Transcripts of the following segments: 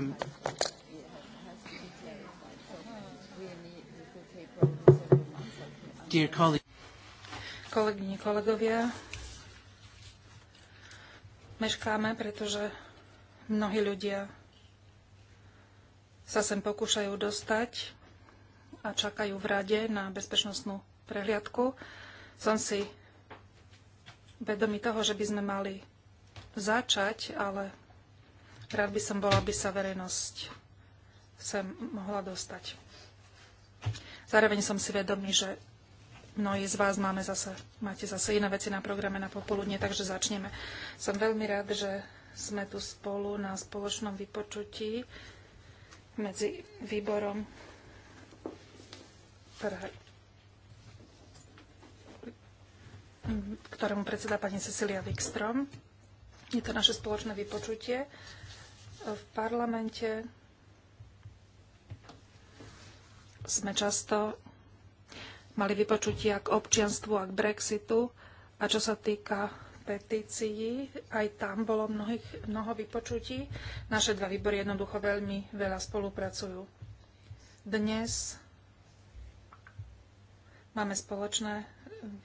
Um, dear Kolegyne, kolegovia, meškáme, pretože mnohí ľudia sa sem pokúšajú dostať a čakajú v rade na bezpečnostnú prehliadku. Som si vedomý toho, že by sme mali začať, ale Rád by som bola, aby sa verejnosť sem mohla dostať. Zároveň som si vedomý, že mnohí z vás máme zase, máte zase iné veci na programe na popoludne, takže začneme. Som veľmi rád, že sme tu spolu na spoločnom vypočutí medzi výborom ktorému predseda pani Cecilia Wikstrom. Je to naše spoločné vypočutie v parlamente sme často mali vypočutia k občianstvu a k Brexitu. A čo sa týka petícií, aj tam bolo mnohých, mnoho vypočutí. Naše dva výbory jednoducho veľmi veľa spolupracujú. Dnes máme spoločné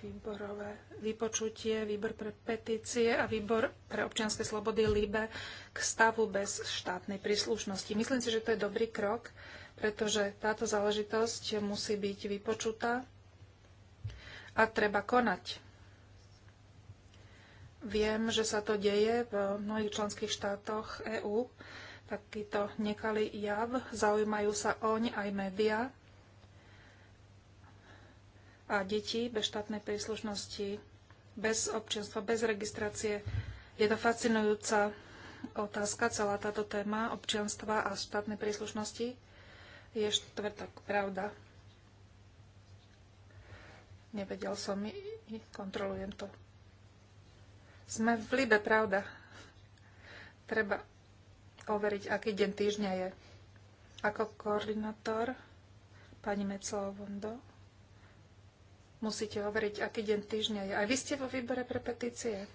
výborové vypočutie, výbor pre petície a výbor pre občianske slobody LIBE k stavu bez štátnej príslušnosti. Myslím si, že to je dobrý krok, pretože táto záležitosť musí byť vypočutá a treba konať. Viem, že sa to deje v mnohých členských štátoch EÚ. Takýto nekalý jav. Zaujímajú sa oň aj médiá a detí bez štátnej príslušnosti, bez občianstva, bez registrácie. Je to fascinujúca otázka, celá táto téma občianstva a štátnej príslušnosti. Je štvrtok, pravda. Nevedel som, kontrolujem to. Sme v Libe, pravda. Treba overiť, aký deň týždňa je. Ako koordinátor pani Meclovondo musíte overiť, aký deň týždňa je. Aj vy ste vo výbore pre petície.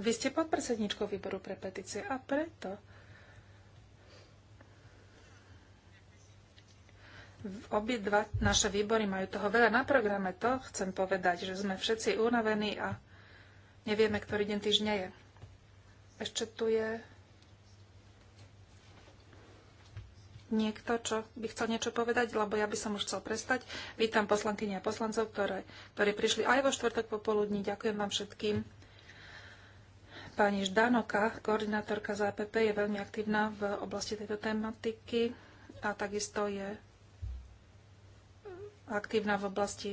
Vy ste podpredsedničkou výboru pre petície a preto obie dva naše výbory majú toho veľa na programe. To chcem povedať, že sme všetci unavení a nevieme, ktorý deň týždňa je. Ešte tu je niekto, čo by chcel niečo povedať, lebo ja by som už chcel prestať. Vítam poslankyne a poslancov, ktoré, ktorí prišli aj vo štvrtok popoludní. Ďakujem vám všetkým. Pani Ždanoka, koordinátorka za APP, e je veľmi aktívna v oblasti tejto tematiky a takisto je aktívna v oblasti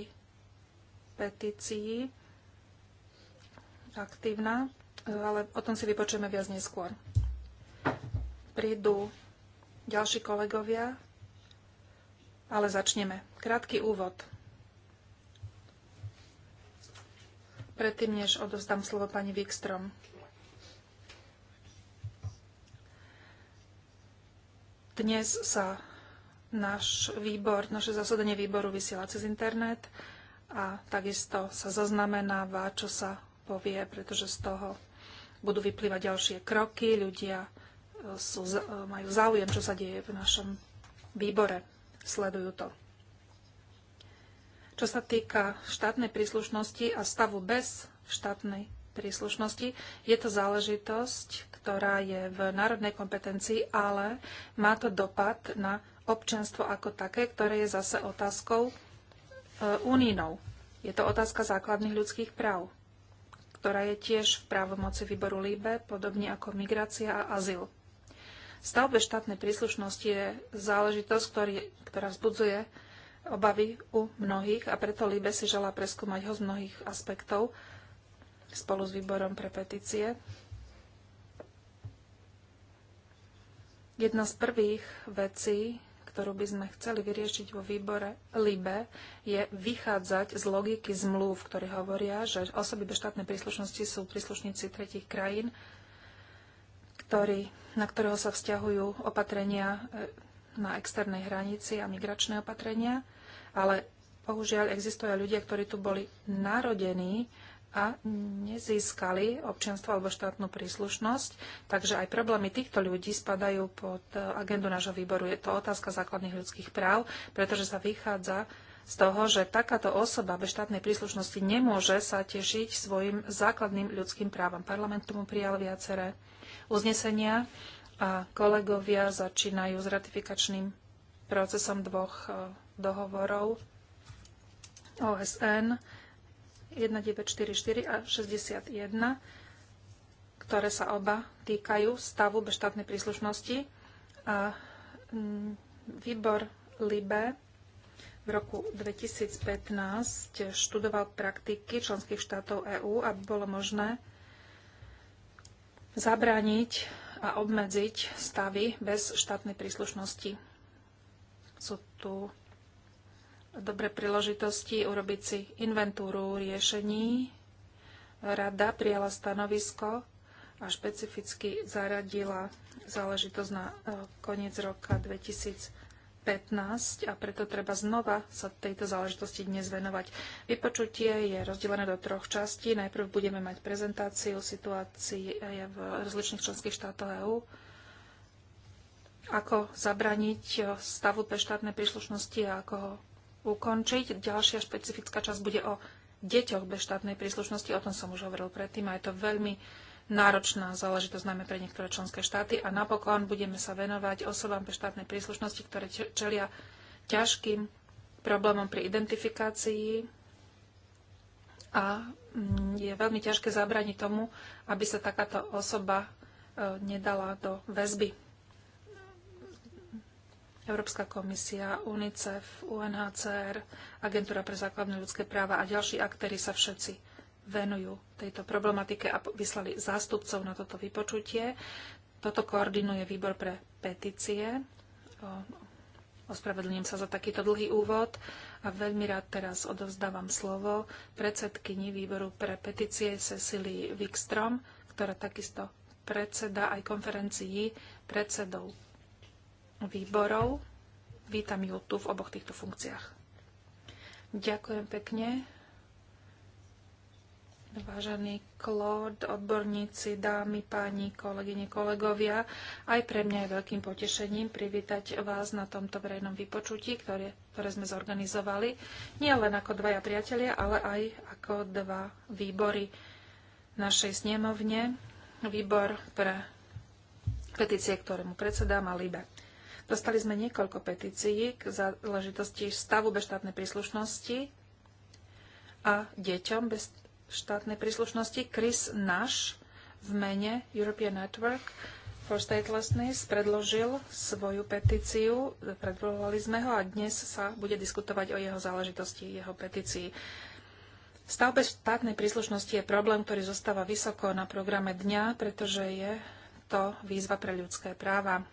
petícií. Aktívna, ale o tom si vypočujeme viac neskôr. Prídu ďalší kolegovia, ale začneme. Krátky úvod. Predtým, než odozdám slovo pani Wikstrom. Dnes sa náš výbor, naše zasadanie výboru vysiela cez internet a takisto sa zaznamenáva, čo sa povie, pretože z toho budú vyplývať ďalšie kroky. Ľudia sú, e, majú záujem, čo sa deje v našom výbore. Sledujú to. Čo sa týka štátnej príslušnosti a stavu bez štátnej príslušnosti, je to záležitosť, ktorá je v národnej kompetencii, ale má to dopad na občanstvo ako také, ktoré je zase otázkou e, unínou. Je to otázka základných ľudských práv, ktorá je tiež v právomoci výboru LIBE, podobne ako migrácia a azyl stavbe štátnej príslušnosti je záležitosť, ktorý, ktorá vzbudzuje obavy u mnohých a preto Líbe si želá preskúmať ho z mnohých aspektov spolu s výborom pre petície. Jedna z prvých vecí, ktorú by sme chceli vyriešiť vo výbore LIBE, je vychádzať z logiky zmluv, ktoré hovoria, že osoby bez štátnej príslušnosti sú príslušníci tretich krajín ktorý, na ktorého sa vzťahujú opatrenia e, na externej hranici a migračné opatrenia, ale bohužiaľ existujú ľudia, ktorí tu boli narodení a nezískali občianstvo alebo štátnu príslušnosť. Takže aj problémy týchto ľudí spadajú pod e, agendu nášho výboru. Je to otázka základných ľudských práv, pretože sa vychádza z toho, že takáto osoba bez štátnej príslušnosti nemôže sa tešiť svojim základným ľudským právam. Parlament tomu prijal viaceré uznesenia a kolegovia začínajú s ratifikačným procesom dvoch e, dohovorov OSN 1944 a 61, ktoré sa oba týkajú stavu beštátnej príslušnosti. A mm, výbor LIBE v roku 2015 študoval praktiky členských štátov EÚ, aby bolo možné zabrániť a obmedziť stavy bez štátnej príslušnosti. Sú tu dobre príležitosti urobiť si inventúru riešení. Rada prijala stanovisko a špecificky zaradila záležitosť na e, koniec roka 2020 15 a preto treba znova sa tejto záležitosti dnes venovať. Vypočutie je rozdelené do troch častí. Najprv budeme mať prezentáciu situácií v rozličných členských štátoch EÚ, ako zabraniť stavu pre štátnej príslušnosti a ako ho ukončiť. Ďalšia špecifická časť bude o deťoch bez štátnej príslušnosti, o tom som už hovoril predtým a je to veľmi náročná záležitosť najmä pre niektoré členské štáty a napokon budeme sa venovať osobám pre štátnej príslušnosti, ktoré čelia ťažkým problémom pri identifikácii a mm, je veľmi ťažké zabrániť tomu, aby sa takáto osoba e, nedala do väzby. Európska komisia, UNICEF, UNHCR, Agentúra pre základné ľudské práva a ďalší aktéry sa všetci venujú tejto problematike a vyslali zástupcov na toto vypočutie. Toto koordinuje výbor pre petície. Ospravedlňujem sa za takýto dlhý úvod a veľmi rád teraz odovzdávam slovo predsedkyni výboru pre petície Cecily Wikstrom, ktorá takisto predseda aj konferencii predsedov výborov. Vítam ju tu v oboch týchto funkciách. Ďakujem pekne, Vážený Klód, odborníci, dámy, páni, kolegyne, kolegovia, aj pre mňa je veľkým potešením privítať vás na tomto verejnom vypočutí, ktoré, ktoré sme zorganizovali, nie len ako dvaja priatelia, ale aj ako dva výbory našej snemovne, výbor pre petície, ktorému predsedám a Libe. Dostali sme niekoľko petícií k záležitosti stavu bez štátnej príslušnosti a deťom bez štátnej príslušnosti Chris Nash v mene European Network for Statelessness predložil svoju petíciu, predvolovali sme ho a dnes sa bude diskutovať o jeho záležitosti, jeho petícii. Stav bez štátnej príslušnosti je problém, ktorý zostáva vysoko na programe dňa, pretože je to výzva pre ľudské práva.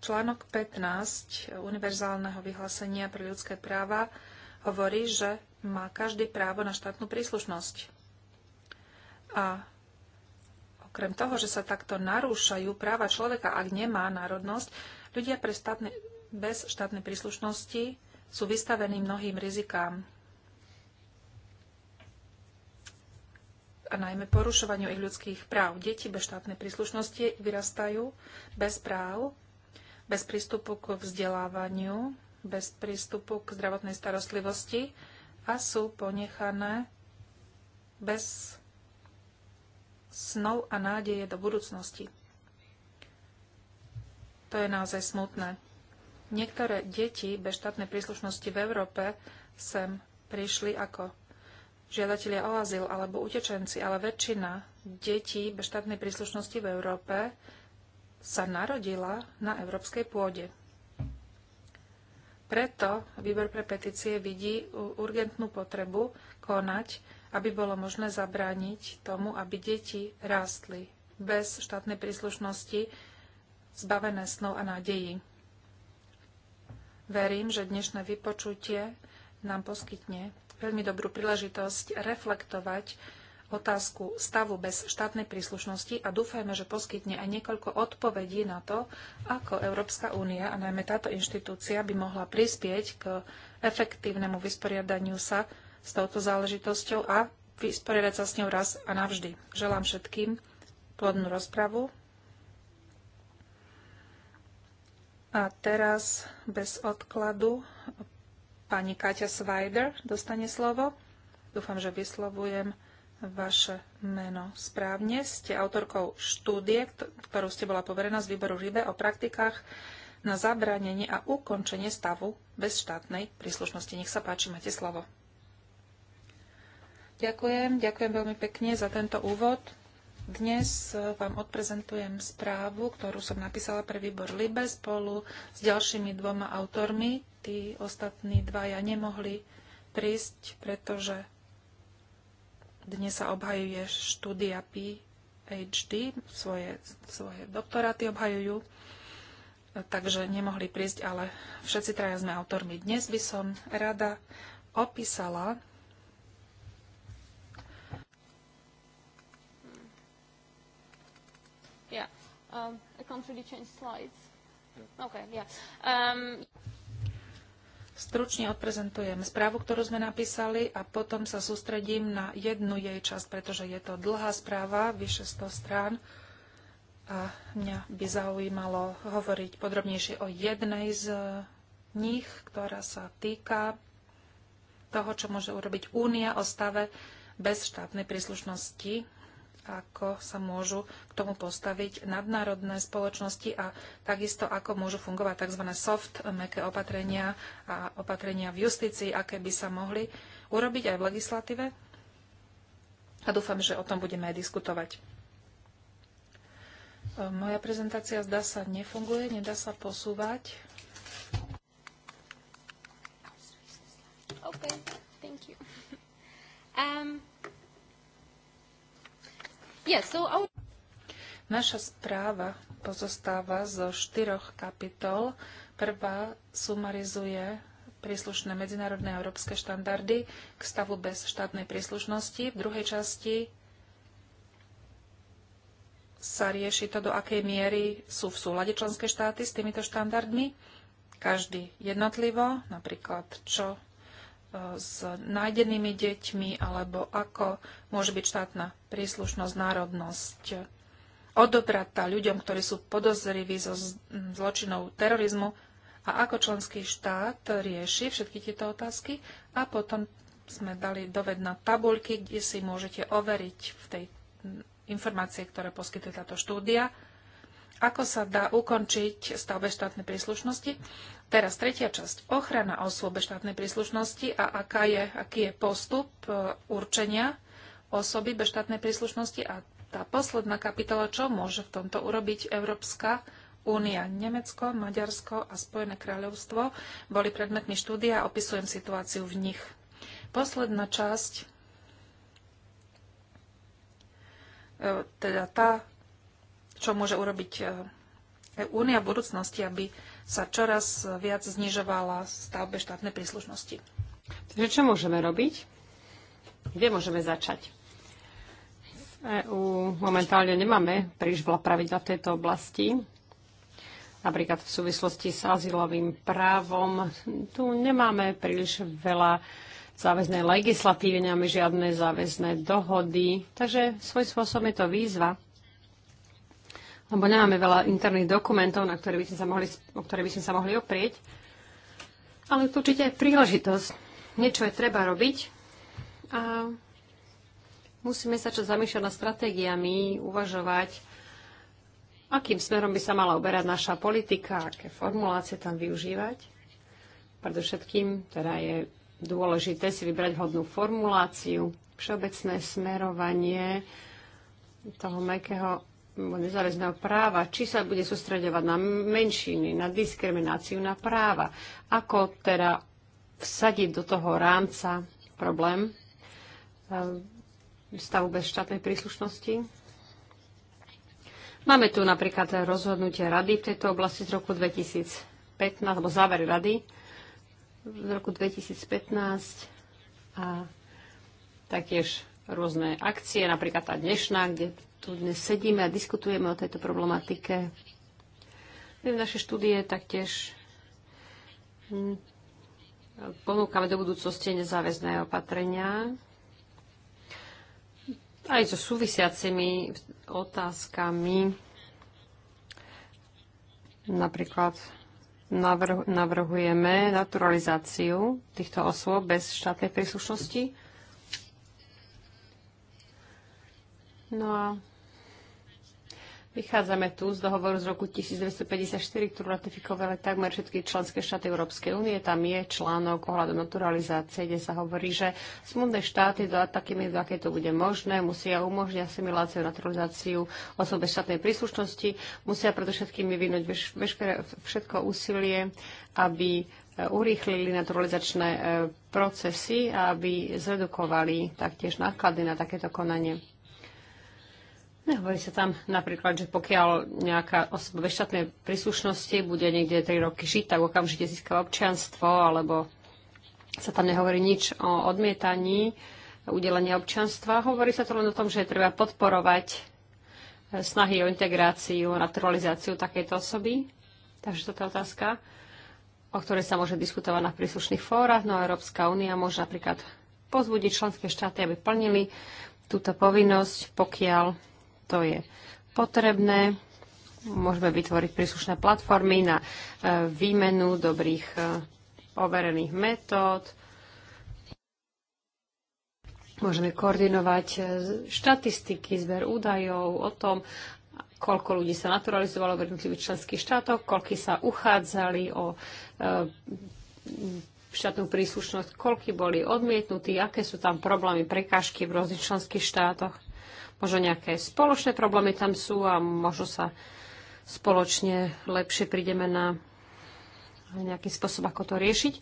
Článok 15 Univerzálneho vyhlásenia pre ľudské práva hovorí, že má každý právo na štátnu príslušnosť. A okrem toho, že sa takto narúšajú práva človeka, ak nemá národnosť, ľudia pre štátne, bez štátnej príslušnosti sú vystavení mnohým rizikám. a najmä porušovaniu ich ľudských práv. Deti bez štátnej príslušnosti vyrastajú bez práv, bez prístupu k vzdelávaniu, bez prístupu k zdravotnej starostlivosti a sú ponechané bez snov a nádeje do budúcnosti. To je naozaj smutné. Niektoré deti bez štátnej príslušnosti v Európe sem prišli ako žiadatelia o azyl alebo utečenci, ale väčšina detí bez štátnej príslušnosti v Európe sa narodila na európskej pôde. Preto výbor pre petície vidí urgentnú potrebu konať aby bolo možné zabrániť tomu, aby deti rástli bez štátnej príslušnosti, zbavené snov a nádejí. Verím, že dnešné vypočutie nám poskytne veľmi dobrú príležitosť reflektovať otázku stavu bez štátnej príslušnosti a dúfajme, že poskytne aj niekoľko odpovedí na to, ako Európska únia a najmä táto inštitúcia by mohla prispieť k efektívnemu vysporiadaniu sa s touto záležitosťou a vysporiadať sa s ňou raz a navždy. Želám všetkým plodnú rozpravu. A teraz bez odkladu pani Katia Svajder dostane slovo. Dúfam, že vyslovujem vaše meno správne. Ste autorkou štúdie, ktorú ste bola poverená z výboru Žive o praktikách na zabranenie a ukončenie stavu bez štátnej príslušnosti. Nech sa páči, máte slovo. Ďakujem, ďakujem veľmi pekne za tento úvod. Dnes e, vám odprezentujem správu, ktorú som napísala pre výbor Libe spolu s ďalšími dvoma autormi. Tí ostatní dvaja nemohli prísť, pretože dnes sa obhajuje štúdia PhD, svoje, svoje doktoráty obhajujú, e, takže nemohli prísť, ale všetci traja sme autormi. Dnes by som rada opísala Um, I can't really change slides. Okay, yeah. Um... Stručne odprezentujem správu, ktorú sme napísali a potom sa sústredím na jednu jej časť, pretože je to dlhá správa, vyše 100 strán a mňa by zaujímalo hovoriť podrobnejšie o jednej z nich, ktorá sa týka toho, čo môže urobiť Únia o stave bez štátnej príslušnosti ako sa môžu k tomu postaviť nadnárodné spoločnosti a takisto ako môžu fungovať tzv. soft, meké opatrenia a opatrenia v justícii, aké by sa mohli urobiť aj v legislatíve. A dúfam, že o tom budeme aj diskutovať. Moja prezentácia zdá sa nefunguje, nedá sa posúvať. Okay, thank you. Um, Naša správa pozostáva zo štyroch kapitol. Prvá sumarizuje príslušné medzinárodné a európske štandardy k stavu bez štátnej príslušnosti. V druhej časti sa rieši to, do akej miery sú v súlade členské štáty s týmito štandardmi. Každý jednotlivo, napríklad čo s nájdenými deťmi, alebo ako môže byť štátna príslušnosť, národnosť odobratá ľuďom, ktorí sú podozriví zo zločinov terorizmu a ako členský štát rieši všetky tieto otázky a potom sme dali doved na tabuľky, kde si môžete overiť v tej informácie, ktoré poskytuje táto štúdia ako sa dá ukončiť stav štátnej príslušnosti. Teraz tretia časť. Ochrana osôb štátnej príslušnosti a aká je, aký je postup e, určenia osoby bez štátnej príslušnosti a tá posledná kapitola, čo môže v tomto urobiť Európska Únia, Nemecko, Maďarsko a Spojené kráľovstvo boli predmetmi štúdia a opisujem situáciu v nich. Posledná časť, e, teda tá čo môže urobiť eh, Únia v budúcnosti, aby sa čoraz viac znižovala stavbe štátnej príslušnosti. Takže čo môžeme robiť? Kde môžeme začať? V EU momentálne nemáme príliš veľa pravidla v tejto oblasti. Napríklad v súvislosti s azylovým právom tu nemáme príliš veľa záväznej legislatívy, nemáme žiadne záväzné dohody. Takže svoj spôsob je to výzva lebo nemáme veľa interných dokumentov, na ktoré by sme sa mohli, o ktoré by sme sa mohli oprieť. Ale to určite je príležitosť. Niečo je treba robiť a musíme sa čo zamýšľať nad stratégiami, uvažovať, akým smerom by sa mala uberať naša politika, aké formulácie tam využívať. Predovšetkým teda je dôležité si vybrať hodnú formuláciu, všeobecné smerovanie toho mekého nezáväzného práva, či sa bude sústredovať na menšiny, na diskrimináciu, na práva. Ako teda vsadiť do toho rámca problém e, stavu bez štátnej príslušnosti. Máme tu napríklad rozhodnutie rady v tejto oblasti z roku 2015, alebo záver rady z roku 2015 a taktiež rôzne akcie, napríklad tá dnešná, kde tu dnes sedíme a diskutujeme o tejto problematike. My v našej štúdie taktiež hm, ponúkame do budúcnosti nezáväzné opatrenia aj so súvisiacimi otázkami. Napríklad navrhujeme naturalizáciu týchto osôb bez štátnej príslušnosti. No a vychádzame tu z dohovoru z roku 1954, ktorú ratifikovali takmer všetky členské štáty Európskej únie. Tam je článok ohľadom naturalizácie, kde sa hovorí, že smutné štáty do takými, do aké to bude možné, musia umožniť asimiláciu, naturalizáciu osobe štátnej príslušnosti, musia predovšetkým vyvinúť veškeré, všetko úsilie, aby e, urýchlili naturalizačné e, procesy a aby zredukovali taktiež náklady na takéto konanie. Nehovorí sa tam napríklad, že pokiaľ nejaká osoba ve štátnej príslušnosti bude niekde 3 roky žiť, tak okamžite získa občianstvo, alebo sa tam nehovorí nič o odmietaní udelenia občianstva. Hovorí sa to len o tom, že treba podporovať e, snahy o integráciu, naturalizáciu takejto osoby. Takže toto je otázka, o ktorej sa môže diskutovať na príslušných fórach. No a Európska únia môže napríklad pozbudiť členské štáty, aby plnili túto povinnosť, pokiaľ to je potrebné. Môžeme vytvoriť príslušné platformy na e, výmenu dobrých e, overených metód. Môžeme koordinovať e, štatistiky, zber údajov o tom, koľko ľudí sa naturalizovalo v jednotlivých členských štátoch, koľko sa uchádzali o štátnu príslušnosť, koľko boli odmietnutí, aké sú tam problémy, prekážky v rôznych členských štátoch. Možno nejaké spoločné problémy tam sú a možno sa spoločne lepšie prídeme na nejaký spôsob, ako to riešiť.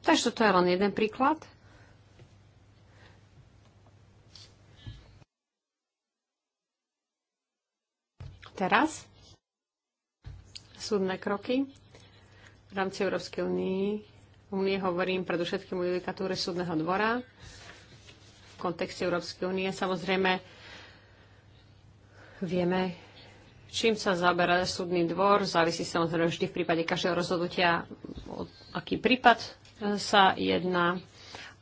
Takže toto je len jeden príklad. Teraz súdne kroky v rámci Európskej únie. Únie hovorím predovšetkým o judikatúre súdneho dvora v kontexte Európskej únie. Samozrejme, Vieme, čím sa zaberá súdny dvor, závisí samozrejme vždy v prípade každého rozhodnutia, o aký prípad e, sa jedná.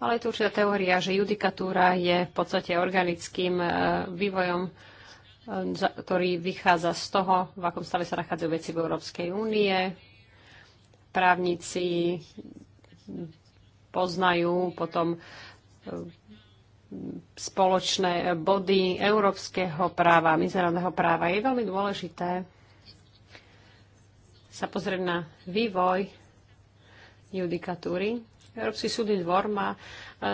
Ale je tu určitá teória, že judikatúra je v podstate organickým e, vývojom, e, ktorý vychádza z toho, v akom stave sa nachádzajú veci v Európskej únie. Právnici poznajú potom spoločné body európskeho práva, medzinárodného práva. Je veľmi dôležité sa pozrieť na vývoj judikatúry. Európsky súdny dvor má e,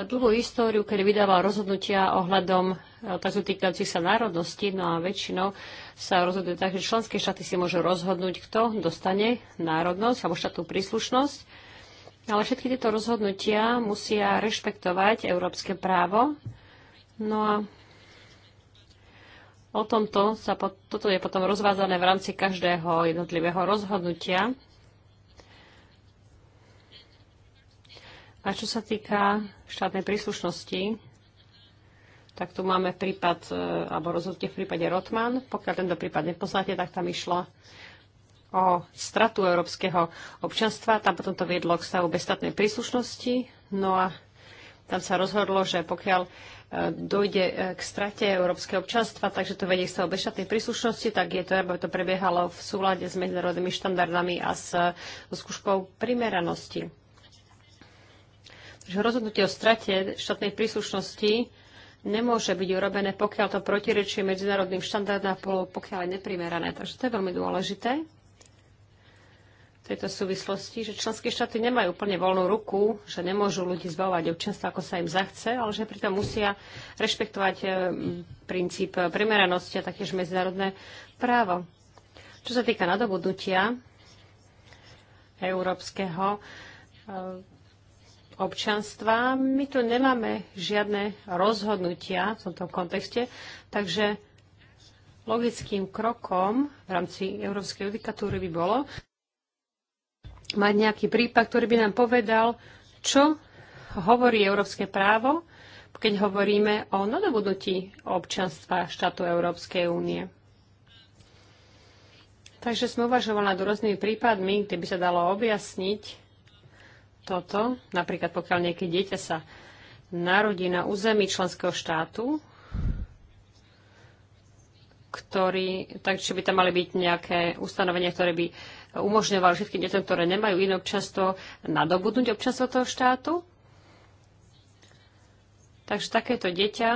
dlhú históriu, kedy vydával rozhodnutia ohľadom otázok e, týkajúcich sa národnosti, no a väčšinou sa rozhoduje tak, že členské štáty si môžu rozhodnúť, kto dostane národnosť alebo štátnu príslušnosť ale všetky tieto rozhodnutia musia rešpektovať európske právo. No a o tomto sa po, toto je potom rozvádzané v rámci každého jednotlivého rozhodnutia. A čo sa týka štátnej príslušnosti, tak tu máme prípad, e, alebo rozhodnutie v prípade Rotman. Pokiaľ tento prípad nepoznáte, tak tam išlo o stratu európskeho občanstva. Tam potom to viedlo k stavu bezstatnej príslušnosti. No a tam sa rozhodlo, že pokiaľ e, dojde e, k strate európskeho občanstva, takže to vedie k stavu bezstatnej príslušnosti, tak je to, aby to prebiehalo v súlade s medzinárodnými štandardami a s e, skúškou primeranosti. Takže rozhodnutie o strate štátnej príslušnosti nemôže byť urobené, pokiaľ to protirečie medzinárodným štandardom pokiaľ je neprimerané. Takže to je veľmi dôležité tejto súvislosti, že členské štáty nemajú úplne voľnú ruku, že nemôžu ľudí zbavovať občanstva, ako sa im zachce, ale že pritom musia rešpektovať eh, princíp primeranosti a taktiež medzinárodné právo. Čo sa týka nadobudnutia európskeho eh, občanstva, my tu nemáme žiadne rozhodnutia v tomto kontexte, takže logickým krokom v rámci európskej judikatúry by bolo, mať nejaký prípad, ktorý by nám povedal, čo hovorí európske právo, keď hovoríme o nadobudnutí občanstva štátu Európskej únie. Takže sme uvažovali nad rôznymi prípadmi, kde by sa dalo objasniť toto. Napríklad pokiaľ nejaké dieťa sa narodí na území členského štátu, ktorý, takže by tam mali byť nejaké ustanovenia, ktoré by umožňovali všetkým deťom, ktoré nemajú iné občanstvo, nadobudnúť občanstvo toho štátu. Takže takéto dieťa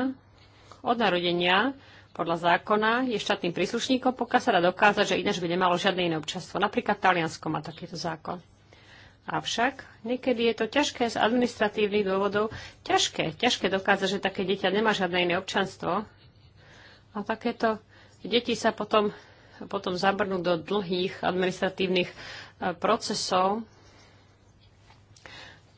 od narodenia podľa zákona je štátnym príslušníkom, pokiaľ sa dá dokázať, že ináč by nemalo žiadne iné občanstvo. Napríklad Taliansko má takýto zákon. Avšak niekedy je to ťažké z administratívnych dôvodov, ťažké, ťažké dokázať, že také dieťa nemá žiadne iné občanstvo. A takéto deti sa potom potom zabrnúť do dlhých administratívnych e, procesov.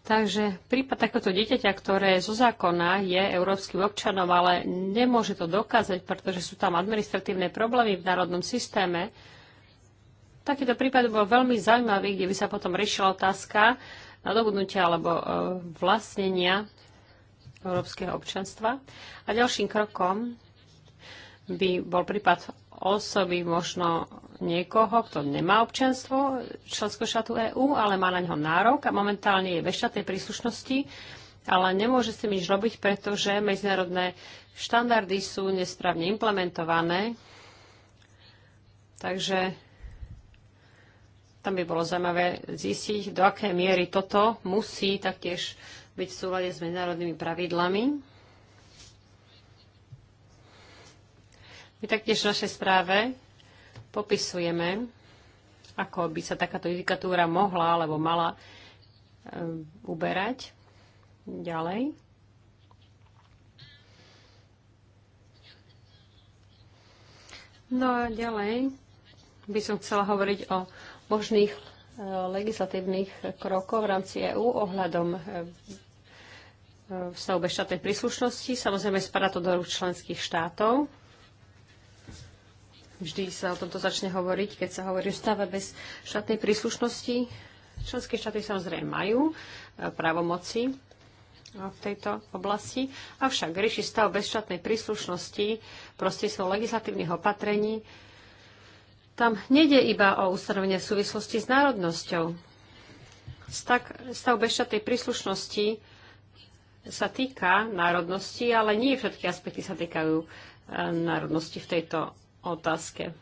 Takže prípad takéto dieťaťa, ktoré zo zákona je európskym občanom, ale nemôže to dokázať, pretože sú tam administratívne problémy v národnom systéme, takýto prípad bol veľmi zaujímavý, kde by sa potom riešila otázka nadobudnutia alebo e, vlastnenia európskeho občanstva. A ďalším krokom by bol prípad osoby, možno niekoho, kto nemá občianstvo členského štátu EÚ, ale má na ňo nárok a momentálne je bez štátnej príslušnosti, ale nemôže s tým nič robiť, pretože medzinárodné štandardy sú nesprávne implementované. Takže tam by bolo zaujímavé zistiť, do akej miery toto musí taktiež byť v súlade s medzinárodnými pravidlami. My taktiež v našej správe popisujeme, ako by sa takáto judikatúra mohla alebo mala um, uberať ďalej. No a ďalej by som chcela hovoriť o možných e, legislatívnych krokov v rámci EÚ ohľadom e, stavbe štátnej príslušnosti. Samozrejme, spadá to do rúk členských štátov. Vždy sa o tomto začne hovoriť, keď sa hovorí o stave bez štátnej príslušnosti. Členské štáty samozrejme majú e, právomoci e, v tejto oblasti, avšak rieši stav bezštátnej príslušnosti prostredstvom legislatívnych opatrení. Tam nejde iba o ustanovenie v súvislosti s národnosťou. Stav, stav bezštátnej príslušnosti sa týka národnosti, ale nie všetky aspekty sa týkajú e, národnosti v tejto otázke.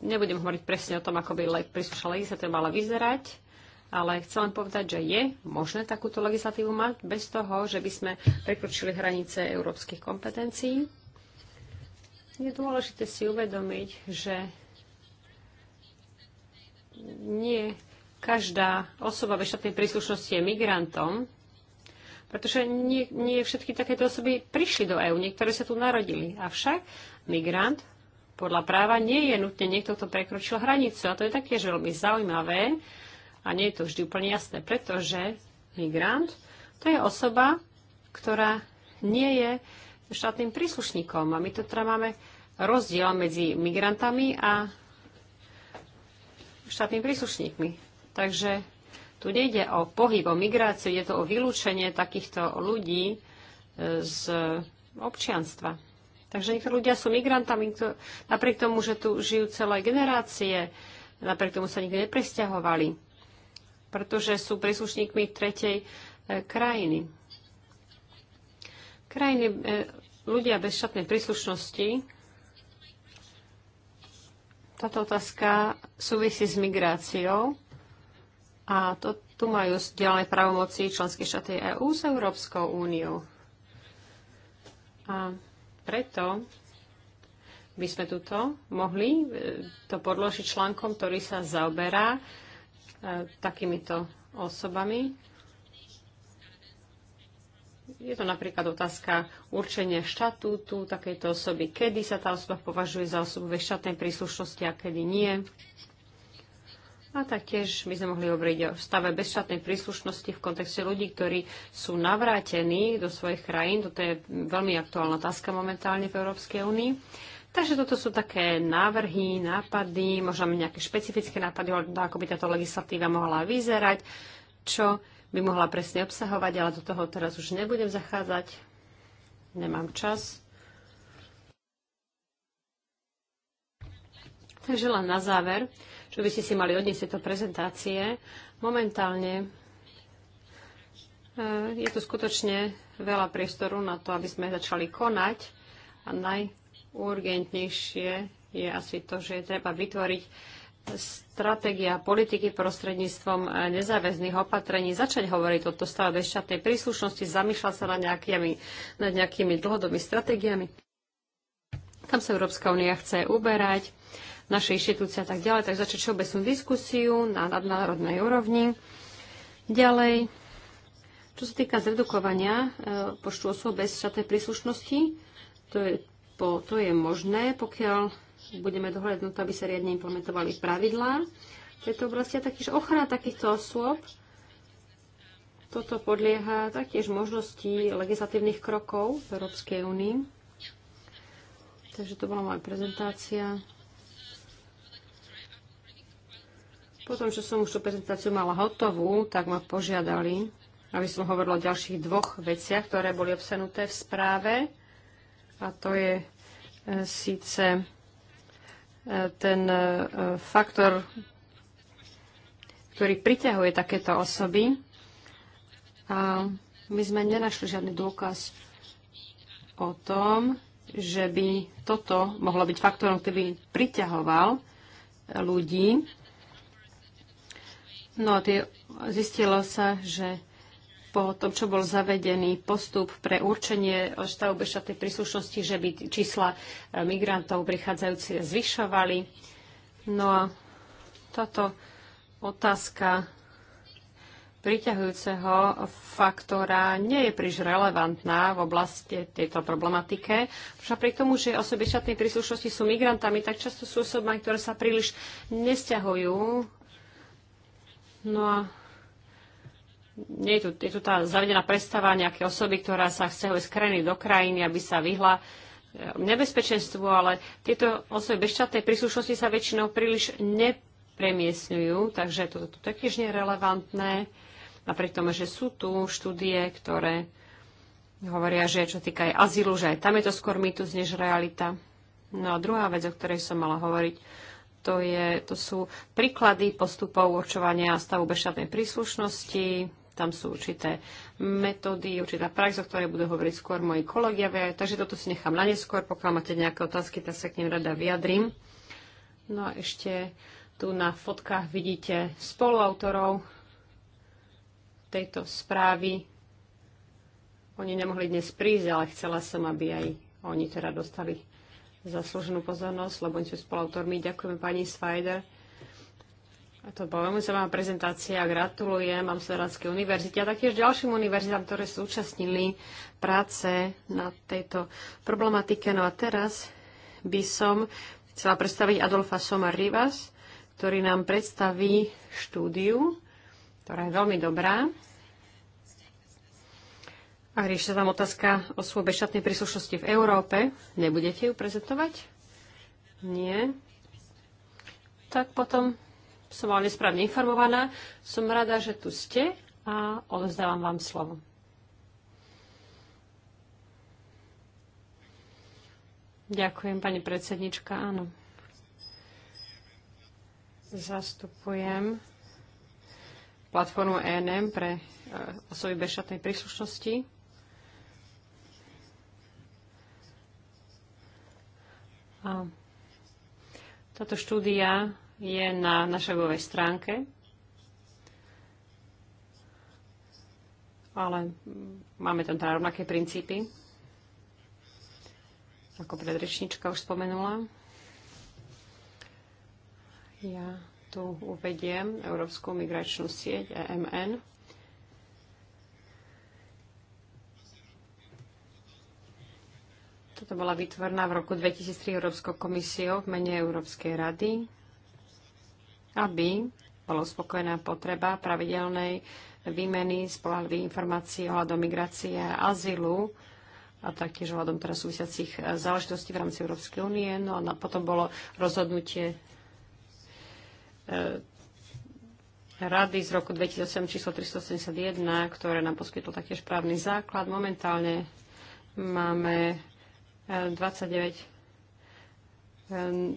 Nebudem hovoriť presne o tom, ako by príslušná legislatíva mala vyzerať, ale chcem len povedať, že je možné takúto legislatívu mať bez toho, že by sme prekročili hranice európskych kompetencií. Je dôležité si uvedomiť, že nie každá osoba ve štátnej príslušnosti je migrantom, pretože nie, nie všetky takéto osoby prišli do EÚ, niektoré sa tu narodili. Avšak migrant podľa práva nie je nutne niekto, kto prekročil hranicu. A to je taktiež veľmi zaujímavé a nie je to vždy úplne jasné, pretože migrant to je osoba, ktorá nie je štátnym príslušníkom. A my to teda máme rozdiel medzi migrantami a štátnymi príslušníkmi. Takže tu nejde o pohyb, o migráciu, je to o vylúčenie takýchto ľudí e, z občianstva. Takže niektorí ľudia sú migrantami, napriek tomu, že tu žijú celé generácie, napriek tomu sa nikdy nepresťahovali, pretože sú príslušníkmi tretej e, krajiny. Krajiny, e, ľudia bez štátnej príslušnosti, táto otázka súvisí s migráciou a to, tu majú zdieľané pravomoci členské štáty EÚ s Európskou úniou. A preto by sme tuto mohli e, to podložiť článkom, ktorý sa zaoberá e, takýmito osobami. Je to napríklad otázka určenia štatútu takejto osoby, kedy sa tá osoba považuje za osobu ve štátnej príslušnosti a kedy nie. A taktiež by sme mohli hovoriť o stave bezštátnej príslušnosti v kontexte ľudí, ktorí sú navrátení do svojich krajín. Toto je veľmi aktuálna otázka momentálne v Európskej únii. Takže toto sú také návrhy, nápady, možno nejaké špecifické nápady, ako by táto legislatíva mohla vyzerať, čo by mohla presne obsahovať, ale do toho teraz už nebudem zachádzať. Nemám čas. Takže len na záver čo by ste si mali odniesť tieto prezentácie. Momentálne e, je tu skutočne veľa priestoru na to, aby sme začali konať a najurgentnejšie je asi to, že je treba vytvoriť stratégia politiky prostredníctvom e, nezáväzných opatrení, začať hovoriť o dostave štátnej príslušnosti, zamýšľať sa nad nejakými, nad nejakými dlhodobými stratégiami, kam sa Európska únia chce uberať, naše inštitúcie a tak ďalej, tak začať všeobecnú diskusiu na nadnárodnej úrovni. Ďalej, čo sa týka zredukovania e, počtu osôb bez štátnej príslušnosti, to je, po, to je možné, pokiaľ budeme dohľadnúť, aby sa riadne implementovali pravidlá v tejto oblasti a taktiež ochrana takýchto osôb. Toto podlieha taktiež možnosti legislatívnych krokov v Európskej únii. Takže to bola moja prezentácia. Potom, čo som už tú prezentáciu mala hotovú, tak ma požiadali, aby som hovorila o ďalších dvoch veciach, ktoré boli obsenuté v správe. A to je e, síce e, ten e, faktor, ktorý priťahuje takéto osoby. A my sme nenašli žiadny dôkaz o tom, že by toto mohlo byť faktorom, ktorý by priťahoval e, ľudí. No a tie, zistilo sa, že po tom, čo bol zavedený postup pre určenie štávu tej príslušnosti, že by čísla e, migrantov prichádzajúci zvyšovali. No a táto otázka priťahujúceho faktora nie je príliš relevantná v oblasti tejto problematike. Však pri tomu, že osoby štátnej príslušnosti sú migrantami, tak často sú osobami, ktoré sa príliš nesťahujú No a nie je, tu, je tu tá zavedená predstava nejakej osoby, ktorá sa chce z krajiny do krajiny, aby sa vyhla eh, nebezpečenstvu, ale tieto osoby bez štátnej príslušnosti sa väčšinou príliš nepremiesňujú, takže toto to, to taktiež nerelevantné. je relevantné. Napriek tomu, že sú tu štúdie, ktoré hovoria, že čo týka aj azylu, že aj tam je to skôr mýtus než realita. No a druhá vec, o ktorej som mala hovoriť, to, je, to sú príklady postupov určovania stavu bešatnej príslušnosti. Tam sú určité metódy, určitá prax, o ktorej budú hovoriť skôr moji kolegia. Takže toto si nechám na neskôr. Pokiaľ máte nejaké otázky, tak sa k nim rada vyjadrím. No a ešte tu na fotkách vidíte spoluautorov tejto správy. Oni nemohli dnes prísť, ale chcela som, aby aj oni teda dostali za služenú pozornosť, lebo sú spolautormi. Ďakujem pani Svajder. A to bola veľmi zaujímavá prezentácia. Gratulujem Amsterdamskej univerzite a taktiež ďalším univerzitám, ktoré sú účastnili práce na tejto problematike. No a teraz by som chcela predstaviť Adolfa Soma Rivas, ktorý nám predstaví štúdiu, ktorá je veľmi dobrá a rieši sa tam otázka o svojbe štátnej príslušnosti v Európe. Nebudete ju prezentovať? Nie. Tak potom som vám nesprávne informovaná. Som rada, že tu ste a odozdávam vám slovo. Ďakujem, pani predsednička, áno. Zastupujem platformu ENM pre e, osoby bez príslušnosti. A táto štúdia je na našej webovej stránke, ale máme tam teda rovnaké princípy, ako predrečnička už spomenula. Ja tu uvediem Európsku migračnú sieť EMN. Toto bola vytvorná v roku 2003 Európskou komisiou v mene Európskej rady, aby bola uspokojená potreba pravidelnej výmeny spolahlivých informácií ohľadom migrácie a azylu a taktiež ohľadom teraz súvisiacich eh, záležitostí v rámci Európskej únie. No a potom bolo rozhodnutie eh, Rady z roku 2008 číslo 381, ktoré nám poskytlo taktiež právny základ. Momentálne máme 29 eh,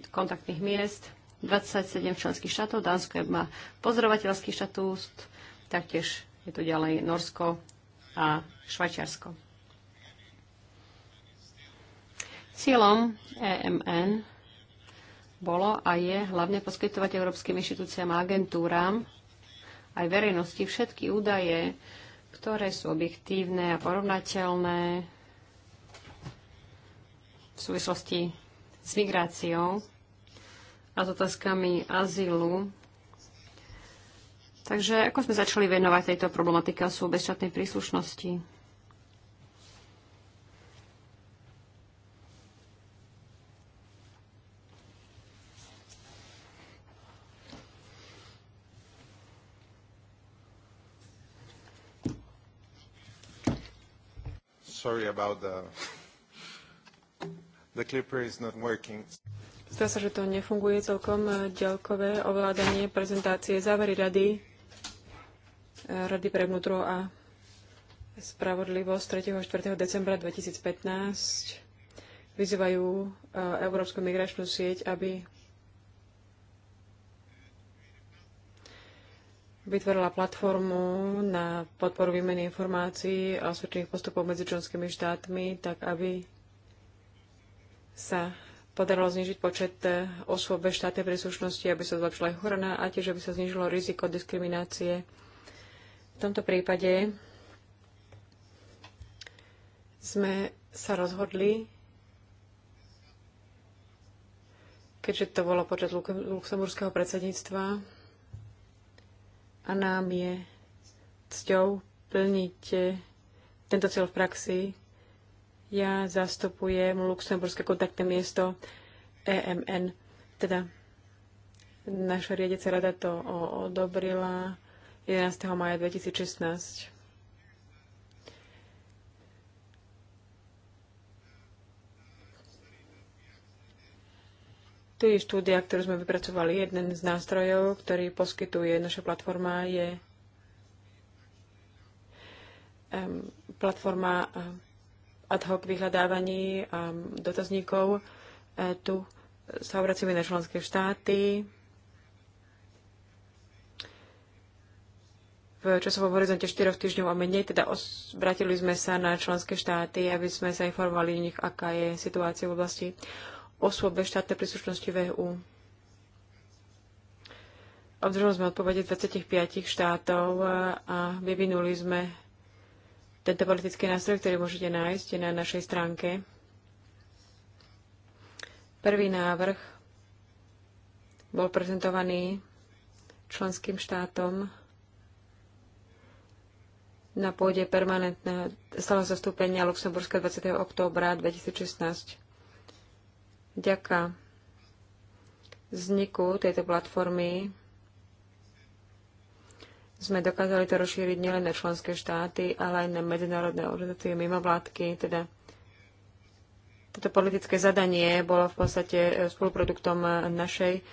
kontaktných miest, 27 členských štátov, Dánsko má pozorovateľský štatút, taktiež je tu ďalej Norsko a Švajčiarsko. Cieľom EMN bolo a je hlavne poskytovať európskym inštitúciám a agentúram aj verejnosti všetky údaje, ktoré sú objektívne a porovnateľné v súvislosti s migráciou a s otázkami azylu. Takže ako sme začali venovať tejto problematike sú bezčatnej príslušnosti? Sorry about the The clipper is not working. Zdá sa, že to nefunguje celkom e, ďalkové ovládanie prezentácie závery rady, e, rady pre vnútro a spravodlivosť 3. a 4. decembra 2015 vyzývajú e, Európsku migračnú sieť, aby vytvorila platformu na podporu výmeny informácií a osvedčených postupov medzi členskými štátmi, tak aby sa podarilo znižiť počet e, osôb bez štátnej príslušnosti, aby sa zlepšila ich ochrana a tiež, aby sa znižilo riziko diskriminácie. V tomto prípade sme sa rozhodli, keďže to bolo počas luxemburského predsedníctva a nám je cťou plniť e, tento cieľ v praxi, ja zastupujem Luxemburské kontaktné miesto EMN. Teda naša riadiaca rada to odobrila 11. maja 2016. Tu je štúdia, ktorú sme vypracovali. Jeden z nástrojov, ktorý poskytuje naša platforma, je platforma ad hoc vyhľadávaní um, dotazníkov. E, Tu sa obracíme na členské štáty. v časovom horizonte 4 týždňov a menej, teda vrátili sme sa na členské štáty, aby sme sa informovali o nich, aká je situácia v oblasti osôb ve štátnej príslušnosti VU. E Obdržali sme odpovede 25 štátov e, a vyvinuli sme tento politický nástroj, ktorý môžete nájsť na našej stránke. Prvý návrh bol prezentovaný členským štátom na pôde permanentného stále zastúpenia Luxemburska 20. októbra 2016. Ďaká vzniku tejto platformy sme dokázali to rozšíriť nielen na členské štáty, ale aj na medzinárodné organizácie mimovládky. Teda toto politické zadanie bolo v podstate e, spoluproduktom e, našej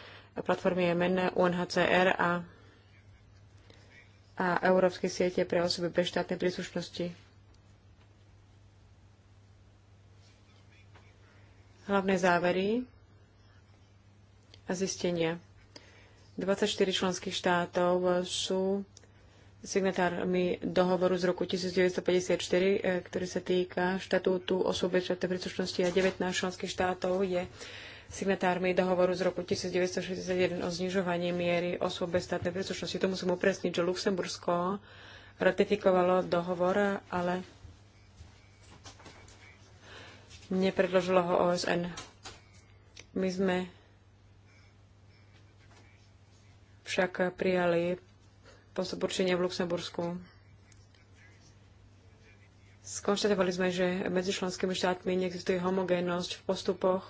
platformy MN, UNHCR a, a Európskej siete pre osoby bez štátnej príslušnosti. Hlavné závery a zistenia. 24 členských štátov sú signatármi dohovoru z roku 1954, e, ktorý sa týka štatútu osoby štátnej príslušnosti a 19 členských štátov je signatármi dohovoru z roku 1961 o znižovaní miery osôb bez štátnej príslušnosti. To musím upresniť, že Luxembursko ratifikovalo dohovor, ale nepredložilo ho OSN. My sme však prijali spôsob určenia v Luxembursku. Skonštatovali sme, že medzi členskými štátmi neexistuje homogénnosť v postupoch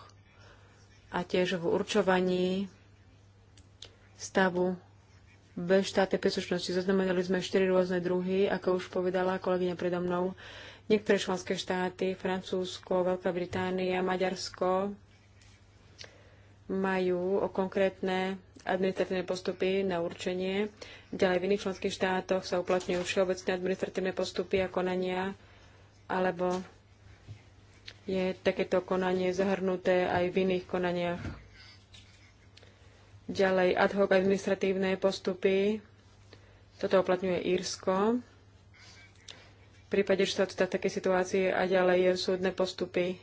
a tiež v určovaní stavu bez štátnej príslušnosti. Zaznamenali sme štyri rôzne druhy, ako už povedala kolegyňa predo mnou. Niektoré členské štáty, Francúzsko, Veľká Británia, Maďarsko, majú o konkrétne administratívne postupy na určenie. Ďalej v iných členských štátoch sa uplatňujú všeobecné administratívne postupy a konania, alebo je takéto konanie zahrnuté aj v iných konaniach. Ďalej ad hoc administratívne postupy. Toto uplatňuje Írsko. V prípade, že sa odstá také situácie a ďalej je súdne postupy.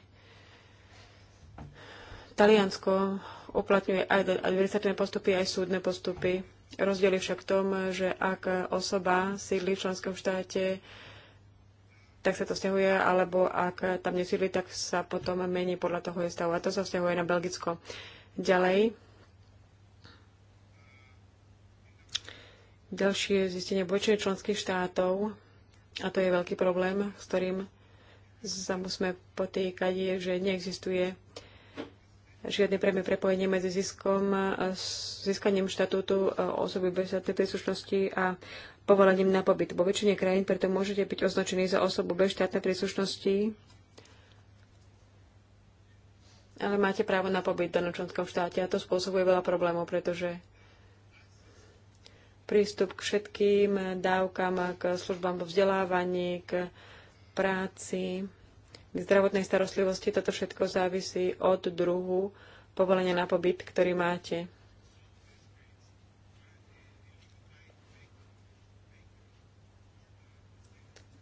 Taliansko uplatňuje aj administratívne postupy, aj súdne postupy. Rozdiel je však v tom, že ak osoba sídli v členskom štáte, tak sa to vzťahuje, alebo ak tam nesídli, tak sa potom mení podľa toho je stavu. A to sa vzťahuje na Belgicko. Ďalej. Ďalšie zistenie väčšiny členských štátov, a to je veľký problém, s ktorým sa musíme potýkať, je, že neexistuje žiadne priame prepojenie medzi ziskom, získaním štatútu e, osoby bez štátnej príslušnosti a povolením na pobyt. Vo väčšine krajín preto môžete byť označený za osobu bez štátnej príslušnosti, ale máte právo na pobyt v danom členskom štáte a to spôsobuje veľa problémov, pretože prístup k všetkým dávkam, k službám vo vzdelávaní, k práci, zdravotnej starostlivosti. Toto všetko závisí od druhu povolenia na pobyt, ktorý máte.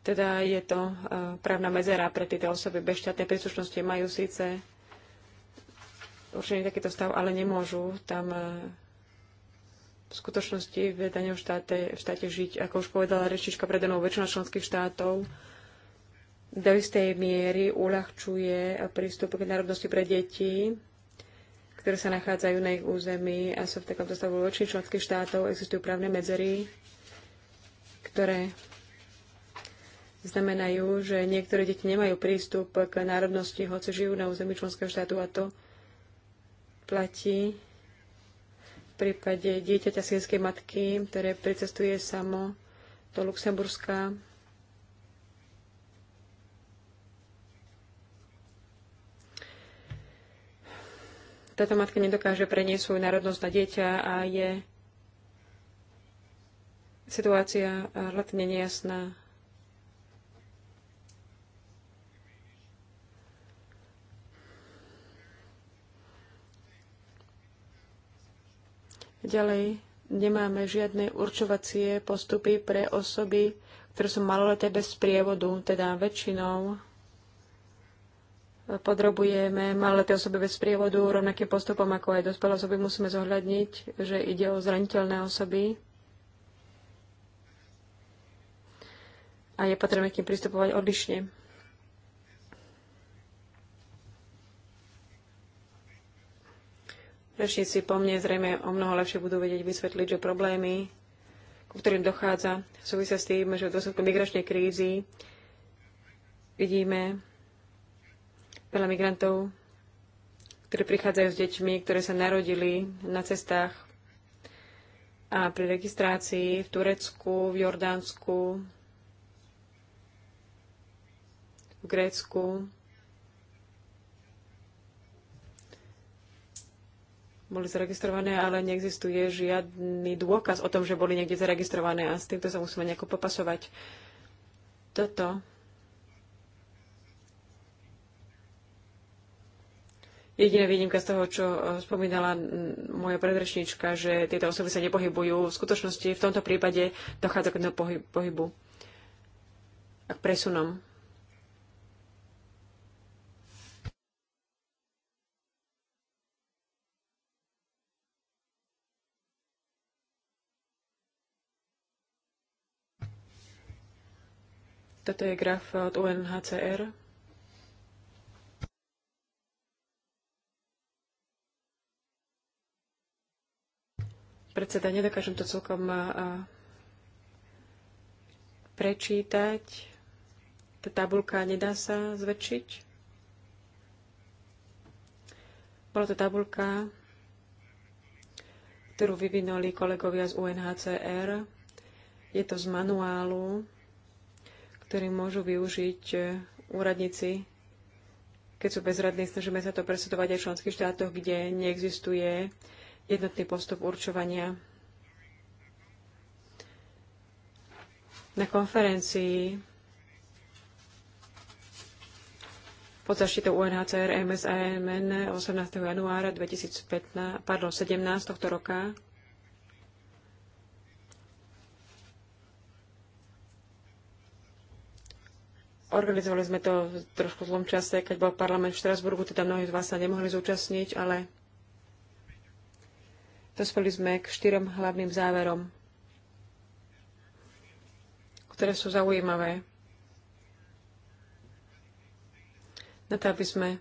Teda je to e, právna medzera pre tieto osoby bez príslušnosti. Majú síce určený takýto stav, ale nemôžu tam e, v skutočnosti v daňom štáte, v štáte žiť. Ako už povedala rečička pre väčšina členských štátov, do istej miery uľahčuje prístup k národnosti pre deti, ktoré sa nachádzajú na ich území a sú v takomto stavu voči členských štátov. Existujú právne medzery, ktoré znamenajú, že niektoré deti nemajú prístup k národnosti, hoci žijú na území členského štátu a to platí v prípade dieťaťa sírskej matky, ktoré pricestuje samo do Luxemburska táto matka nedokáže preniesť svoju národnosť na dieťa a je situácia relatívne nejasná. Ďalej nemáme žiadne určovacie postupy pre osoby, ktoré sú maloleté bez prievodu, teda väčšinou podrobujeme maloleté osoby bez prievodu rovnakým postupom ako aj dospelé osoby, musíme zohľadniť, že ide o zraniteľné osoby a je potrebné k nim pristupovať odlišne. Rešníci po mne zrejme o mnoho lepšie budú vedieť vysvetliť, že problémy, ku ktorým dochádza, súvisia s tým, že v dôsledku migračnej krízy vidíme Veľa migrantov, ktorí prichádzajú s deťmi, ktoré sa narodili na cestách a pri registrácii v Turecku, v Jordánsku, v Grécku. boli zaregistrované, ale neexistuje žiadny dôkaz o tom, že boli niekde zaregistrované a s týmto sa musíme nejako popasovať. Toto Jediná výnimka z toho, čo eh, spomínala moja predrečníčka, že tieto osoby sa nepohybujú, v skutočnosti v tomto prípade dochádza k tomu pohybu a k presunom. Toto je graf od UNHCR. predseda, nedokážem to celkom prečítať. Tá tabulka nedá sa zväčšiť. Bola to tabulka, ktorú vyvinuli kolegovia z UNHCR. Je to z manuálu, ktorý môžu využiť e, úradníci keď sú bezradní, snažíme sa to presudovať aj v členských štátoch, kde neexistuje jednotný postup určovania. Na konferencii pod zaštitou UNHCR, MS a EMN 18. januára 2015, pardon, 17 tohto roka Organizovali sme to v trošku zlom čase, keď bol parlament v Štrasburgu, teda mnohí z vás sa nemohli zúčastniť, ale Dospeli sme k štyrom hlavným záverom, ktoré sú zaujímavé. Na to, aby sme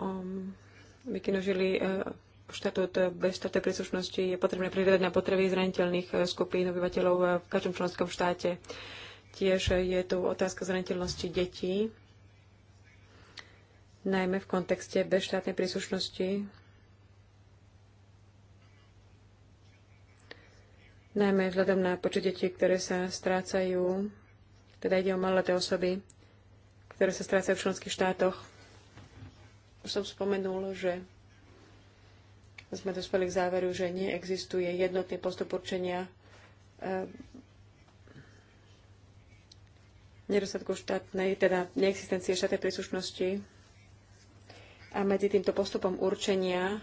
um, vykinožili uh, štatút bez štátnej príslušnosti, je potrebné prihľadať na potreby zraniteľných e, skupín obyvateľov e, v každom členskom štáte. Tiež je tu otázka zraniteľnosti detí, najmä v kontexte štátnej príslušnosti najmä vzhľadom na počet detí, ktoré sa strácajú, teda ide o malé osoby, ktoré sa strácajú v členských štátoch. Už som spomenul, že sme dospeli k záveru, že neexistuje jednotný postup určenia eh, nedostatku štátnej, teda neexistencie štátnej príslušnosti a medzi týmto postupom určenia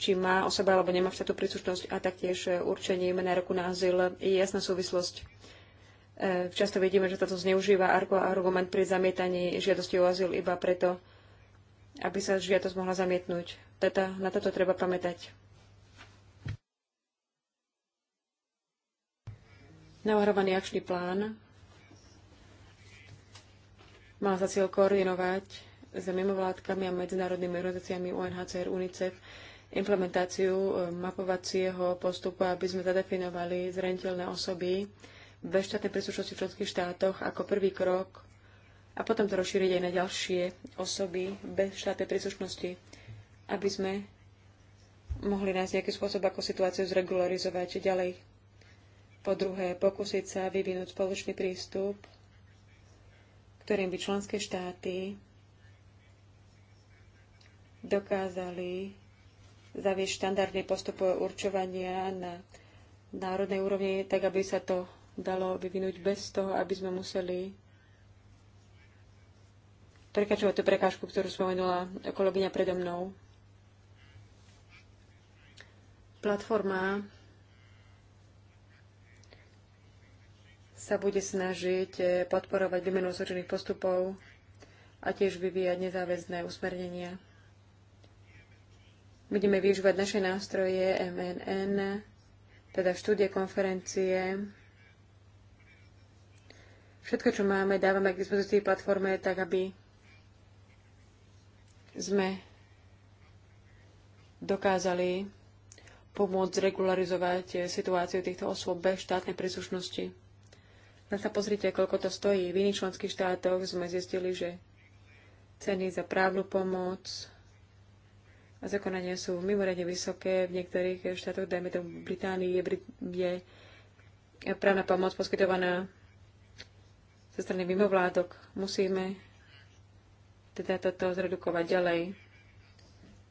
či má osoba alebo nemá štátnu príslušnosť a taktiež e, určenie určením roku na azyl je jasná súvislosť. E, často vidíme, že toto zneužíva argument pri zamietaní žiadosti o azyl iba preto, aby sa žiadosť mohla zamietnúť. Teta, na toto treba pamätať. Navrhovaný akčný plán má za cieľ koordinovať s mimovládkami a medzinárodnými organizáciami UNHCR, UNICEF implementáciu e, mapovacieho postupu, aby sme zadefinovali zraniteľné osoby ve štátnej príslušnosti v členských štátoch ako prvý krok a potom to rozšíriť aj na ďalšie osoby bez štátnej príslušnosti, aby sme mohli nájsť nejaký spôsob, ako situáciu zregularizovať ďalej. Po druhé, pokúsiť sa vyvinúť spoločný prístup, ktorým by členské štáty dokázali zaviesť štandardný postup určovania na národnej úrovni, tak aby sa to dalo vyvinúť bez toho, aby sme museli prekračovať tú prekážku, ktorú spomenula kolegyňa predo mnou. Platforma sa bude snažiť eh, podporovať výmenu osvedčených postupov a tiež vyvíjať nezáväzné usmernenia budeme využívať naše nástroje MNN, teda štúdie, konferencie. Všetko, čo máme, dávame k dispozícii platforme, tak aby sme dokázali pomôcť regularizovať situáciu týchto osôb bez štátnej príslušnosti. Len sa pozrite, koľko to stojí. V iných členských štátoch sme zistili, že ceny za právnu pomoc a zakonania sú mimoriadne vysoké. V niektorých štátoch, dajme tomu Británii, je, je právna pomoc poskytovaná zo strany mimovládok. Musíme teda toto zredukovať ďalej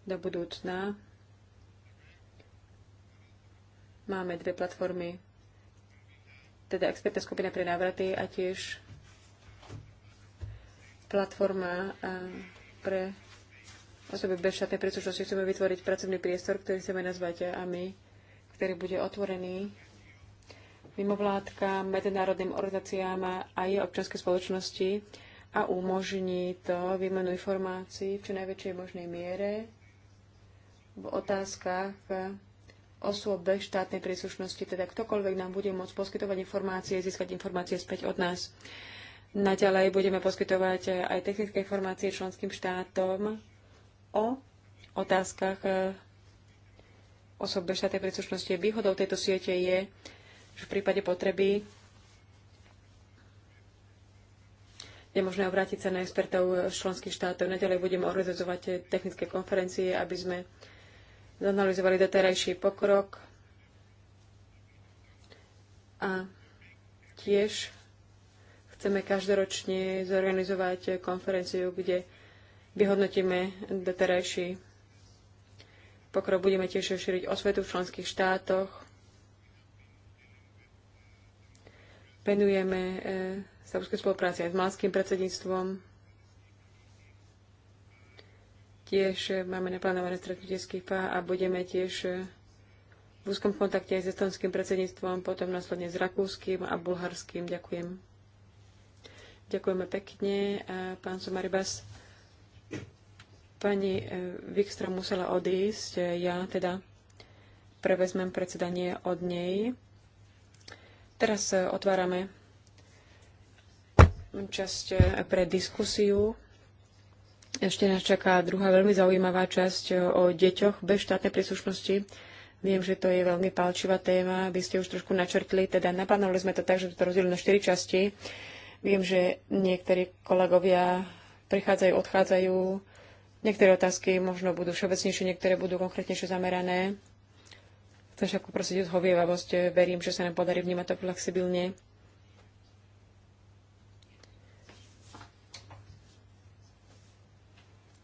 do budúcna. Máme dve platformy, teda expertná skupina pre návraty a tiež platforma eh, pre osoby bez štátnej príslušnosti chceme vytvoriť pracovný priestor, ktorý chceme nazvať a my, ktorý bude otvorený mimovládkam, medzinárodným organizáciám a aj občianskej spoločnosti a umožní to výmenu informácií v čo najväčšej možnej miere v otázkach osôb bez štátnej príslušnosti, teda ktokoľvek nám bude môcť poskytovať informácie, získať informácie späť od nás. Naďalej budeme poskytovať aj technické informácie členským štátom o otázkach e, osobe štátnej príslušnosti. Výhodou tejto siete je, že v prípade potreby je možné obrátiť sa na expertov z členských štátov. Naďalej budeme organizovať technické konferencie, aby sme zanalizovali doterajší pokrok a tiež chceme každoročne zorganizovať konferenciu, kde vyhodnotíme doterajší pokrok. Budeme tiež šíriť osvetu v členských štátoch. Venujeme e, sa úzkej spolupráci aj s malským predsedníctvom. Tiež e, máme naplánované stretnutie s a budeme tiež e, v úzkom kontakte aj s estonským predsedníctvom, potom následne s rakúskym a bulharským. Ďakujem. Ďakujeme pekne, pán Somaribas. Pani e, Vikstra musela odísť, e, ja teda prevezmem predsedanie od nej. Teraz e, otvárame časť pre diskusiu. Ešte nás čaká druhá veľmi zaujímavá časť o deťoch bez štátnej príslušnosti. Viem, že to je veľmi palčivá téma. Vy ste už trošku načrtli, teda naplánovali sme to tak, že to rozdielili na štyri časti. Viem, že niektorí kolegovia prichádzajú, odchádzajú Niektoré otázky možno budú všeobecnejšie, niektoré budú konkrétnejšie zamerané. Chcem však poprosiť o zhovievavosť. Verím, že sa nám podarí vnímať to flexibilne.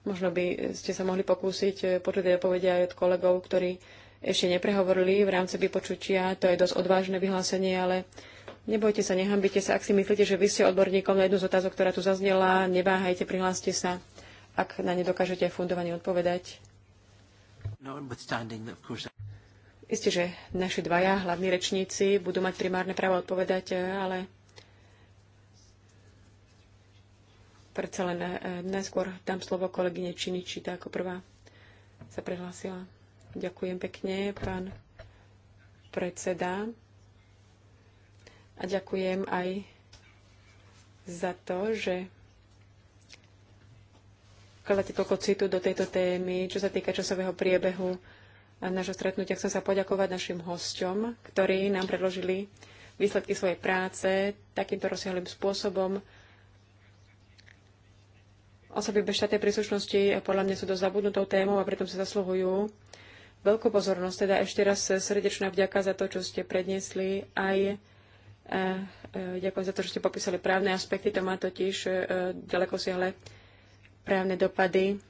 Možno by ste sa mohli pokúsiť počuť odpovede aj od kolegov, ktorí ešte neprehovorili v rámci vypočutia. To je dosť odvážne vyhlásenie, ale nebojte sa, nehambite sa. Ak si myslíte, že vy ste odborníkom na jednu z otázok, ktorá tu zaznela, neváhajte, prihláste sa ak na ne dokážete fundovanie odpovedať. Isté, že naši dvaja hlavní rečníci budú mať primárne právo odpovedať, eh, ale predsa len eh, najskôr dám slovo kolegyne Činiči, tá ako prvá sa prihlásila. Ďakujem pekne, pán predseda. A ďakujem aj za to, že vkladáte toľko citu do tejto témy, čo sa týka časového priebehu nášho stretnutia. Chcem sa poďakovať našim hosťom, ktorí nám predložili výsledky svojej práce takýmto rozsiahlým spôsobom. Osoby bez štátnej príslušnosti podľa mňa sú dosť zabudnutou témou a preto sa zasluhujú veľkú pozornosť. Teda ešte raz srdečná vďaka za to, čo ste predniesli. Aj e, e, ďakujem za to, že ste popísali právne aspekty. To má totiž e, ďaleko siahle právne dopady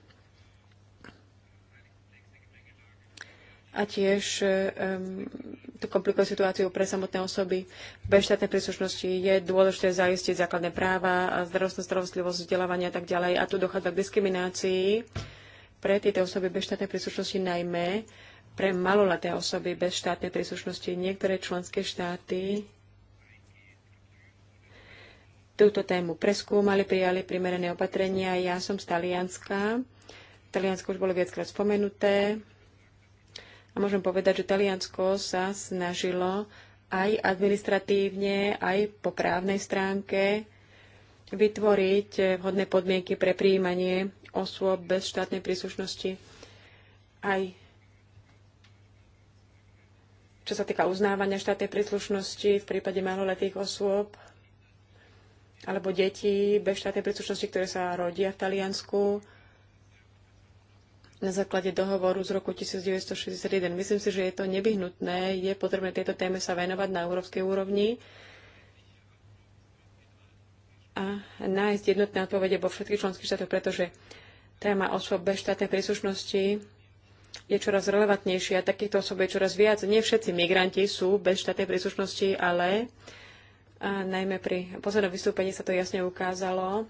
a tiež um, eh, tú komplikuje situáciu pre samotné osoby. Bez štátnej príslušnosti je dôležité zaistiť základné práva, zdravotnú starostlivosť, vzdelávanie a tak ďalej. A tu dochádza k diskriminácii pre tieto osoby bez štátnej príslušnosti najmä pre maloleté osoby bez štátnej príslušnosti. Niektoré členské štáty túto tému preskúmali, prijali primerané opatrenia. Ja som z Talianska. Taliansko už bolo viackrát spomenuté. A môžem povedať, že Taliansko sa snažilo aj administratívne, aj po právnej stránke vytvoriť vhodné podmienky pre príjmanie osôb bez štátnej príslušnosti. Aj čo sa týka uznávania štátnej príslušnosti v prípade maloletých osôb, alebo deti bez štátnej príslušnosti, ktoré sa rodia v Taliansku na základe dohovoru z roku 1961. Myslím si, že je to nevyhnutné, je potrebné tejto téme sa venovať na európskej úrovni a nájsť jednotné odpovede vo všetkých členských štátoch, pretože téma osôb bez štátnej príslušnosti je čoraz relevantnejšia. a Takýchto osob je čoraz viac. Nie všetci migranti sú bez štátnej príslušnosti, ale a najmä pri poslednom vystúpení sa to jasne ukázalo.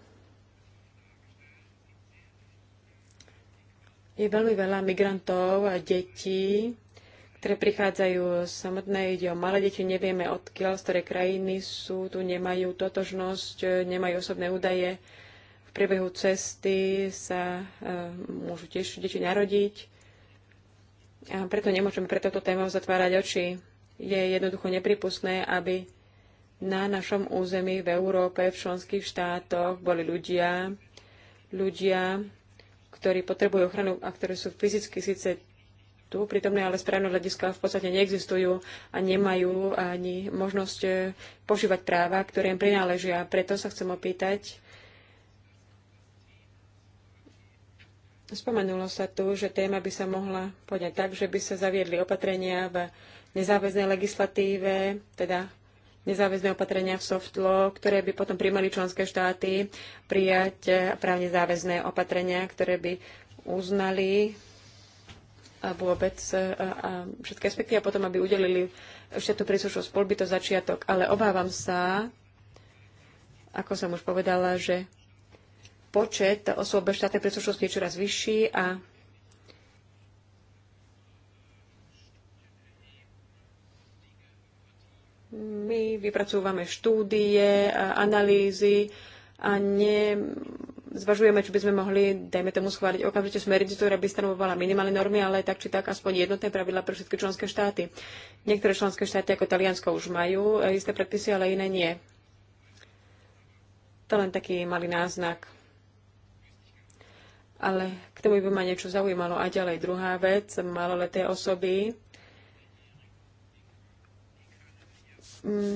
Je veľmi veľa migrantov a detí, ktoré prichádzajú samotné, ide o malé deti, nevieme odkiaľ, z ktoré krajiny sú, tu nemajú totožnosť, nemajú osobné údaje. V priebehu cesty sa e, môžu tiež deti narodiť. A preto nemôžeme pre toto tému zatvárať oči. Je jednoducho nepripustné, aby na našom území v Európe, v členských štátoch boli ľudia, ľudia, ktorí potrebujú ochranu a ktorí sú fyzicky síce tu prítomné, ale správne hľadiska v podstate neexistujú a nemajú ani možnosť eh, požívať práva, ktoré im prináležia. Preto sa chcem opýtať, Spomenulo sa tu, že téma by sa mohla poňať tak, že by sa zaviedli opatrenia v nezáväznej legislatíve, teda nezáväzné opatrenia v soft law, ktoré by potom primali členské štáty prijať e, právne záväzné opatrenia, ktoré by uznali e, vôbec e, a všetky aspekty a potom, aby udelili štátnu príslušnosť spolby to začiatok. Ale obávam sa, ako som už povedala, že počet osôb bez štátnej príslušnosti je čoraz vyšší a My vypracúvame štúdie, analýzy a ne zvažujeme, či by sme mohli, dajme tomu, schváliť okamžite smernicu, ktorá by stanovovala minimálne normy, ale tak či tak aspoň jednotné pravidla pre všetky členské štáty. Niektoré členské štáty ako Taliansko už majú e, isté predpisy, ale iné nie. To len taký malý náznak. Ale k tomu by ma niečo zaujímalo. A ďalej druhá vec, maloleté osoby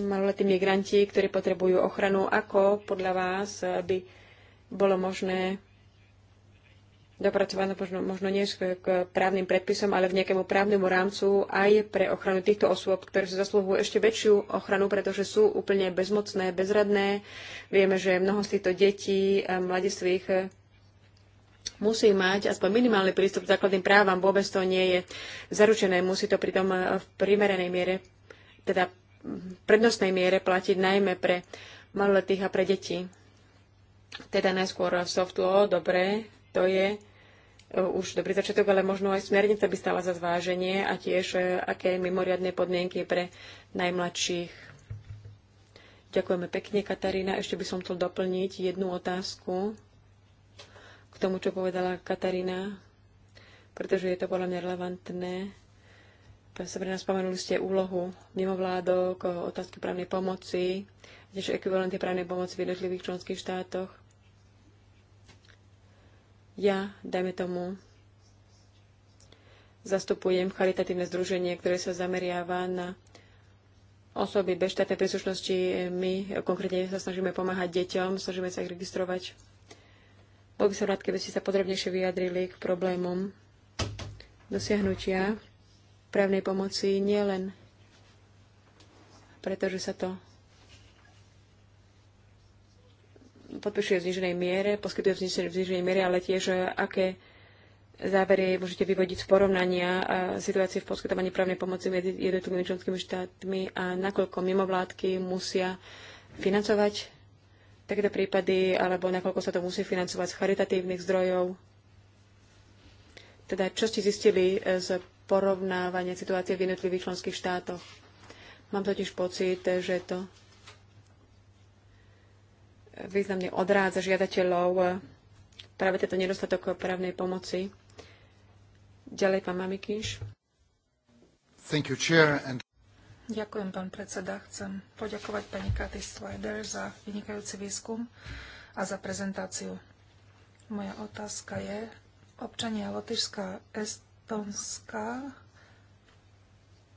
maloletí migranti, ktorí potrebujú ochranu, ako podľa vás by bolo možné dopracované možno, možno nie k právnym predpisom, ale k nejakému právnemu rámcu aj pre ochranu týchto osôb, ktoré si zaslúhujú ešte väčšiu ochranu, pretože sú úplne bezmocné, bezradné. Vieme, že mnoho z týchto detí, mladistvých musí mať aspoň minimálny prístup k základným právam. Vôbec to nie je zaručené. Musí to pritom v primeranej miere teda prednostnej miere platiť najmä pre maloletých a pre deti. Teda najskôr soft law, dobre, to je e, už dobrý začiatok, ale možno aj smernica by stala za zváženie a tiež e, aké mimoriadne podmienky pre najmladších. Ďakujeme pekne, Katarína. Ešte by som chcel doplniť jednu otázku k tomu, čo povedala Katarína, pretože je to podľa mňa relevantné. Sabrina, spomenuli ste úlohu mimovládok, otázky právnej pomoci, tiež ekvivalenty právnej pomoci v jednotlivých členských štátoch. Ja, dajme tomu, zastupujem charitatívne združenie, ktoré sa zameriava na osoby bez štátnej príslušnosti. My konkrétne sa snažíme pomáhať deťom, snažíme sa ich registrovať. Bol by som rád, keby ste sa podrobnejšie vyjadrili k problémom dosiahnutia právnej pomoci nielen pretože sa to podpíšuje v zniženej miere, poskytuje v zniženej, v zniženej miere, ale tiež aké závery môžete vyvodiť z porovnania situácie v poskytovaní právnej pomoci medzi jednotlivými členskými štátmi a nakoľko mimovládky musia financovať takéto prípady, alebo nakoľko sa to musí financovať z charitatívnych zdrojov. Teda čo ste zistili e, z porovnávania situácie v jednotlivých členských štátoch. Mám totiž pocit, že to významne odrádza žiadateľov práve tento nedostatok právnej pomoci. Ďalej pán Mamikíš. You, chair, and... Ďakujem, pán predseda. Chcem poďakovať pani Katy Slider za vynikajúci výskum a za prezentáciu. Moja otázka je, občania Lotyšska, Estonska,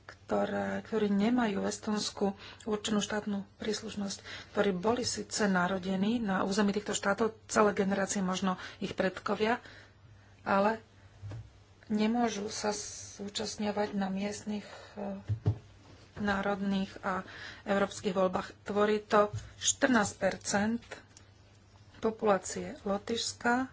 ktoré, ktorí nemajú v Estonsku určenú štátnu príslušnosť, ktorí boli síce narodení na území týchto štátov, celé generácie, možno ich predkovia, ale nemôžu sa zúčastňovať na miestnych eh, národných a európskych voľbách. Tvorí to 14 populácie Lotyšska,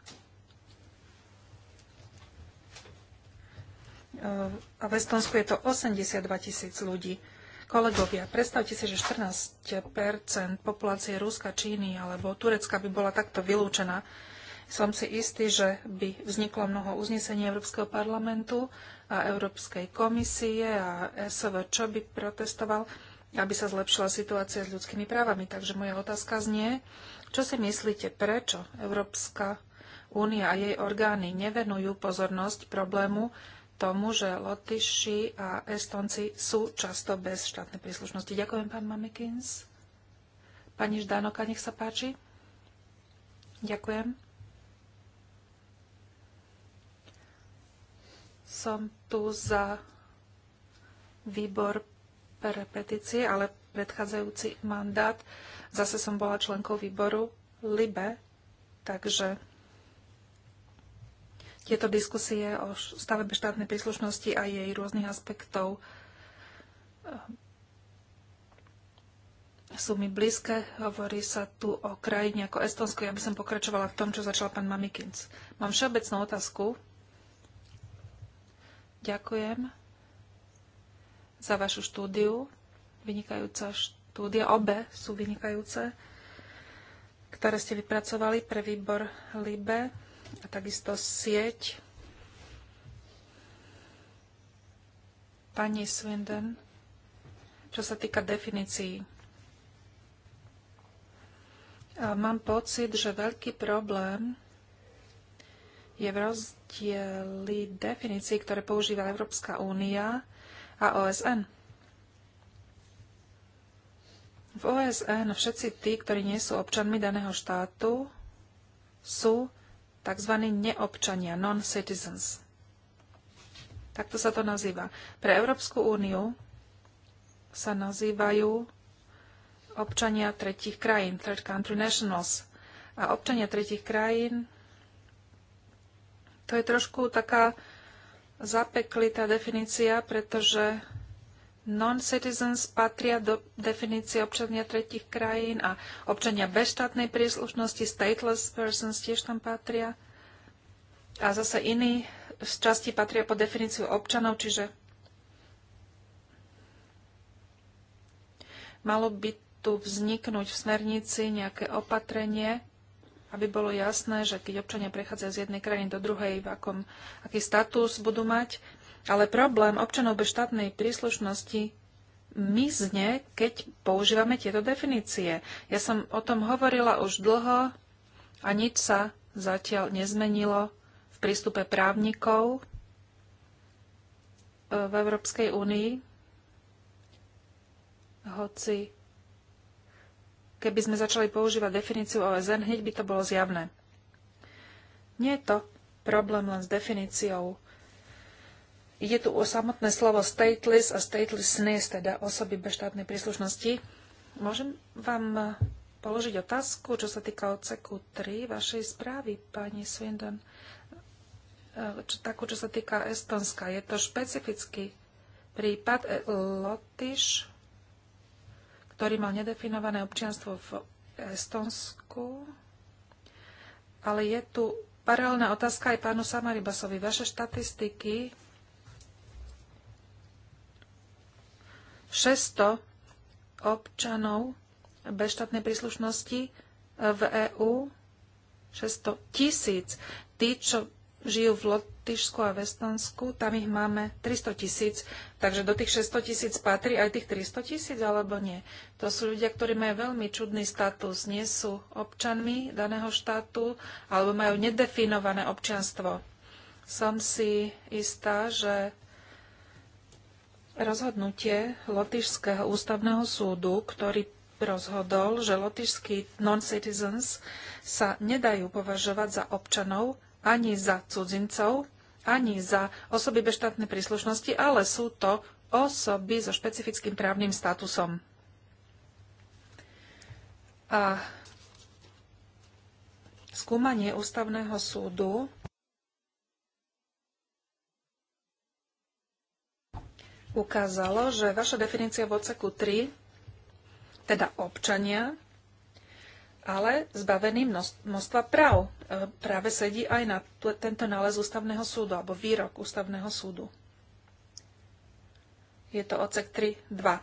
a v Estonsku je to 82 tisíc ľudí. Kolegovia, predstavte si, že 14 populácie Ruska, Číny alebo Turecka by bola takto vylúčená. Som si istý, že by vzniklo mnoho uznesení Európskeho parlamentu a Európskej komisie a SV čo by protestoval, aby sa zlepšila situácia s ľudskými právami. Takže moja otázka znie, čo si myslíte, prečo Európska únia a jej orgány nevenujú pozornosť problému tomu, že Lotyši a Estonci sú často bez štátnej príslušnosti. Ďakujem, pán Mamikins. Pani Ždánoka, nech sa páči. Ďakujem. Som tu za výbor pre petície, ale predchádzajúci mandát. Zase som bola členkou výboru LIBE, takže tieto diskusie o stavebe štátnej príslušnosti a jej rôznych aspektov eh, sú mi blízke. Hovorí sa tu o krajine ako Estonsko. Ja by som pokračovala v tom, čo začal pán Mamikins. Mám všeobecnú otázku. Ďakujem za vašu štúdiu. Vynikajúca štúdia, obe sú vynikajúce, ktoré ste vypracovali pre výbor LIBE a takisto sieť. Pani Swinden, čo sa týka definícií. Mám pocit, že veľký problém je v rozdieli definícií, ktoré používa Európska únia a OSN. V OSN všetci tí, ktorí nie sú občanmi daného štátu, sú tzv. neobčania, non-citizens. Takto sa to nazýva. Pre Európsku úniu sa nazývajú občania tretich krajín, third country nationals. A občania tretich krajín, to je trošku taká zapeklitá definícia, pretože Non-citizens patria do definície občania tretich krajín a občania bez štátnej príslušnosti, stateless persons tiež tam patria. A zase iní z časti patria po definíciu občanov, čiže malo by tu vzniknúť v smernici nejaké opatrenie, aby bolo jasné, že keď občania prechádzajú z jednej krajiny do druhej, v akom, aký status budú mať, ale problém občanov bez štátnej príslušnosti mizne, keď používame tieto definície. Ja som o tom hovorila už dlho a nič sa zatiaľ nezmenilo v prístupe právnikov e, v Európskej únii, hoci keby sme začali používať definíciu OSN, hneď by to bolo zjavné. Nie je to problém len s definíciou Ide tu o samotné slovo stateless a statelessness, teda osoby bez štátnej príslušnosti. Môžem vám položiť otázku, čo sa týka odseku 3 vašej správy, pani Swindon, e, takú, čo sa týka Estonska. Je to špecifický prípad e, Lotyš, ktorý mal nedefinované občianstvo v Estonsku, ale je tu paralelná otázka aj pánu Samaribasovi. Vaše štatistiky 600 občanov bez štátnej príslušnosti v EÚ, 600 tisíc. Tí, čo žijú v Lotyšsku a Vestonsku, tam ich máme 300 tisíc. Takže do tých 600 tisíc patrí aj tých 300 tisíc, alebo nie? To sú ľudia, ktorí majú veľmi čudný status. Nie sú občanmi daného štátu, alebo majú nedefinované občianstvo. Som si istá, že rozhodnutie Lotyšského ústavného súdu, ktorý rozhodol, že lotyšskí non-citizens sa nedajú považovať za občanov ani za cudzincov, ani za osoby bez štátnej príslušnosti, ale sú to osoby so špecifickým právnym statusom. A skúmanie ústavného súdu ukázalo, že vaša definícia v odseku 3, teda občania, ale zbavený množstva práv, e, práve sedí aj na tento nález ústavného súdu, alebo výrok ústavného súdu. Je to odsek 3 2.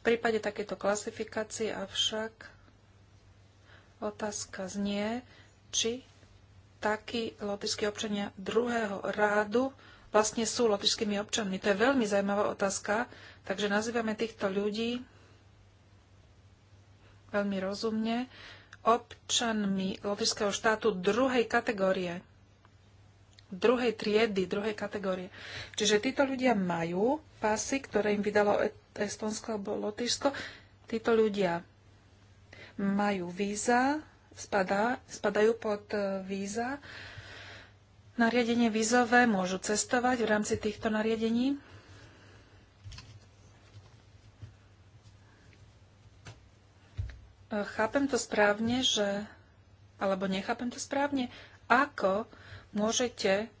V prípade takéto klasifikácie avšak otázka znie, či takí lotyšskí občania druhého rádu vlastne sú lotišskými občanmi. To je veľmi zaujímavá otázka, takže nazývame týchto ľudí veľmi rozumne občanmi lotišského štátu druhej kategórie. Druhej triedy, druhej kategórie. Čiže títo ľudia majú pasy, ktoré im vydalo Estonsko alebo Lotyšsko. Títo ľudia majú víza, spadá, spadajú pod eh, víza nariadenie vízové môžu cestovať v rámci týchto nariadení? E, chápem to správne, že... Alebo nechápem to správne. Ako môžete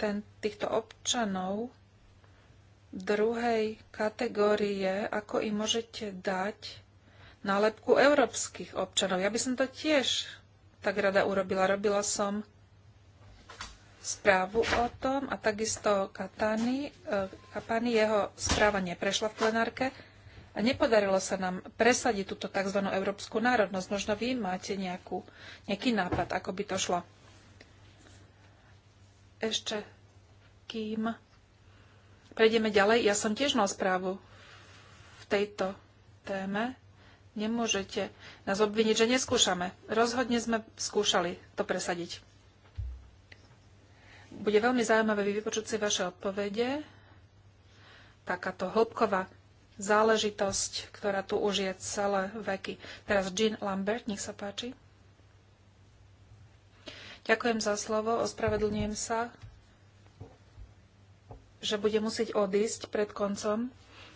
ten, týchto občanov druhej kategórie, ako im môžete dať nálepku európskych občanov. Ja by som to tiež tak rada urobila. Robila som správu o tom a takisto Katani, eh, Kapani, jeho správa neprešla v plenárke a nepodarilo sa nám presadiť túto tzv. európsku národnosť. Možno vy máte nejakú, nejaký nápad, ako by to šlo. Ešte kým prejdeme ďalej, ja som tiež mal správu v tejto téme Nemôžete nás obviniť, že neskúšame. Rozhodne sme skúšali to presadiť. Bude veľmi zaujímavé vypočuť si vaše odpovede. Takáto hĺbková záležitosť, ktorá tu už je celé veky. Teraz Jean Lambert, nech sa páči. Ďakujem za slovo, ospravedlňujem sa, že budem musieť odísť pred koncom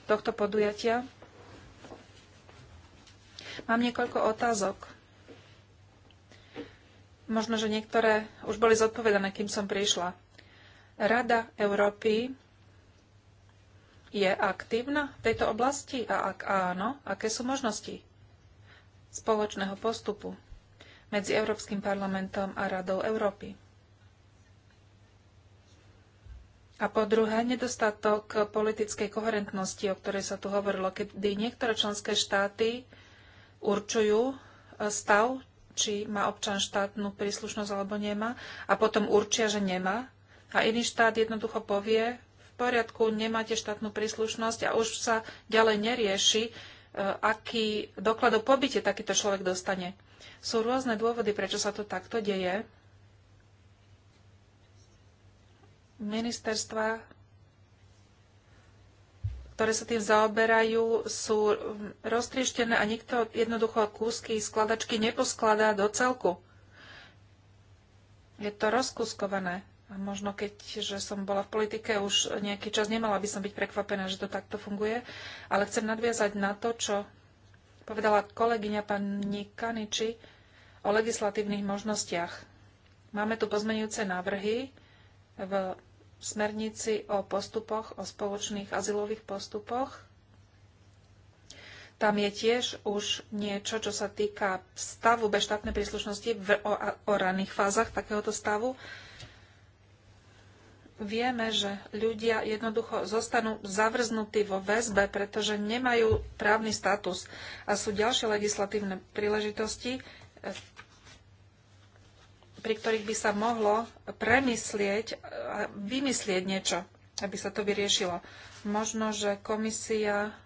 tohto podujatia. Mám niekoľko otázok. Možno, že niektoré už boli zodpovedané, kým som prišla. Rada Európy je aktívna v tejto oblasti a ak áno, aké sú možnosti spoločného postupu medzi Európskym parlamentom a Radou Európy? A po druhé, nedostatok politickej koherentnosti, o ktorej sa tu hovorilo, kedy niektoré členské štáty určujú e, stav, či má občan štátnu príslušnosť alebo nemá a potom určia, že nemá a iný štát jednoducho povie, v poriadku, nemáte štátnu príslušnosť a už sa ďalej nerieši, e, aký doklad o pobyte takýto človek dostane. Sú rôzne dôvody, prečo sa to takto deje. Ministerstva ktoré sa tým zaoberajú, sú roztrieštené a nikto jednoducho kúsky skladačky neposkladá do celku. Je to rozkuskované. A možno keď že som bola v politike už nejaký čas, nemala by som byť prekvapená, že to takto funguje. Ale chcem nadviazať na to, čo povedala kolegyňa pani Kaniči o legislatívnych možnostiach. Máme tu pozmenujúce návrhy v smernici o postupoch, o spoločných azylových postupoch. Tam je tiež už niečo, čo sa týka stavu bez štátnej príslušnosti v, o, o raných fázach takéhoto stavu. Vieme, že ľudia jednoducho zostanú zavrznutí vo väzbe, pretože nemajú právny status. A sú ďalšie legislatívne príležitosti, pri ktorých by sa mohlo premyslieť a e, vymyslieť niečo, aby sa to vyriešilo. Možno, že komisia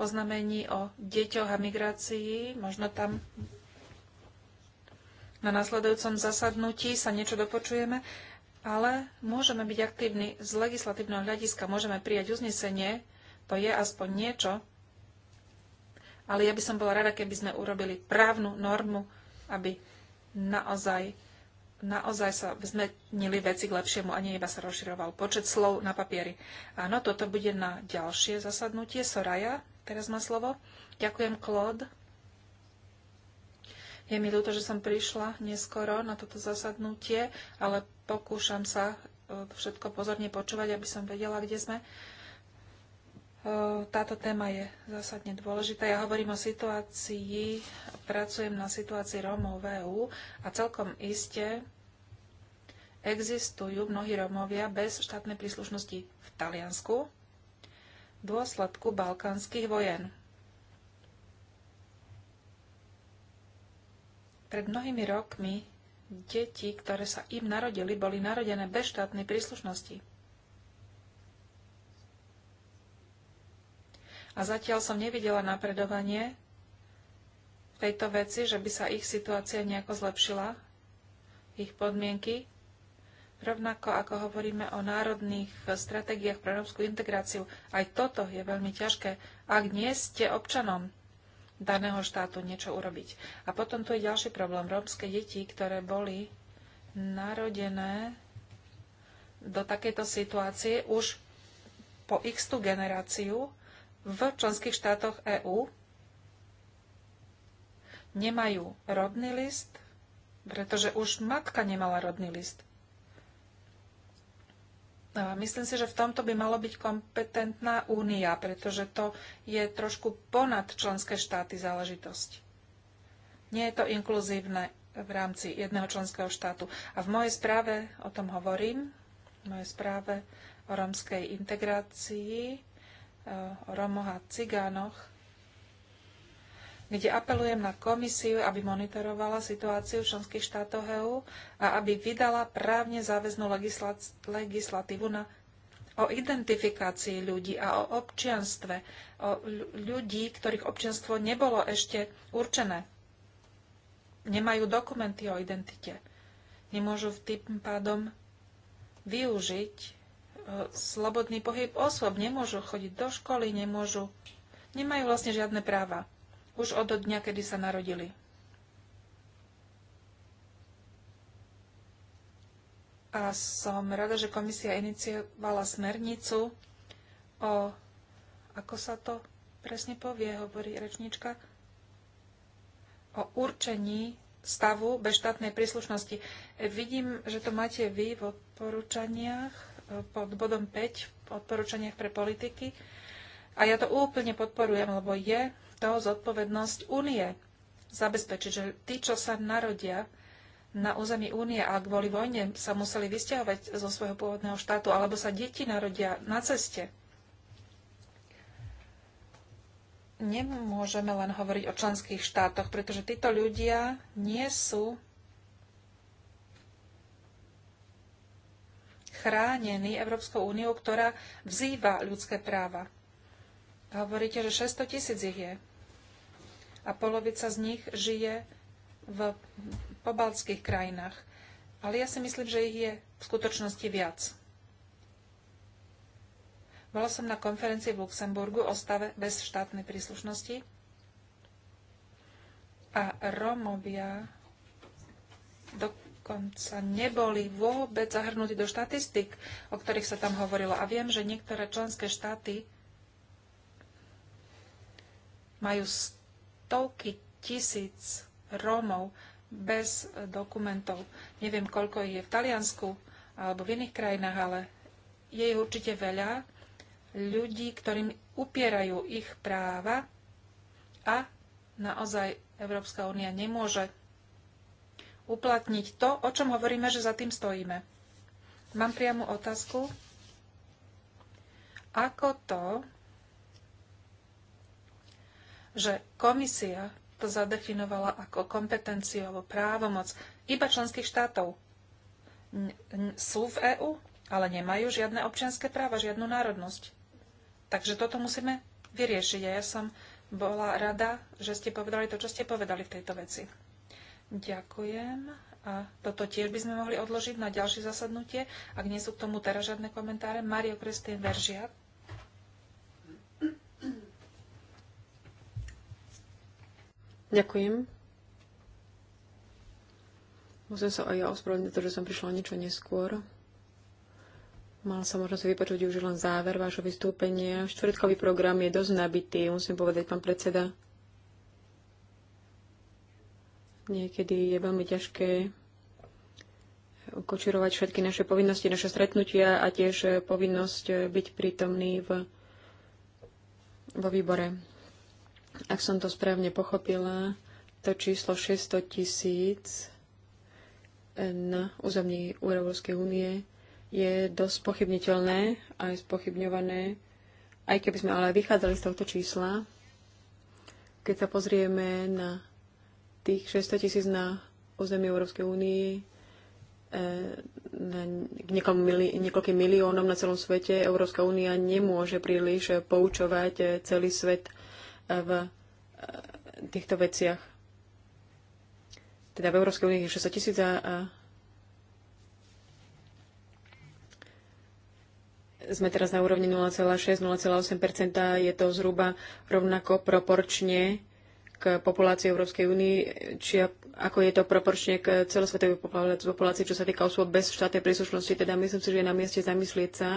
oznamení o deťoch a migrácii, možno tam na nasledujúcom zasadnutí sa niečo dopočujeme, ale môžeme byť aktívni z legislatívneho hľadiska, môžeme prijať uznesenie, to je aspoň niečo, ale ja by som bola rada, keby sme urobili právnu normu, aby naozaj, naozaj sa zmenili veci k lepšiemu a nie iba sa rozširoval počet slov na papieri. Áno, toto bude na ďalšie zasadnutie. Soraya, teraz má slovo. Ďakujem, Claude. Je mi ľúto, že som prišla neskoro na toto zasadnutie, ale pokúšam sa eh, všetko pozorne počúvať, aby som vedela, kde sme. Táto téma je zásadne dôležitá. Ja hovorím o situácii, pracujem na situácii Rómov v EU a celkom iste existujú mnohí Rómovia bez štátnej príslušnosti v Taliansku v dôsledku balkánskych vojen. Pred mnohými rokmi deti, ktoré sa im narodili, boli narodené bez štátnej príslušnosti. a zatiaľ som nevidela napredovanie tejto veci, že by sa ich situácia nejako zlepšila, ich podmienky, rovnako ako hovoríme o národných stratégiách pre rómskú integráciu. Aj toto je veľmi ťažké, ak nie ste občanom daného štátu niečo urobiť. A potom tu je ďalší problém. Rómske deti, ktoré boli narodené do takejto situácie už po x generáciu, v členských štátoch EÚ nemajú rodný list, pretože už matka nemala rodný list. A myslím si, že v tomto by malo byť kompetentná únia, pretože to je trošku ponad členské štáty záležitosť. Nie je to inkluzívne v rámci jedného členského štátu. A v mojej správe o tom hovorím, v mojej správe o romskej integrácii, o eh, Romoch a Cigánoch, kde apelujem na komisiu, aby monitorovala situáciu v členských štátoch EÚ a aby vydala právne záväznú legislatívu na, o identifikácii ľudí a o občianstve, o ľudí, ktorých občianstvo nebolo ešte určené. Nemajú dokumenty o identite. Nemôžu tým pádom využiť slobodný pohyb osôb. Nemôžu chodiť do školy, nemôžu, nemajú vlastne žiadne práva. Už od dňa, kedy sa narodili. A som rada, že komisia iniciovala smernicu o... Ako sa to presne povie, hovorí rečnička? O určení stavu bez štátnej príslušnosti. Vidím, že to máte vy v odporúčaniach pod bodom 5 v odporúčaniach pre politiky. A ja to úplne podporujem, lebo je to zodpovednosť únie zabezpečiť, že tí, čo sa narodia na území únie a kvôli vojne sa museli vysťahovať zo svojho pôvodného štátu, alebo sa deti narodia na ceste. Nemôžeme len hovoriť o členských štátoch, pretože títo ľudia nie sú chránený Európskou úniou, ktorá vzýva ľudské práva. A hovoríte, že 600 tisíc ich je. A polovica z nich žije v pobaltských krajinách. Ale ja si myslím, že ich je v skutočnosti viac. Bola som na konferencii v Luxemburgu o stave bez štátnej príslušnosti a Romovia do dokonca neboli vôbec zahrnutí do štatistik, o ktorých sa tam hovorilo. A viem, že niektoré členské štáty majú stovky tisíc Rómov bez dokumentov. Neviem, koľko ich je v Taliansku alebo v iných krajinách, ale je ich určite veľa ľudí, ktorým upierajú ich práva a naozaj Európska únia nemôže uplatniť to, o čom hovoríme, že za tým stojíme. Mám priamu otázku. Ako to, že komisia to zadefinovala ako kompetenciu alebo právomoc iba členských štátov. Sú v EÚ, ale nemajú žiadne občianské práva, žiadnu národnosť. Takže toto musíme vyriešiť. A ja som bola rada, že ste povedali to, čo ste povedali v tejto veci. Ďakujem. A toto tiež by sme mohli odložiť na ďalšie zasadnutie, ak nie sú k tomu teraz žiadne komentáre. Mario Kristýn Veržiak. Ďakujem. Musím sa aj ja ospravedlniť, pretože som prišla niečo neskôr. Mal som možnosť vypočuť už len záver vášho vystúpenia. Štvrtkový program je dosť nabitý, musím povedať, pán predseda. Niekedy je veľmi ťažké ukočirovať všetky naše povinnosti, naše stretnutia a tiež povinnosť byť prítomný v, vo výbore. Ak som to správne pochopila, to číslo 600 tisíc na území Európskej únie je dosť pochybniteľné a je spochybňované, aj keby sme ale vychádzali z tohto čísla. Keď sa pozrieme na tých 600 tisíc na území Európskej únie eh, niekoľkým miliónom na celom svete. Európska únia nemôže príliš poučovať celý svet eh, v eh, týchto veciach. Teda v Európskej únii je 600 tisíc a sme teraz na úrovni 0,6-0,8 Je to zhruba rovnako proporčne k populácii Európskej únie, či ako je to proporčne k celosvetovej populácii, čo sa týka osôb bez štátnej príslušnosti. Teda myslím si, že je na mieste zamyslieť sa.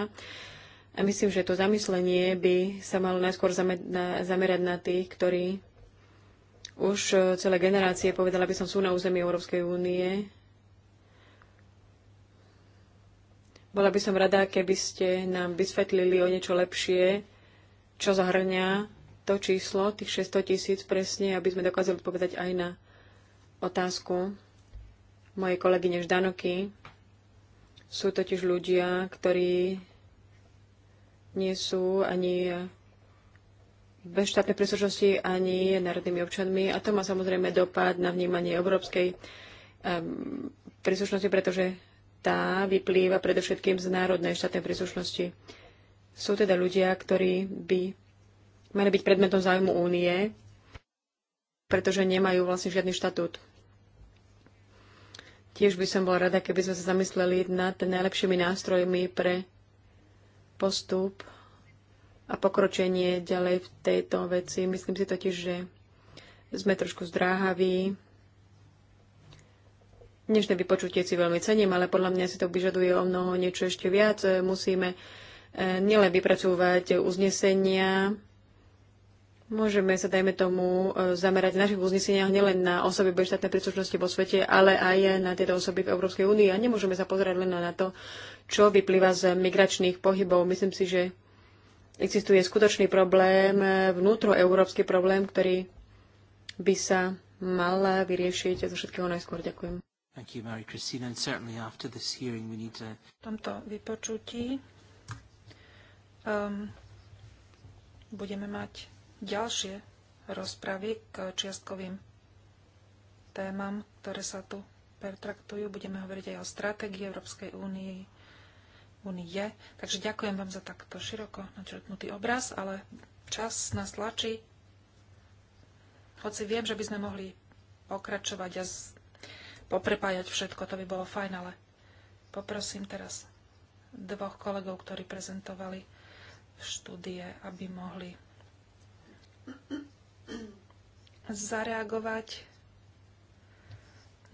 A myslím, že to zamyslenie by sa malo najskôr zamerať na tých, ktorí už celé generácie, povedala by som, sú na území Európskej únie. Bola by som rada, keby ste nám vysvetlili o niečo lepšie, čo zahrňa to číslo, tých 600 tisíc presne, aby sme dokázali povedať aj na otázku mojej kolegyne Ždanoky. Sú totiž ľudia, ktorí nie sú ani bez štátnej príslušnosti ani národnými občanmi. A to má samozrejme dopad na vnímanie európskej um, príslušnosti, pretože tá vyplýva predovšetkým z národnej štátnej príslušnosti. Sú teda ľudia, ktorí by mali byť predmetom zájmu únie, pretože nemajú vlastne žiadny štatút. Tiež by som bola rada, keby sme sa zamysleli nad najlepšími nástrojmi pre postup a pokročenie ďalej v tejto veci. Myslím si totiž, že sme trošku zdráhaví. Dnešné vypočutie si veľmi cením, ale podľa mňa si to vyžaduje o mnoho niečo ešte viac. Musíme eh, nielen vypracovať uznesenia, Môžeme sa, dajme tomu, e, zamerať v našich uzneseniach nielen na osoby bez štátnej príslušnosti vo svete, ale aj na tieto osoby v Európskej únii. A nemôžeme sa pozerať len na to, čo vyplýva z migračných pohybov. Myslím si, že existuje skutočný problém, e, vnútroeurópsky problém, ktorý by sa mal vyriešiť zo všetkého najskôr. Ďakujem. V tomto vypočutí um, budeme mať ďalšie rozpravy k čiastkovým témam, ktoré sa tu pertraktujú. Budeme hovoriť aj o stratégii Európskej únie. Unie. Takže ďakujem vám za takto široko načrtnutý obraz, ale čas nás tlačí. Hoci viem, že by sme mohli pokračovať a poprepájať všetko, to by bolo fajn, ale poprosím teraz dvoch kolegov, ktorí prezentovali štúdie, aby mohli zareagovať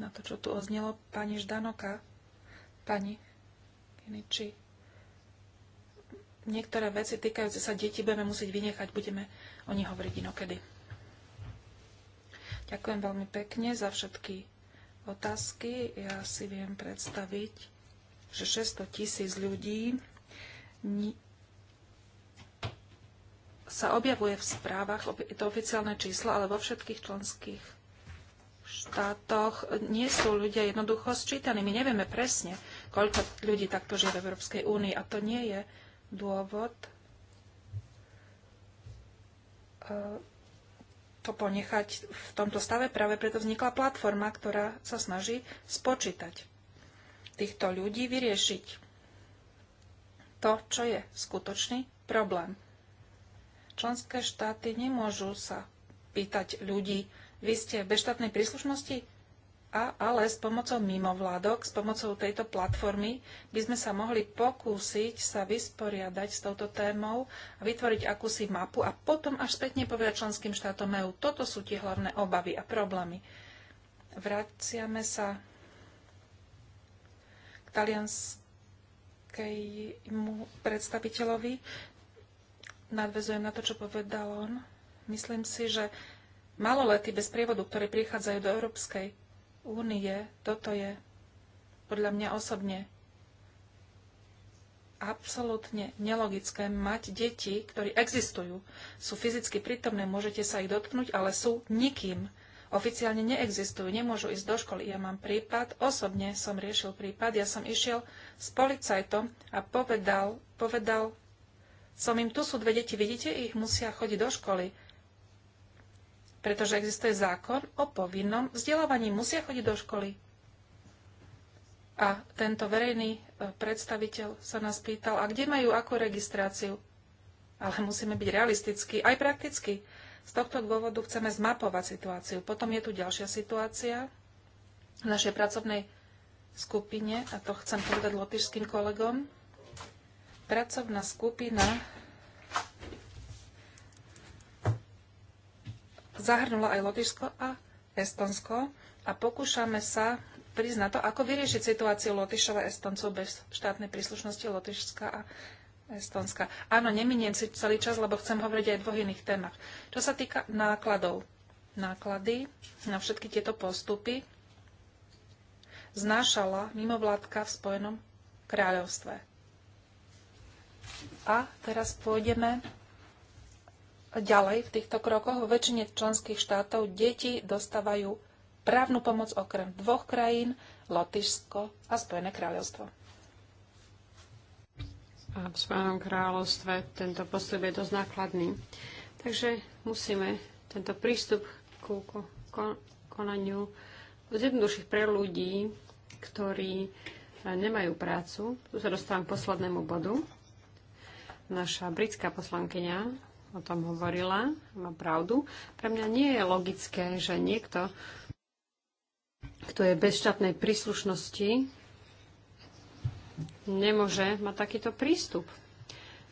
na to, čo tu oznelo pani Ždanoka, pani Kiniči. Niektoré veci týkajúce sa detí budeme musieť vynechať, budeme o nich hovoriť inokedy. Ďakujem veľmi pekne za všetky otázky. Ja si viem predstaviť, že 600 tisíc ľudí sa objavuje v správach, je to oficiálne číslo, ale vo všetkých členských štátoch nie sú ľudia jednoducho sčítaní. My nevieme presne, koľko ľudí takto žije v Európskej únii a to nie je dôvod eh, to ponechať v tomto stave. Práve preto vznikla platforma, ktorá sa snaží spočítať týchto ľudí, vyriešiť to, čo je skutočný problém. Členské štáty nemôžu sa pýtať ľudí, vy ste bez štátnej príslušnosti? A, ale s pomocou mimovládok, s pomocou tejto platformy by sme sa mohli pokúsiť sa vysporiadať s touto témou a vytvoriť akúsi mapu a potom až spätne povedať členským štátom EU, toto sú tie hlavné obavy a problémy. Vraciame sa k talianskej predstaviteľovi nadvezujem na to, čo povedal on. Myslím si, že malolety bez prievodu, ktoré prichádzajú do Európskej únie, toto je podľa mňa osobne absolútne nelogické mať deti, ktorí existujú, sú fyzicky prítomné, môžete sa ich dotknúť, ale sú nikým. Oficiálne neexistujú, nemôžu ísť do školy. Ja mám prípad, osobne som riešil prípad, ja som išiel s policajtom a povedal, povedal som im, tu sú dve deti, vidíte, ich musia chodiť do školy. Pretože existuje zákon o povinnom vzdelávaní. Musia chodiť do školy. A tento verejný e, predstaviteľ sa nás pýtal, a kde majú akú registráciu? Ale musíme byť realistickí, aj prakticky. Z tohto dôvodu chceme zmapovať situáciu. Potom je tu ďalšia situácia v našej pracovnej skupine, a to chcem povedať lotišským kolegom, Pracovná skupina zahrnula aj Lotyšsko a Estonsko a pokúšame sa prísť na to, ako vyriešiť situáciu Lotyšov a Estoncov bez štátnej príslušnosti Lotyšska a Estonska. Áno, neminiem si celý čas, lebo chcem hovoriť aj o dvoch iných témach. Čo sa týka nákladov, náklady na všetky tieto postupy znášala mimovládka v Spojenom kráľovstve. A teraz pôjdeme ďalej v týchto krokoch. Vo väčšine členských štátov deti dostávajú právnu pomoc okrem dvoch krajín, Lotyšsko a Spojené kráľovstvo. A v Spojenom kráľovstve tento postup je dosť nákladný. Takže musíme tento prístup ku konaniu zjednodušiť pre ľudí, ktorí e, nemajú prácu. Tu sa dostávam k poslednému bodu. Naša britská poslankyňa o tom hovorila, má pravdu. Pre mňa nie je logické, že niekto, kto je bez štátnej príslušnosti, nemôže mať takýto prístup.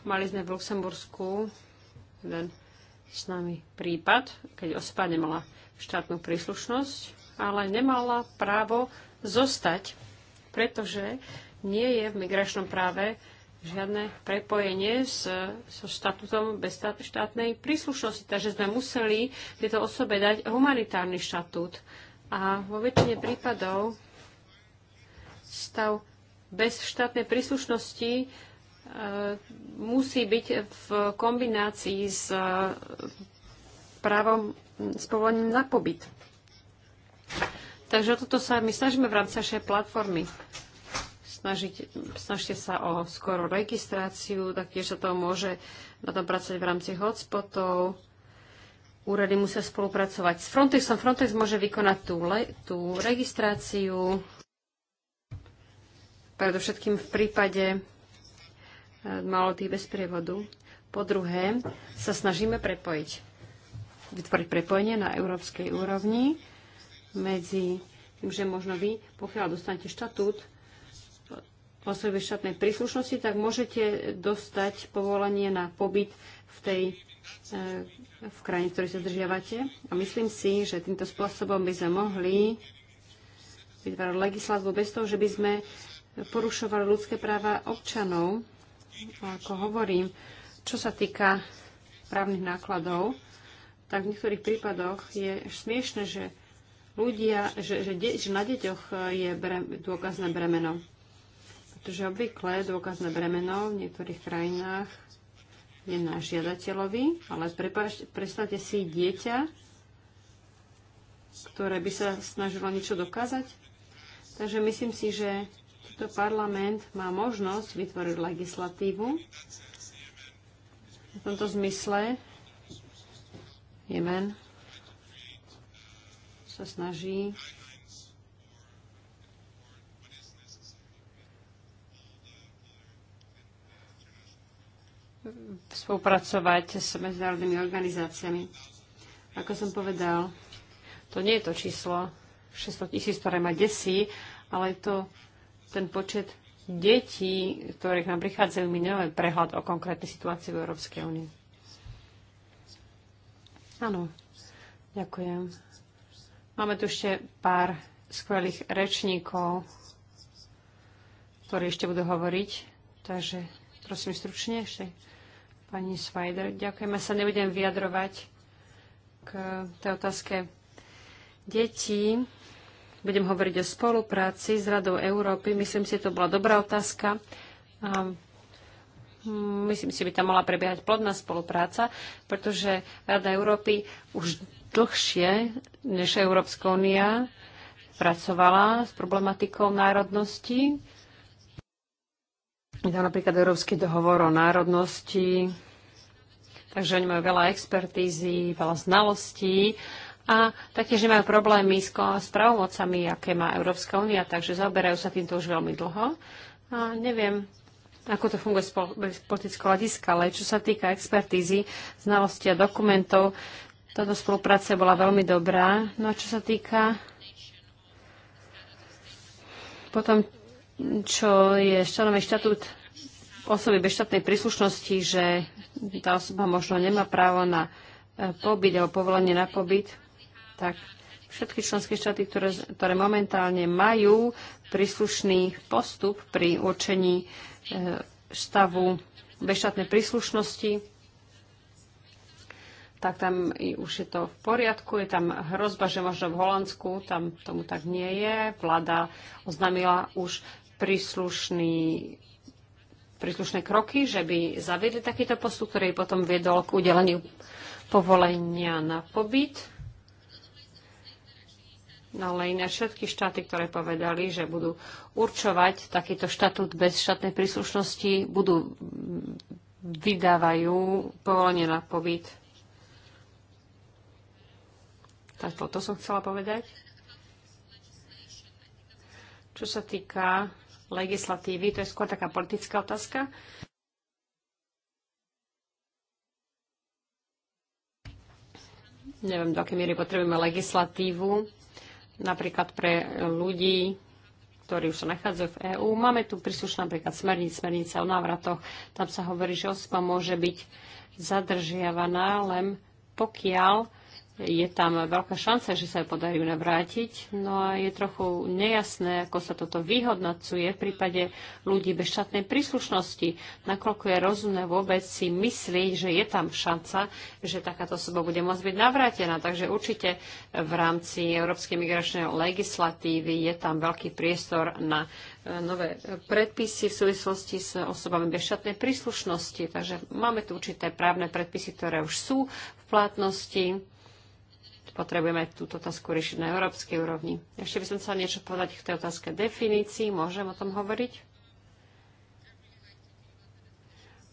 Mali sme v Luxembursku jeden s nami prípad, keď osoba nemala štátnu príslušnosť, ale nemala právo zostať, pretože nie je v migračnom práve žiadne prepojenie s, so štatutom bez štátnej príslušnosti. Takže sme museli tieto osobe dať humanitárny štatút. A vo väčšine prípadov stav bez štátnej príslušnosti e, musí byť v kombinácii s e, právom s povolením na pobyt. Takže o toto sa my snažíme v rámci našej platformy snažiť, snažte sa o skorú registráciu, taktiež sa to môže na tom pracovať v rámci hotspotov. Úrady musia spolupracovať s Frontexom. Frontex môže vykonať tú, le, tú registráciu, predovšetkým v prípade eh, malotých bez prievodu. Po druhé, sa snažíme prepojiť, vytvoriť prepojenie na európskej úrovni medzi tým, že možno vy, pokiaľ dostanete štatút vo svojej štátnej príslušnosti, tak môžete dostať povolenie na pobyt v tej e, v krajine, v ktorej sa zdržiavate. A myslím si, že týmto spôsobom by sme mohli vytvárať legislatívu bez toho, že by sme porušovali ľudské práva občanov. A ako hovorím, čo sa týka právnych nákladov, tak v niektorých prípadoch je smiešne, že ľudia, že, že, de, že na deťoch je bre, dôkazné bremeno pretože obvykle dôkazné bremeno v niektorých krajinách je na žiadateľovi, ale predstavte si dieťa, ktoré by sa snažilo niečo dokázať. Takže myslím si, že tento parlament má možnosť vytvoriť legislatívu. V tomto zmysle Jemen sa snaží spolupracovať s medzinárodnými organizáciami. Ako som povedal, to nie je to číslo 600 tisíc, ktoré ma desí, ale je to ten počet detí, ktoré k nám prichádzajú, my nemáme prehľad o konkrétnej situácii v Európskej únii. Áno, ďakujem. Máme tu ešte pár skvelých rečníkov, ktorí ešte budú hovoriť, takže prosím stručne ešte. Pani Svajder, ďakujem. Ja sa nebudem vyjadrovať k tej otázke detí. Budem hovoriť o spolupráci s Radou Európy. Myslím si, že to bola dobrá otázka. A myslím si, by tam mohla prebiehať plodná spolupráca, pretože Rada Európy už dlhšie než Európska únia pracovala s problematikou národnosti je tam napríklad Európsky dohovor o národnosti, takže oni majú veľa expertízy, veľa znalostí a taktiež nemajú problémy s, s aké má Európska únia, takže zaoberajú sa týmto už veľmi dlho. A neviem, ako to funguje z politického hľadiska, ale čo sa týka expertízy, znalosti a dokumentov, táto spolupráca bola veľmi dobrá. No a čo sa týka potom čo je stanovený štatút osoby bez štátnej príslušnosti, že tá osoba možno nemá právo na e, pobyt alebo povolenie na pobyt, tak všetky členské štáty, ktoré, ktoré momentálne majú príslušný postup pri určení e, stavu štátnej príslušnosti, tak tam už je to v poriadku. Je tam hrozba, že možno v Holandsku tam tomu tak nie je. Vláda oznámila už príslušný príslušné kroky, že by zaviedli takýto postup, ktorý potom viedol k udeleniu povolenia na pobyt. No ale iné všetky štáty, ktoré povedali, že budú určovať takýto štatút bez štátnej príslušnosti, budú vydávajú povolenie na pobyt. Tak toto som chcela povedať. Čo sa týka legislatívy. To je skôr taká politická otázka. Neviem, do akej miery potrebujeme legislatívu, napríklad pre ľudí, ktorí už sa nachádzajú v EÚ. Máme tu príslušná napríklad smernic, smernica o návratoch. Tam sa hovorí, že ospa môže byť zadržiavaná len pokiaľ je tam veľká šanca, že sa ju podarí navrátiť. No a je trochu nejasné, ako sa toto vyhodnocuje v prípade ľudí bez štátnej príslušnosti, nakoľko je rozumné vôbec si myslieť, že je tam šanca, že takáto osoba bude môcť byť navrátená. Takže určite v rámci Európskej migračnej legislatívy je tam veľký priestor na e, nové predpisy v súvislosti s osobami bez štátnej príslušnosti. Takže máme tu určité právne predpisy, ktoré už sú v platnosti potrebujeme túto otázku riešiť na európskej úrovni. Ešte by som chcela niečo povedať k tej otázke definícií. Môžem o tom hovoriť?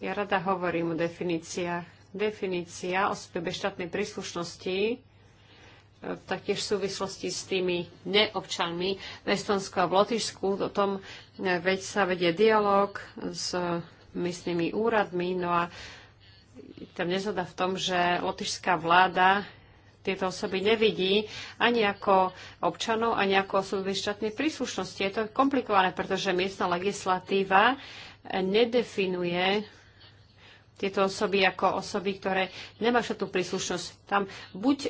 Ja rada hovorím o definíciách. Definícia osoby bez štátnej príslušnosti e, taktiež v súvislosti s tými neobčanmi v Estonsku a v Lotyšsku. O tom e, veď sa vedie dialog s miestnymi úradmi. No a tam nezhoda v tom, že lotyšská vláda tieto osoby nevidí ani ako občanov, ani ako osoby štátnej príslušnosti. Je to komplikované, pretože miestna legislatíva nedefinuje tieto osoby ako osoby, ktoré nemá štátnu príslušnosť. Tam buď e,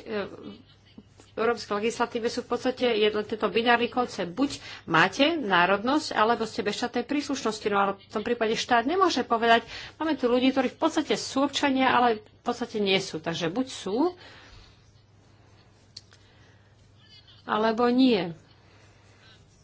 v európskej legislatíve sú v podstate jedno tieto binárny konce. Buď máte národnosť, alebo ste bez štátnej príslušnosti. No ale v tom prípade štát nemôže povedať, máme tu ľudí, ktorí v podstate sú občania, ale v podstate nie sú. Takže buď sú, alebo nie.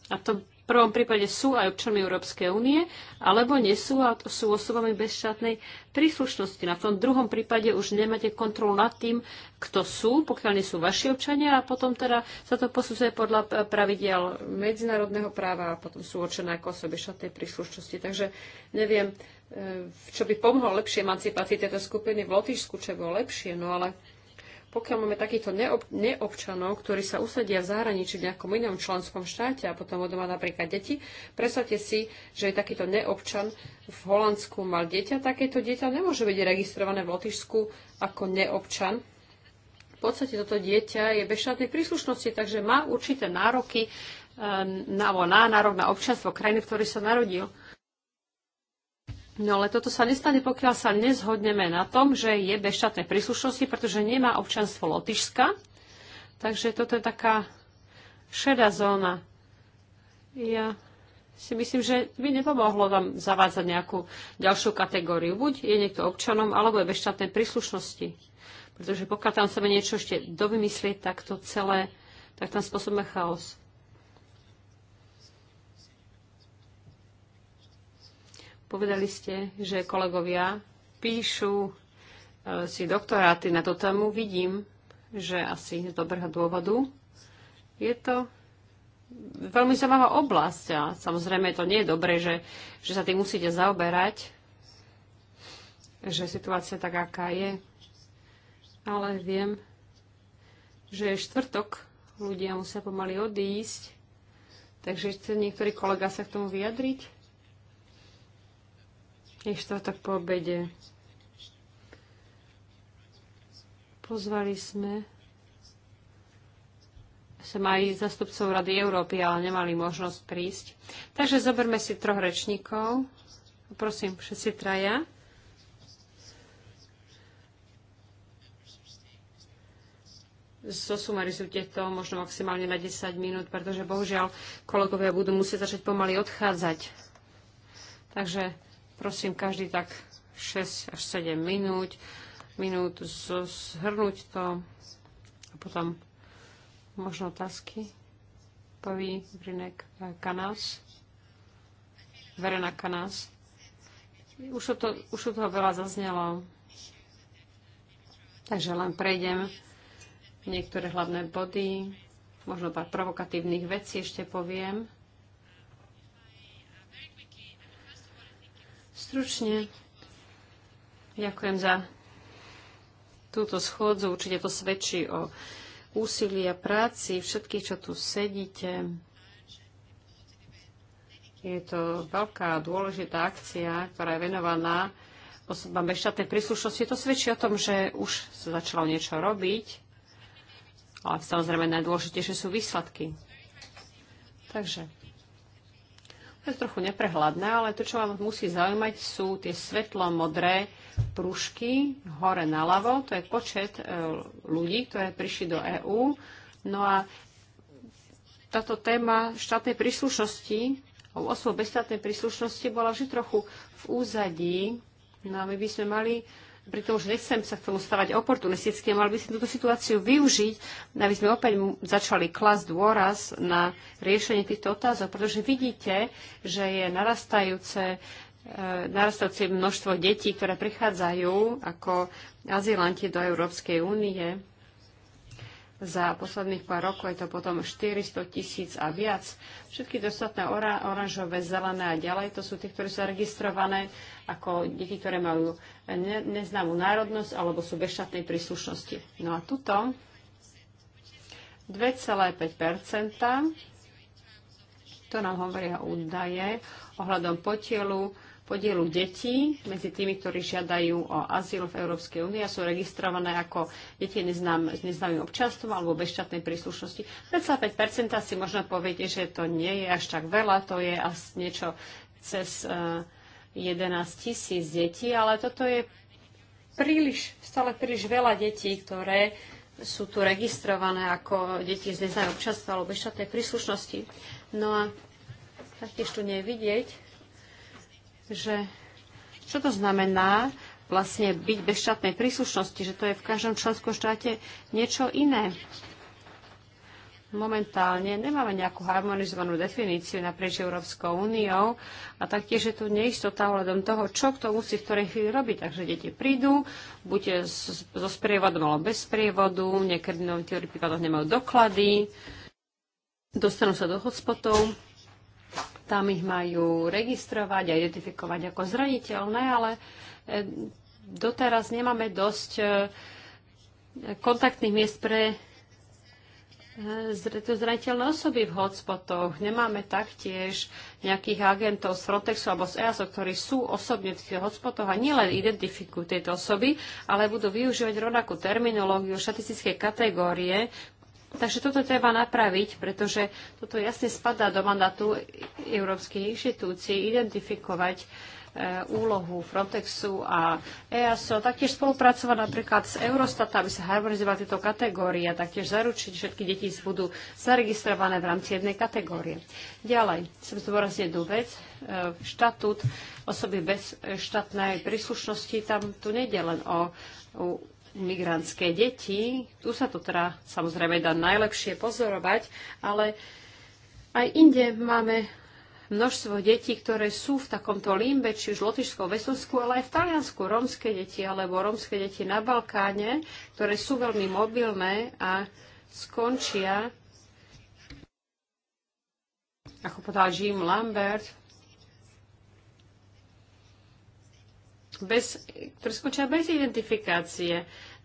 A to v prvom prípade sú aj občanmi Európskej únie, alebo nie sú a to sú osobami bez štátnej príslušnosti. Na tom druhom prípade už nemáte kontrolu nad tým, kto sú, pokiaľ nie sú vaši občania a potom teda sa to posudzuje podľa pravidiel medzinárodného práva a potom sú určené ako osoby štátnej príslušnosti. Takže neviem, e, čo by pomohlo lepšie emancipácii tejto skupiny v Lotyšsku, čo bolo lepšie, no ale pokiaľ máme takýchto neob- neobčanov, ktorí sa usadia v zahraničí v nejakom inom členskom štáte a potom od doma napríklad deti, predstavte si, že je takýto neobčan v Holandsku mal dieťa, takéto dieťa nemôže byť registrované v Lotyšsku ako neobčan. V podstate toto dieťa je bez štátnej príslušnosti, takže má určité nároky na, ehm, na nárok na občanstvo krajiny, v ktorej sa narodil. No ale toto sa nestane, pokiaľ sa nezhodneme na tom, že je bez štátnej príslušnosti, pretože nemá občanstvo Lotyšska. Takže toto je taká šedá zóna. Ja si myslím, že by nepomohlo vám zavádzať nejakú ďalšiu kategóriu. Buď je niekto občanom, alebo je bez štátnej príslušnosti. Pretože pokiaľ tam chceme niečo ešte dovymyslieť, tak to celé, tak tam spôsobíme chaos. Povedali ste, že kolegovia píšu e, si doktoráty na tú tému. Vidím, že asi z dobrého dôvodu. Je to veľmi zaujímavá oblasť a samozrejme to nie je dobré, že, že sa tým musíte zaoberať, že situácia tak, aká je. Ale viem, že je štvrtok, ľudia musia pomaly odísť, takže chce niektorý kolega sa k tomu vyjadriť je štvrtok po obede. Pozvali sme sa aj zastupcov Rady Európy, ale nemali možnosť prísť. Takže zoberme si troch rečníkov. Prosím, všetci traja. sú to možno maximálne na 10 minút, pretože bohužiaľ kolegovia budú musieť začať pomaly odchádzať. Takže Prosím, každý tak 6 až 7 minút, minút zhrnúť to a potom možno otázky. Prvý Brinek e, Kanás. Verena Kanás. Už o, to, už o toho veľa zaznelo. Takže len prejdem niektoré hlavné body, možno pár provokatívnych vecí ešte poviem. Stručne ďakujem za túto schôdzu. Určite to svedčí o úsilí a práci všetkých, čo tu sedíte. Je to veľká dôležitá akcia, ktorá je venovaná osobám bez štátnej príslušnosti. To svedčí o tom, že už sa začalo niečo robiť, ale samozrejme najdôležitejšie sú výsledky. Takže to je trochu neprehľadné, ale to, čo vám musí zaujímať, sú tie svetlo-modré prúžky hore naľavo. To je počet e, ľudí, ktoré prišli do EÚ. No a táto téma štátnej príslušnosti, osôb bez štátnej príslušnosti bola vždy trochu v úzadí. No a my by sme mali pritom už nechcem sa k tomu stavať oportunisticky, mal by si túto situáciu využiť, aby sme opäť začali klasť dôraz na riešenie týchto otázok, pretože vidíte, že je narastajúce e, narastajúce množstvo detí, ktoré prichádzajú ako azylanti do Európskej únie. Za posledných pár rokov je to potom 400 tisíc a viac. Všetky dostatné oranžové, zelené a ďalej, to sú tie, ktoré sú registrované ako deti, ktoré majú ne- neznámú národnosť alebo sú bez štátnej príslušnosti. No a tuto 2,5 to nám hovoria údaje ohľadom potielu podielu detí medzi tými, ktorí žiadajú o azyl v Európskej únii a sú registrované ako deti neznám, s neznámym občanstvom alebo bez štátnej príslušnosti. 25% si možno poviete, že to nie je až tak veľa, to je asi niečo cez 11 e, tisíc detí, ale toto je príliš, stále príliš veľa detí, ktoré sú tu registrované ako deti z neznámym občanstva alebo bez štátnej príslušnosti. No a taktiež tu nevidieť že čo to znamená vlastne byť bez štátnej príslušnosti, že to je v každom členskom štáte niečo iné. Momentálne nemáme nejakú harmonizovanú definíciu naprieč Európskou úniou a taktiež je tu neistota ohľadom toho, čo kto musí v ktorej chvíli robiť. Takže deti prídu, buď so sprievodom alebo bez sprievodu, niekedy v prípadoch nemajú doklady, dostanú sa do hotspotov tam ich majú registrovať a identifikovať ako zraniteľné, ale e, doteraz nemáme dosť e, kontaktných miest pre e, zraniteľné osoby v hotspotoch. Nemáme taktiež nejakých agentov z Frontexu alebo z EASO, ktorí sú osobne v tých hotspotoch a nielen identifikujú tieto osoby, ale budú využívať rovnakú terminológiu, štatistické kategórie, Takže toto treba napraviť, pretože toto jasne spadá do mandátu európskych inštitúcií identifikovať e, úlohu Frontexu a EASO, taktiež spolupracovať napríklad s Eurostat, aby sa harmonizovali tieto kategórie a taktiež zaručiť, že všetky deti budú zaregistrované v rámci jednej kategórie. Ďalej, chcem zdôrazniť jednu vec. E, štatút osoby bez štátnej príslušnosti, tam tu nejde len o migrantské deti. Tu sa to teda samozrejme dá najlepšie pozorovať, ale aj inde máme množstvo detí, ktoré sú v takomto limbe, či už Lotyšskom Vesovsku, ale aj v Taliansku, rómske deti alebo rómske deti na Balkáne, ktoré sú veľmi mobilné a skončia, ako povedal Jim Lambert, bez, ktoré skončia bez identifikácie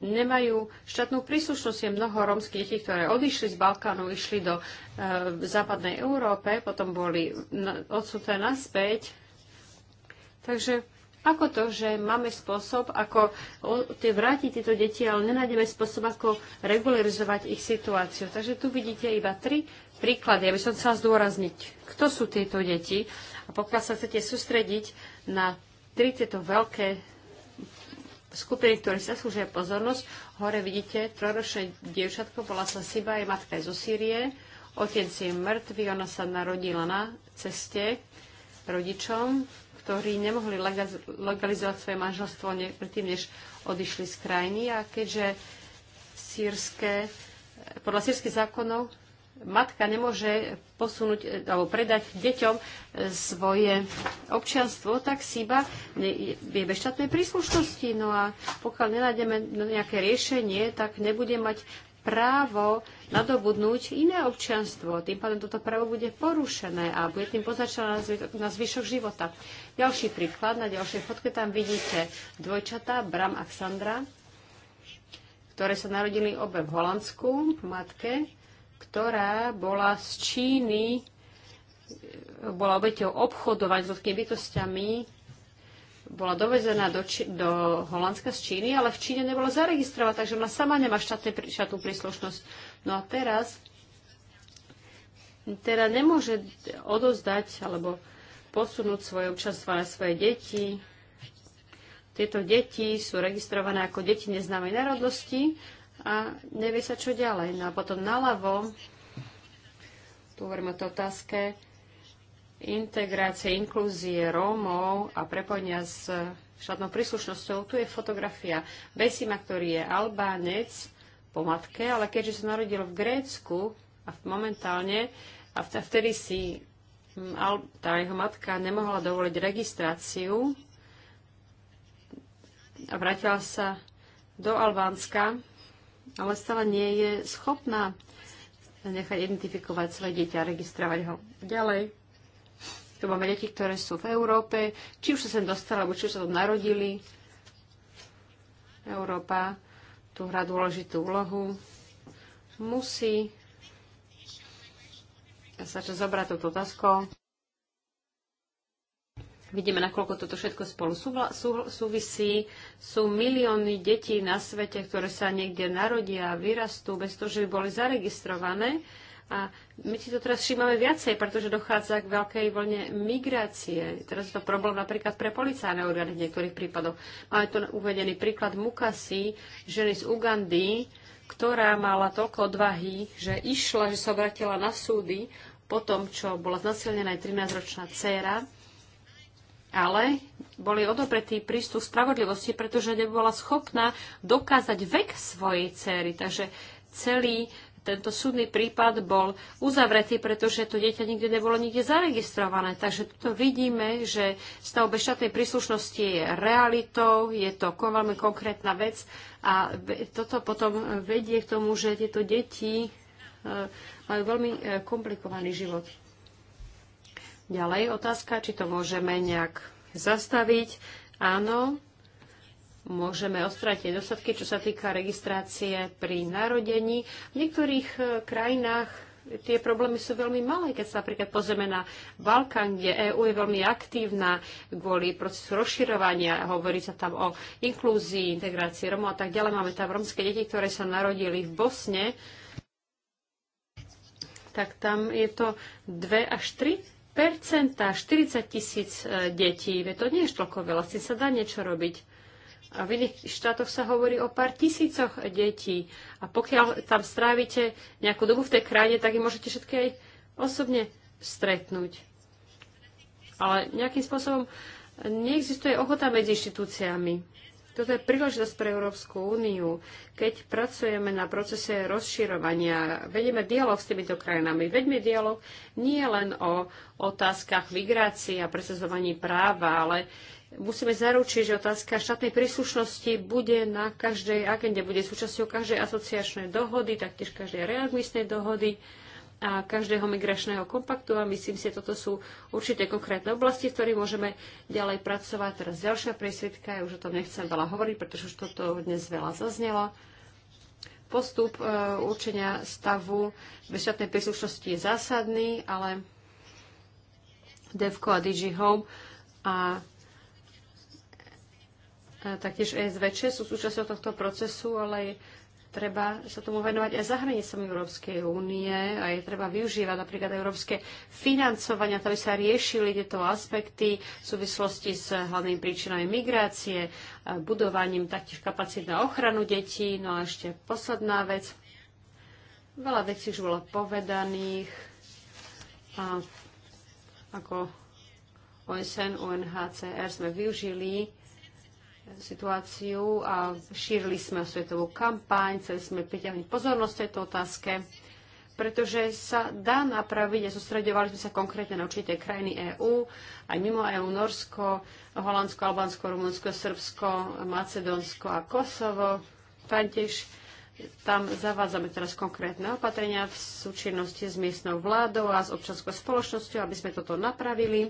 nemajú štátnu príslušnosť. Je mnoho rómskych detí, ktoré odišli z Balkánu, išli do e, západnej Európe, potom boli odsuté naspäť. Takže ako to, že máme spôsob, ako tie vrátiť tieto deti, ale nenájdeme spôsob, ako regularizovať ich situáciu. Takže tu vidíte iba tri príklady. Ja by som chcela zdôrazniť, kto sú tieto deti. A pokiaľ sa chcete sústrediť na tri tieto veľké skupiny, ktoré sa slúžia pozornosť. Hore vidíte, trojročné dievčatko, bola sa Siba, je matka je zo Sýrie. Otec je mŕtvý, ona sa narodila na ceste rodičom, ktorí nemohli legalizovať svoje manželstvo ne, predtým, než odišli z krajiny. A keďže sírske, podľa sírskych zákonov matka nemôže posunúť e, alebo predať deťom e, svoje občianstvo, tak si iba je bez štátnej príslušnosti. No a pokiaľ nenájdeme nejaké riešenie, tak nebude mať právo nadobudnúť iné občianstvo. Tým pádem toto právo bude porušené a bude tým poznačené na zvyšok života. Ďalší príklad, na ďalšej fotke tam vidíte dvojčatá Bram a Xandra, ktoré sa narodili obe v Holandsku, matke ktorá bola z Číny, bola obeťou obchodovať s ľudskými bytostiami, bola dovezená do, Či- do Holandska z Číny, ale v Číne nebola zaregistrovaná, takže ona sama nemá štátne, štátnu príslušnosť. No a teraz teda nemôže odozdať alebo posunúť svoje občanstvo na svoje deti. Tieto deti sú registrované ako deti neznámej národnosti a nevie sa čo ďalej. No a potom naľavo, tu hovoríme o otázke, integrácie, inklúzie Rómov a prepojenia s štátnou príslušnosťou. Tu je fotografia Besima, ktorý je Albánec po matke, ale keďže sa narodil v Grécku a momentálne, a vtedy si tá jeho matka nemohla dovoliť registráciu a vrátila sa do Albánska ale stále nie je schopná nechať identifikovať svoje dieťa a registrovať ho. Ďalej, tu máme deti, ktoré sú v Európe, či už sa sem dostali, alebo či už sa tam narodili. Európa tu hrá dôležitú úlohu. Musí sa čo zobrať touto otázkou. Vidíme, nakoľko toto všetko spolu súvisí. Sú milióny detí na svete, ktoré sa niekde narodia a vyrastú bez toho, že by boli zaregistrované. A my si to teraz všímame viacej, pretože dochádza k veľkej vlne migrácie. Teraz je to problém napríklad pre policajné orgány v niektorých prípadoch. Máme tu uvedený príklad Mukasi, ženy z Ugandy, ktorá mala toľko odvahy, že išla, že sa obratila na súdy po tom, čo bola znasilnená aj 13-ročná dcéra ale boli odopretí prístup spravodlivosti, pretože nebola schopná dokázať vek svojej céry. Takže celý tento súdny prípad bol uzavretý, pretože to dieťa nikdy nebolo nikde zaregistrované. Takže tu vidíme, že stav bez príslušnosti je realitou, je to veľmi konkrétna vec a toto potom vedie k tomu, že tieto deti eh, majú veľmi eh, komplikovaný život. Ďalej otázka, či to môžeme nejak zastaviť. Áno, môžeme tie dosadky, čo sa týka registrácie pri narodení. V niektorých e, krajinách tie problémy sú veľmi malé, keď sa napríklad pozrieme na Balkán, kde EÚ je veľmi aktívna kvôli procesu rozširovania, hovorí sa tam o inklúzii, integrácii Romov a tak ďalej. Máme tam romské deti, ktoré sa narodili v Bosne, tak tam je to dve až tri percenta, 40 tisíc e, detí, veď to nie je toľko veľa, si sa dá niečo robiť. A v iných štátoch sa hovorí o pár tisícoch detí. A pokiaľ tam strávite nejakú dobu v tej krajine, tak ich môžete všetky aj osobne stretnúť. Ale nejakým spôsobom neexistuje ochota medzi inštitúciami. Toto je príležitosť pre Európsku úniu, keď pracujeme na procese rozširovania, vedieme dialog s týmito krajinami. Vedme dialog nie len o otázkach migrácie a presazovaní práva, ale musíme zaručiť, že otázka štátnej príslušnosti bude na každej agende, bude súčasťou každej asociačnej dohody, taktiež každej readmisnej dohody a každého migračného kompaktu a myslím si, že toto sú určité konkrétne oblasti, v ktorých môžeme ďalej pracovať. Teraz ďalšia presvedka, ja už o tom nechcem veľa hovoriť, pretože už toto dnes veľa zaznelo. Postup e, určenia stavu bezštátnej príslušnosti je zásadný, ale DEVCO a DG Home a e, taktiež ESVČ sú súčasťou tohto procesu, ale treba sa tomu venovať aj za hranicami Európskej únie a je treba využívať napríklad európske financovania, aby sa riešili tieto aspekty v súvislosti s hlavnými príčinami migrácie, budovaním taktiež kapacít na ochranu detí. No a ešte posledná vec. Veľa vecí už bolo povedaných. A ako OSN, UNHCR sme využili situáciu a šírili sme svetovú kampaň, chceli sme priťahnuť pozornosť tejto otázke, pretože sa dá napraviť a sústredovali sme sa konkrétne na určité krajiny EÚ, aj mimo EÚ Norsko, Holandsko, Albánsko, Rumunsko, Srbsko, Macedónsko a Kosovo. Tantež tam zavádzame teraz konkrétne opatrenia v súčinnosti s miestnou vládou a s občanskou spoločnosťou, aby sme toto napravili.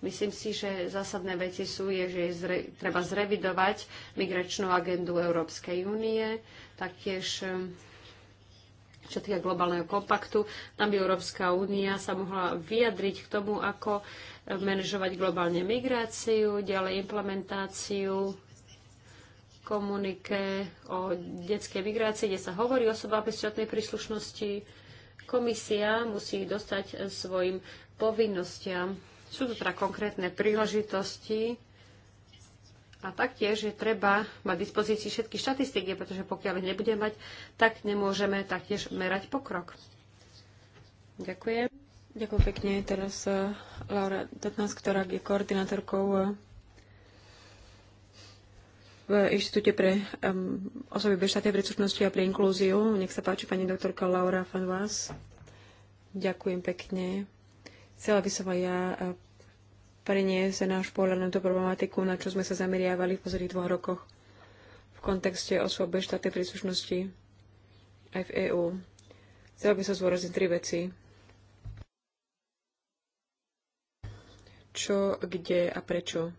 Myslím si, že zásadné veci sú, je, že je zre, treba zrevidovať migračnú agendu Európskej únie, taktiež eh, čo týka globálneho kompaktu, tam by Európska únia sa mohla vyjadriť k tomu, ako eh, manažovať globálne migráciu, ďalej implementáciu komunike o detskej migrácii, kde sa hovorí o osobách bez štátnej príslušnosti. Komisia musí dostať eh, svojim povinnostiam sú to teda konkrétne príležitosti a taktiež je treba mať dispozícii všetky štatistiky, pretože pokiaľ ich nebudeme mať, tak nemôžeme taktiež merať pokrok. Ďakujem. Ďakujem pekne. Teraz eh, Laura Tatnás, ktorá je koordinátorkou eh, v Inštitúte pre um, osoby bez štátnej príslušnosti a pre inklúziu. Nech sa páči, pani doktorka Laura van Vás. Ďakujem pekne. Chcela by som aj ja e, preniesť náš pohľad na tú problematiku, na čo sme sa zameriavali v posledných dvoch rokoch v kontexte osôb štátnej príslušnosti aj v EÚ. Chcela by som zvorazniť tri veci. Čo, kde a prečo.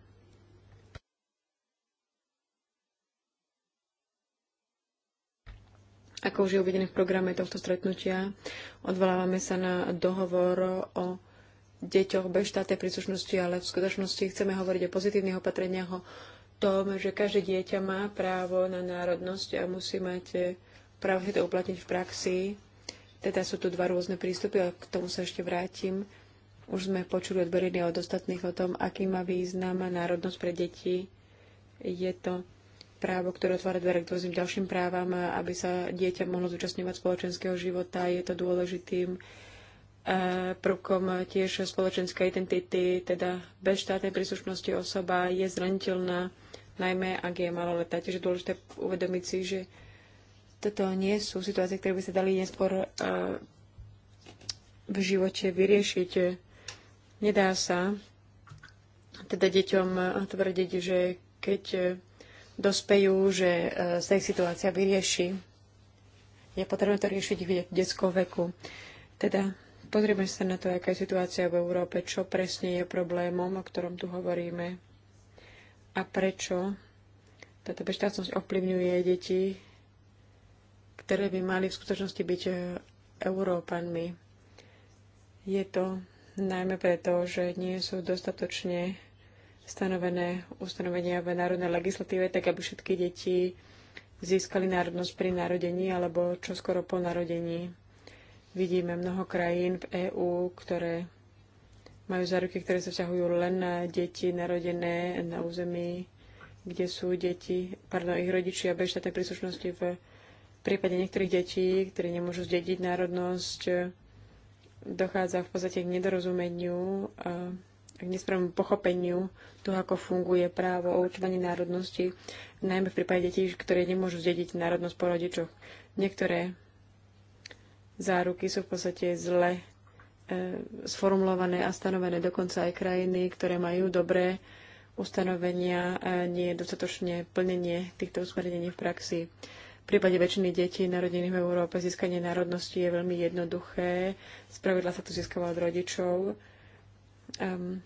Ako už je uvedené v programe tohto stretnutia, odvolávame sa na dohovor o deťoch bez štátnej príslušnosti, ale v skutočnosti chceme hovoriť o pozitívnych opatreniach, o tom, že každé dieťa má právo na národnosť a musí mať eh, právo si to uplatniť v praxi. Teda sú tu dva rôzne prístupy a k tomu sa ešte vrátim. Už sme počuli od Beriny a od ostatných o tom, aký má význam národnosť pre deti. Je to právo, ktoré otvára dvere k rôznym ďalším právam, aby sa dieťa mohlo zúčastňovať spoločenského života. Je to dôležitým prvkom tiež spoločenskej identity, teda bez štátnej príslušnosti osoba je zraniteľná, najmä ak je maloletá. Tiež je dôležité uvedomiť si, že toto nie sú situácie, ktoré by sa dali nespor e, v živote vyriešiť. Nedá sa teda deťom tvrdiť, že keď dospejú, že e, sa ich situácia vyrieši, je potrebné to riešiť v detskom veku. Teda Pozrieme sa na to, aká je situácia v Európe, čo presne je problémom, o ktorom tu hovoríme a prečo táto beštátnosť ovplyvňuje deti, ktoré by mali v skutočnosti byť e, Európanmi. Je to najmä preto, že nie sú dostatočne stanovené ustanovenia v národnej legislatíve, tak aby všetky deti získali národnosť pri narodení alebo čo skoro po narodení. Vidíme mnoho krajín v EÚ, ktoré majú záruky, ktoré sa vzťahujú len na deti narodené na území, kde sú deti, pardon, ich rodičia bez štátnej príslušnosti v prípade niektorých detí, ktoré nemôžu zdediť národnosť, dochádza v podstate k nedorozumeniu a k nesprávnemu pochopeniu toho, ako funguje právo o určovaní národnosti, najmä v prípade detí, ktoré nemôžu zdediť národnosť po rodičoch. Niektoré záruky sú v podstate zle e, sformulované a stanovené dokonca aj krajiny, ktoré majú dobré ustanovenia, a nie je dostatočne plnenie týchto usmernení v praxi. V prípade väčšiny detí narodených v Európe získanie národnosti je veľmi jednoduché. Spravidla sa to získava od rodičov. Um,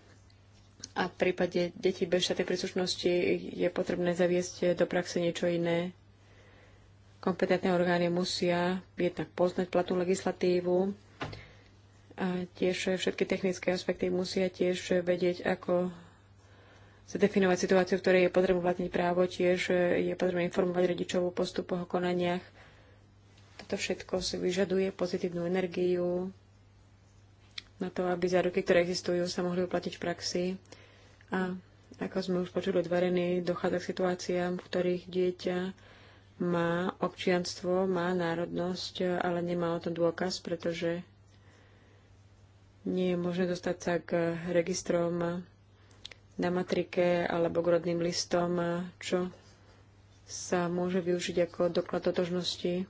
a v prípade detí bez štátnej príslušnosti je potrebné zaviesť do praxe niečo iné. Kompetentné orgány musia jednak poznať platnú legislatívu a tiež všetky technické aspekty musia tiež vedieť, ako zadefinovať situáciu, v ktorej je potrebné uplatniť právo, tiež je potrebné informovať rodičov o postupoch, o konaniach. Toto všetko si vyžaduje pozitívnu energiu na to, aby záruky, ktoré existujú, sa mohli uplatiť v praxi. A ako sme už počuli od dochádza k situáciám, v ktorých dieťa má občianstvo, má národnosť, ale nemá o tom dôkaz, pretože nie je možné dostať sa k registrom na matrike alebo k rodným listom, čo sa môže využiť ako doklad totožnosti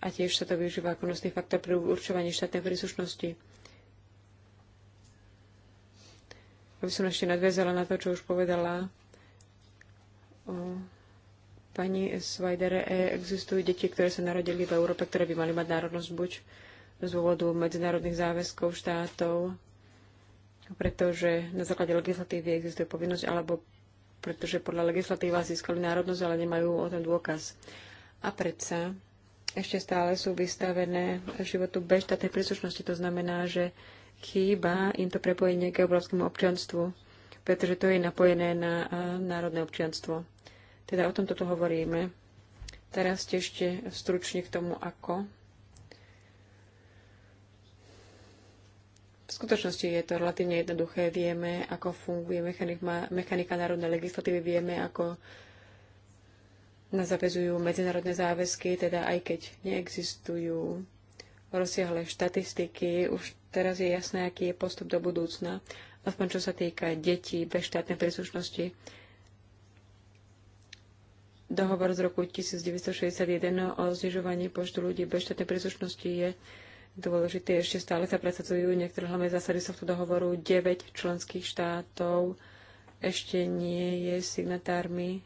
a tiež sa to využíva ako nosný faktor pri určovaní štátnej príslušnosti. Aby som ešte nadviazala na to, čo už povedala o Pani Svajder, e, existujú deti, ktoré sa narodili v Európe, ktoré by mali mať národnosť buď z dôvodu medzinárodných záväzkov štátov, pretože na základe legislatívy existuje povinnosť, alebo pretože podľa legislatívy získali národnosť, ale nemajú o tom dôkaz. A predsa ešte stále sú vystavené životu bez štátnej príslušnosti. To znamená, že chýba im to prepojenie k európskemu občianstvu, pretože to je napojené na národné občianstvo. Teda o tomto to hovoríme. Teraz ešte stručne k tomu, ako. V skutočnosti je to relatívne jednoduché. Vieme, ako funguje mechanika, mechanika národnej legislatívy, vieme, ako nás zavezujú medzinárodné záväzky, teda aj keď neexistujú rozsiahle štatistiky, už teraz je jasné, aký je postup do budúcna, aspoň čo sa týka detí bez štátnej príslušnosti. Dohovor z roku 1961 o znižovaní počtu ľudí bez štátnej príslušnosti je dôležitý. Ešte stále sa presadzujú niektoré hlavné zásady tohto dohovoru. 9 členských štátov ešte nie je signatármi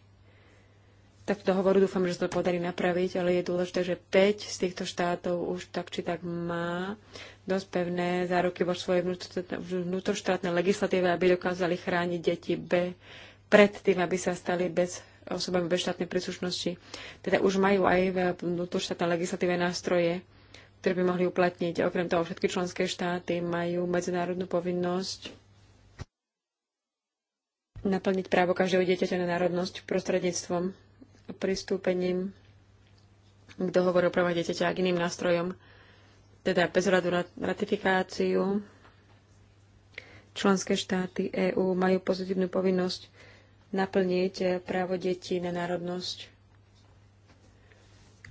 tak dohovoru dúfam, že sa to podarí napraviť, ale je dôležité, že 5 z týchto štátov už tak či tak má dosť pevné záruky vo svojej vnútroštátnej legislatíve, aby dokázali chrániť deti B pred tým, aby sa stali bez osobami bez štátnej príslušnosti. Teda už majú aj v vnútroštátnej legislatívne nástroje, ktoré by mohli uplatniť. Okrem toho všetky členské štáty majú medzinárodnú povinnosť naplniť právo každého dieťaťa na národnosť prostredníctvom pristúpením k dohovoru o právach dieťaťa a k iným nástrojom, teda bez hľadu na ratifikáciu. Členské štáty EÚ majú pozitívnu povinnosť naplniť eh, právo detí na národnosť.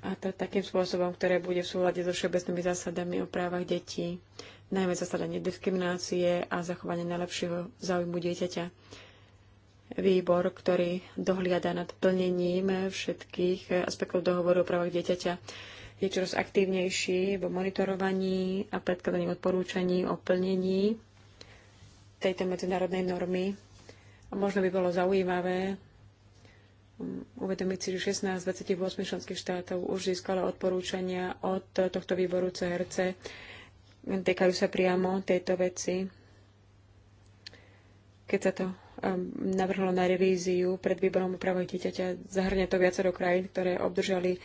A to takým spôsobom, ktoré bude v súlade so všeobecnými zásadami o právach detí, najmä zasadanie diskriminácie a zachovanie najlepšieho záujmu dieťaťa. Výbor, ktorý dohliada nad plnením eh, všetkých eh, aspektov dohovoru o právach dieťaťa, je čoraz aktívnejší vo monitorovaní a predkladaní odporúčaní o plnení tejto medzinárodnej normy a možno by bolo zaujímavé um, uvedomiť si, že 16 28 členských štátov už získalo odporúčania od tohto výboru CRC. Týkajú sa priamo tejto veci. Keď sa to um, navrhlo na revíziu pred výborom upravoj dieťaťa, zahrňa to viacero krajín, ktoré obdržali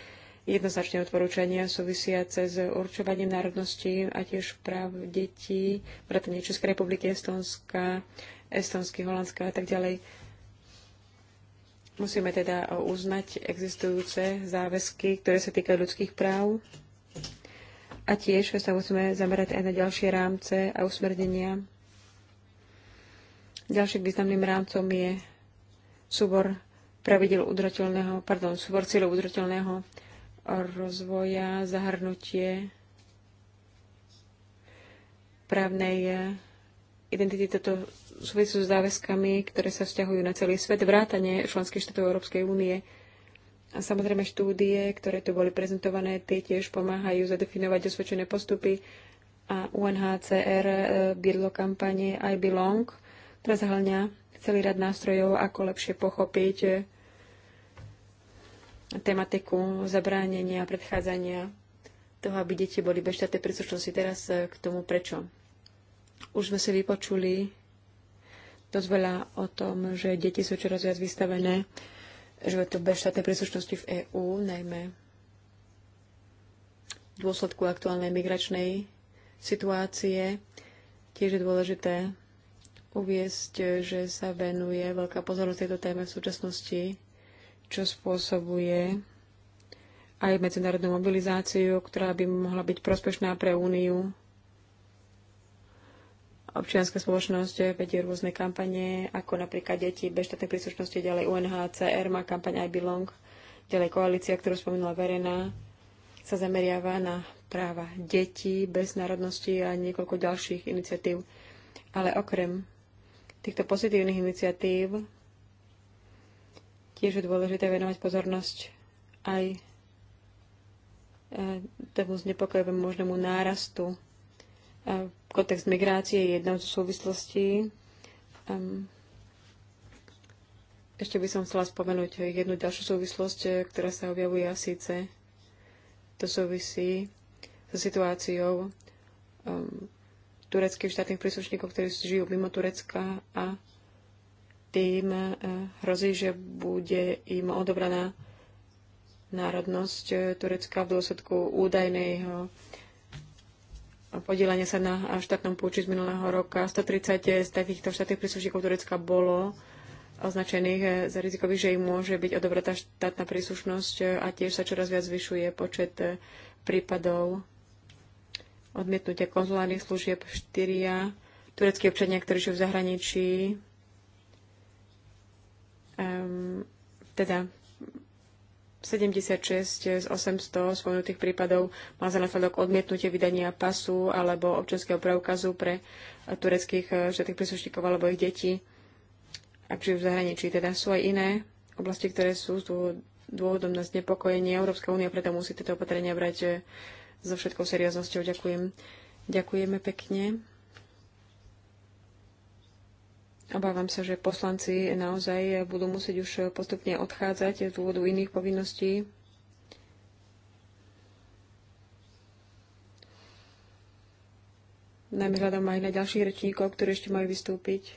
jednoznačné odporúčania súvisiace s určovaním národnosti a tiež práv detí, vrátane Českej republiky, Estonska, estonsky, holandsky a tak ďalej. Musíme teda uznať existujúce záväzky, ktoré sa týkajú ľudských práv a tiež sa musíme zamerať aj na ďalšie rámce a usmernenia. Ďalším významným rámcom je súbor pravidel udrateľného, pardon, súbor cieľov udrateľného rozvoja, zahrnutie právnej eh, identity. Toto súvisí s záväzkami, ktoré sa vzťahujú na celý svet, vrátane členských štátov Európskej únie. A samozrejme štúdie, ktoré tu boli prezentované, tie tiež pomáhajú zadefinovať osvedčené postupy a UNHCR viedlo kampanie I Belong, ktorá zahrňa celý rad nástrojov, ako lepšie pochopiť e, tematiku zabránenia, predchádzania toho, aby deti boli bežtaté príslušnosti. Teraz e, k tomu prečo. Už sme si vypočuli dosť veľa o tom, že deti sú čoraz viac vystavené že to bez štátnej príslušnosti v EÚ, najmä v dôsledku aktuálnej migračnej situácie. Tiež je dôležité uviesť, že sa venuje veľká pozornosť tejto téme v súčasnosti, čo spôsobuje aj medzinárodnú mobilizáciu, ktorá by mohla byť prospešná pre Úniu Občianská spoločnosť vedie rôzne kampanie, ako napríklad deti bez štátnej príslušnosti, ďalej UNHCR má kampaň I Belong, ďalej koalícia, ktorú spomenula Verena, sa zameriava na práva detí bez národnosti a niekoľko ďalších iniciatív. Ale okrem týchto pozitívnych iniciatív tiež je dôležité venovať pozornosť aj e, tomu znepokojivému možnému nárastu e, Kontext migrácie je jednou z súvislostí. Um, ešte by som chcela spomenúť jednu ďalšiu súvislosť, eh, ktorá sa objavuje a síce to súvisí so situáciou um, tureckých štátnych príslušníkov, ktorí žijú mimo Turecka a tým eh, hrozí, že bude im odobraná národnosť eh, Turecka v dôsledku údajného podielania sa na štátnom púči z minulého roka. 130 z takýchto štátnych príslušníkov Turecka bolo označených za rizikových, že im môže byť odobratá štátna príslušnosť a tiež sa čoraz viac zvyšuje počet prípadov odmietnutia konzulárnych služieb štyria tureckí občania, ktorí žijú v zahraničí. Um, teda 76 z 800 spomenutých prípadov má za následok odmietnutie vydania pasu alebo občanského preukazu pre tureckých eh, všetkých príslušníkov alebo ich detí, ak či v zahraničí. Teda sú aj iné oblasti, ktoré sú dôvodom na znepokojenie. Európska únia preto musí tieto opatrenia brať eh, so všetkou serióznosťou. Ďakujem. Ďakujeme pekne. Obávam sa, že poslanci naozaj budú musieť už postupne odchádzať z dôvodu iných povinností. Najmä hľadom aj na ďalších rečníkov, ktorí ešte majú vystúpiť.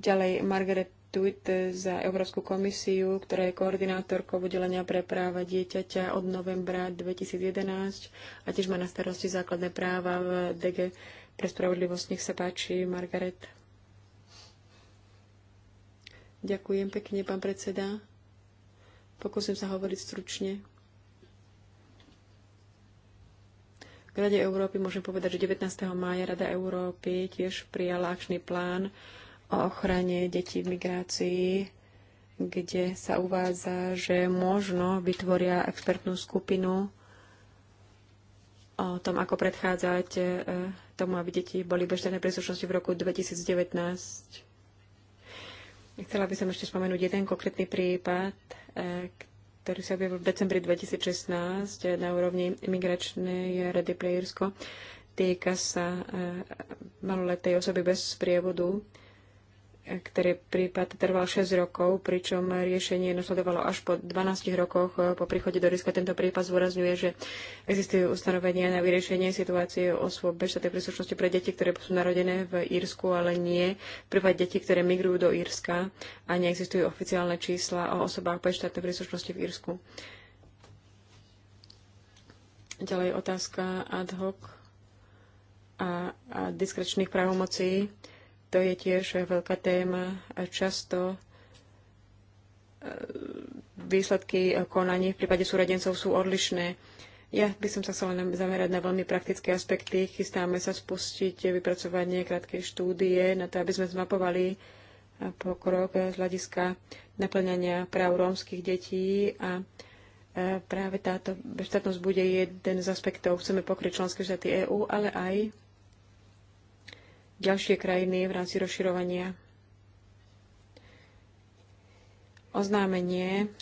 Ďalej Margaret Tuit za Európsku komisiu, ktorá je koordinátorkou oddelenia pre práva dieťaťa od novembra 2011 a tiež má na starosti základné práva v DG pre spravodlivosť. Nech sa páči, Margaret. Ďakujem pekne, pán predseda. Pokúsim sa hovoriť stručne. K Rade Európy môžem povedať, že 19. mája Rada Európy tiež prijala akčný plán o ochrane detí v migrácii, kde sa uvádza, že možno vytvoria expertnú skupinu o tom, ako predchádzať eh, tomu, aby deti boli bežné príslušnosti v roku 2019 Chcela by som ešte spomenúť jeden konkrétny prípad, eh, ktorý sa objavil v decembri 2016 na úrovni imigračnej rady pre Týka sa eh, maloletej osoby bez sprievodu, ktorý prípad trval 6 rokov, pričom riešenie nasledovalo až po 12 rokoch po príchode do Ríska Tento prípad zúrazňuje, že existujú ustanovenia na vyriešenie situácie osôb bez štátnej príslušnosti pre deti, ktoré sú narodené v Írsku, ale nie v prípade detí, ktoré migrujú do Írska a neexistujú oficiálne čísla o osobách bez štátnej príslušnosti v Írsku. Ďalej otázka ad hoc a, a diskrečných právomocí to je tiež veľká téma. Často e, výsledky konaní v prípade súradencov sú odlišné. Ja by som sa chcela zamerať na veľmi praktické aspekty. Chystáme sa spustiť vypracovanie krátkej štúdie na to, aby sme zmapovali e, pokrok z hľadiska naplňania práv rómskych detí a e, práve táto štátnosť bude jeden z aspektov. Chceme pokryť členské štáty EÚ, ale aj ďalšie krajiny v rámci rozširovania. Oznámenie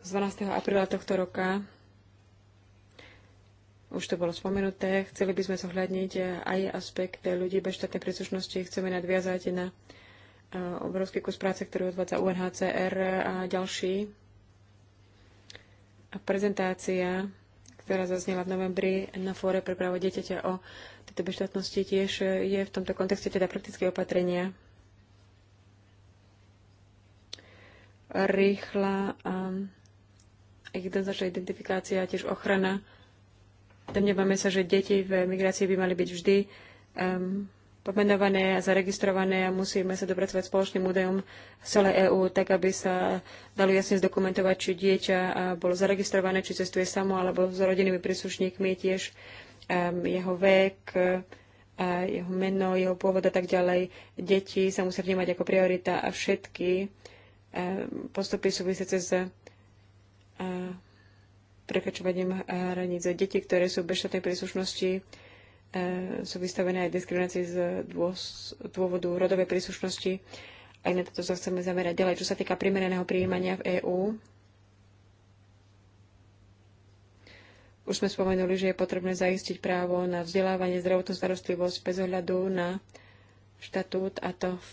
z 12. apríla tohto roka už to bolo spomenuté, chceli by sme zohľadniť eh, aj aspekt ľudí bez štátnej príslušnosti. Chceme nadviazať na eh, obrovský kus práce, ktorý odvádza UNHCR a ďalší. A prezentácia, ktorá zaznela v novembri na fóre pre právo dieťaťa o tejto beštátnosti tiež e, je v tomto kontexte teda praktické opatrenia. Rýchla a um, jednoznačná identifikácia a tiež ochrana. Domnievame sa, že deti v migrácii by mali byť vždy um, pomenované a zaregistrované a musíme sa dopracovať spoločným údajom z celé EÚ, tak aby sa dalo jasne zdokumentovať, či dieťa bolo zaregistrované, či cestuje samo alebo s rodinnými príslušníkmi tiež jeho vek, e, jeho meno, jeho pôvod a tak ďalej. Deti sa musia vnímať ako priorita a všetky postupy súvisiace s e, prekračovaním e, hraníc. Deti, ktoré sú bez štátnej príslušnosti, sú vystavené aj diskriminácii z dôvodu rodovej príslušnosti. Aj na toto sa chceme zamerať ďalej. Čo sa týka primeraného prijímania v EÚ, Už sme spomenuli, že je potrebné zaistiť právo na vzdelávanie, zdravotnú starostlivosť bez ohľadu na štatút a to v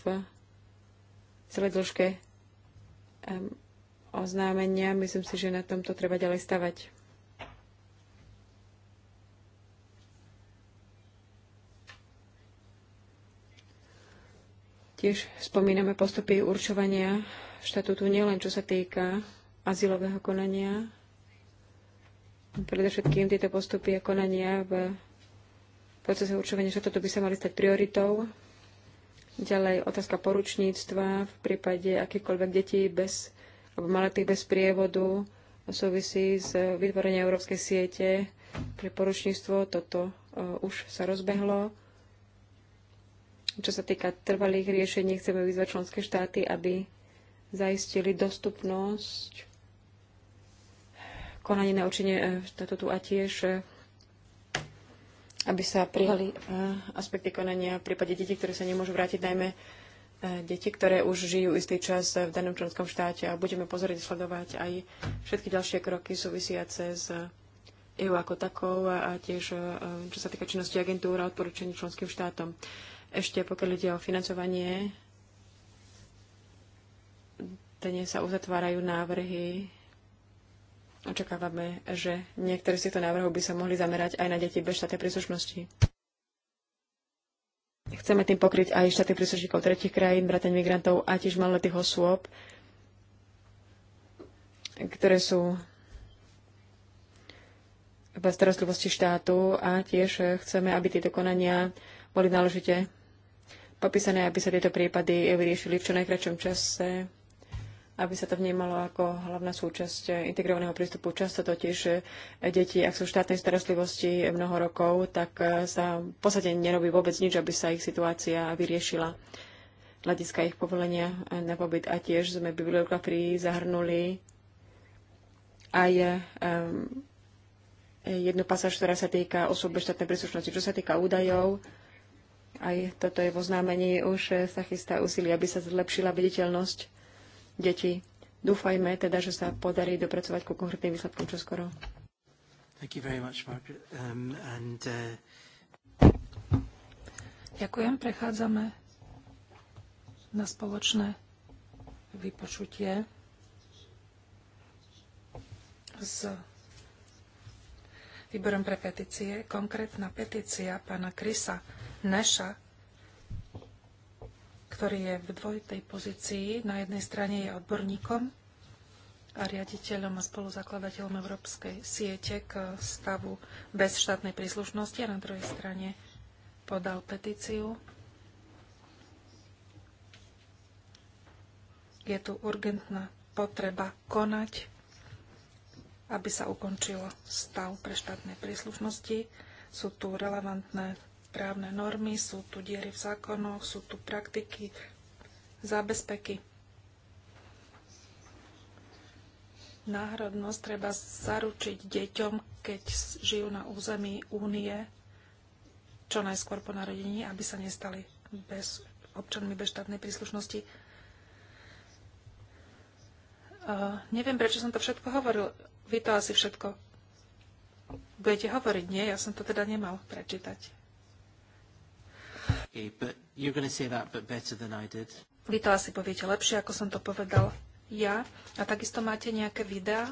celé dĺžke um, oznámenia. Myslím si, že na tomto treba ďalej stavať. Tiež spomíname postupy určovania štatútu nielen čo sa týka azylového konania, predovšetkým tieto postupy a konania v procese určovania, že toto by sa mali stať prioritou. Ďalej otázka poručníctva v prípade akýchkoľvek detí bez, alebo maletých bez prievodu súvisí s vytvorením európskej siete pre poručníctvo. Toto uh, už sa rozbehlo. Čo sa týka trvalých riešení, chceme vyzvať členské štáty, aby zaistili dostupnosť Konanie na určenie e, tu a tiež e, aby sa prijali e, aspekty konania v prípade detí, ktoré sa nemôžu vrátiť, najmä deti, ktoré už žijú istý čas v danom členskom štáte a budeme pozrieť sledovať aj všetky ďalšie kroky súvisiace s EU ako takou a tiež čo sa týka činnosti agentúr a odporúčení členským štátom. Ešte pokiaľ ide o financovanie, dnes sa uzatvárajú návrhy Očakávame, že niektoré z týchto návrhov by sa mohli zamerať aj na deti bez štátnej príslušnosti. Chceme tým pokryť aj štáty príslušníkov tretich krajín, vrátane migrantov a tiež maloletých osôb, ktoré sú v starostlivosti štátu a tiež chceme, aby tieto konania boli náležite popísané, aby sa tieto prípady vyriešili v čo najkračom čase aby sa to vnímalo ako hlavná súčasť integrovaného prístupu. Často totiž deti, ak sú v štátnej starostlivosti mnoho rokov, tak eh, sa v podstate nerobí vôbec nič, aby sa ich situácia vyriešila hľadiska ich povolenia na pobyt. A tiež sme bibliografii zahrnuli aj um, jednu pasáž, ktorá sa týka osobe štátnej príslušnosti. Čo sa týka údajov, aj toto je vo znamení, už sa chystá úsilie, aby sa zlepšila viditeľnosť Deti. Dúfajme teda, že sa podarí dopracovať ku konkrétnym výsledkom čoskoro. Thank you very much, Um, and, uh... Ďakujem. Prechádzame na spoločné vypočutie s výborom pre petície. Konkrétna petícia pána Krisa Neša ktorý je v dvojitej pozícii. Na jednej strane je odborníkom a riaditeľom a spoluzakladateľom Európskej siete k stavu bez štátnej príslušnosti a na druhej strane podal petíciu. Je tu urgentná potreba konať, aby sa ukončil stav pre štátnej príslušnosti. Sú tu relevantné právne normy, sú tu diery v zákonoch, sú tu praktiky, zábezpeky. Náhradnosť treba zaručiť deťom, keď žijú na území únie, čo najskôr po narodení, aby sa nestali bez občanmi bez štátnej príslušnosti. Uh, neviem, prečo som to všetko hovoril. Vy to asi všetko budete hovoriť, nie? Ja som to teda nemal prečítať. Vy to asi poviete lepšie, ako som to povedal ja. A takisto máte nejaké videá?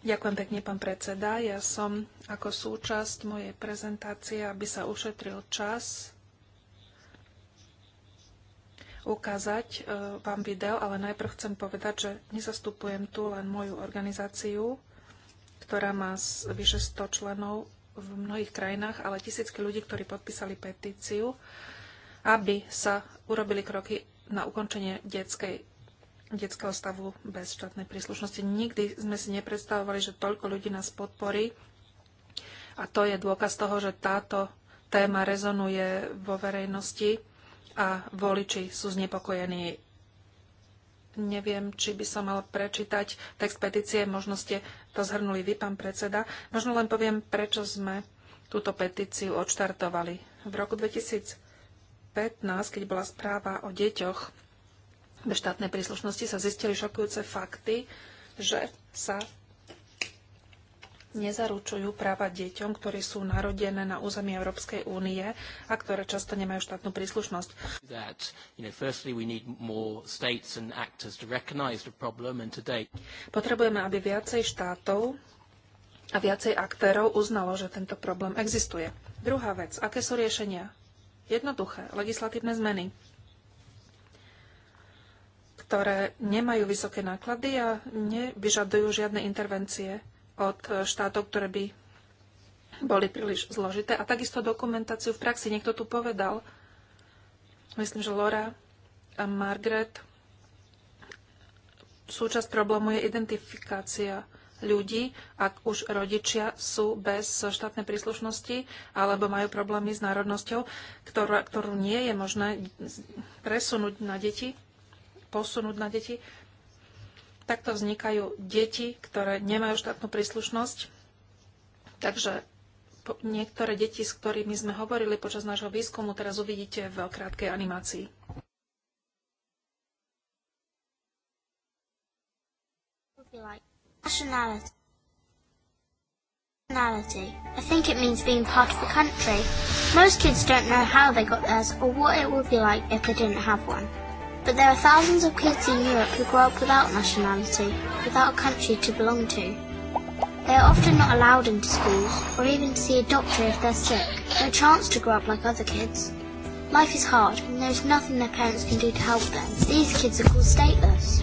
Ďakujem pekne, pán predseda. Ja som ako súčasť mojej prezentácie, aby sa ušetril čas, ukázať e, vám video, ale najprv chcem povedať, že nezastupujem tu len moju organizáciu, ktorá má vyše 100 členov v mnohých krajinách, ale tisícky ľudí, ktorí podpísali petíciu, aby sa urobili kroky na ukončenie detskej, detského stavu bez štátnej príslušnosti. Nikdy sme si nepredstavovali, že toľko ľudí nás podporí a to je dôkaz toho, že táto téma rezonuje vo verejnosti a voliči sú znepokojení Neviem, či by som mal prečítať text petície, možno ste to zhrnuli vy, pán predseda. Možno len poviem, prečo sme túto petíciu odštartovali. V roku 2015, keď bola správa o deťoch ve štátnej príslušnosti, sa zistili šokujúce fakty, že sa nezaručujú práva deťom, ktorí sú narodené na území Európskej únie a ktoré často nemajú štátnu príslušnosť. Potrebujeme, aby viacej štátov a viacej aktérov uznalo, že tento problém existuje. Druhá vec, aké sú riešenia? Jednoduché, legislatívne zmeny ktoré nemajú vysoké náklady a nevyžadujú žiadne intervencie od štátov, ktoré by boli príliš zložité. A takisto dokumentáciu v praxi. Niekto tu povedal, myslím, že Laura a Margaret, súčasť problému je identifikácia ľudí, ak už rodičia sú bez štátnej príslušnosti alebo majú problémy s národnosťou, ktorú, ktorú nie je možné presunúť na deti, posunúť na deti, Takto vznikajú deti, ktoré nemajú štátnu príslušnosť. Takže niektoré deti, s ktorými sme hovorili počas nášho výskumu, teraz uvidíte v krátkej animácii. Nationality. I think it means being part of the country. Most kids don't know how they got theirs or what it would be like if they didn't have one. But there are thousands of kids in Europe who grow up without nationality, without a country to belong to. They are often not allowed into schools, or even to see a doctor if they're sick, no chance to grow up like other kids. Life is hard, and there is nothing their parents can do to help them. These kids are called stateless.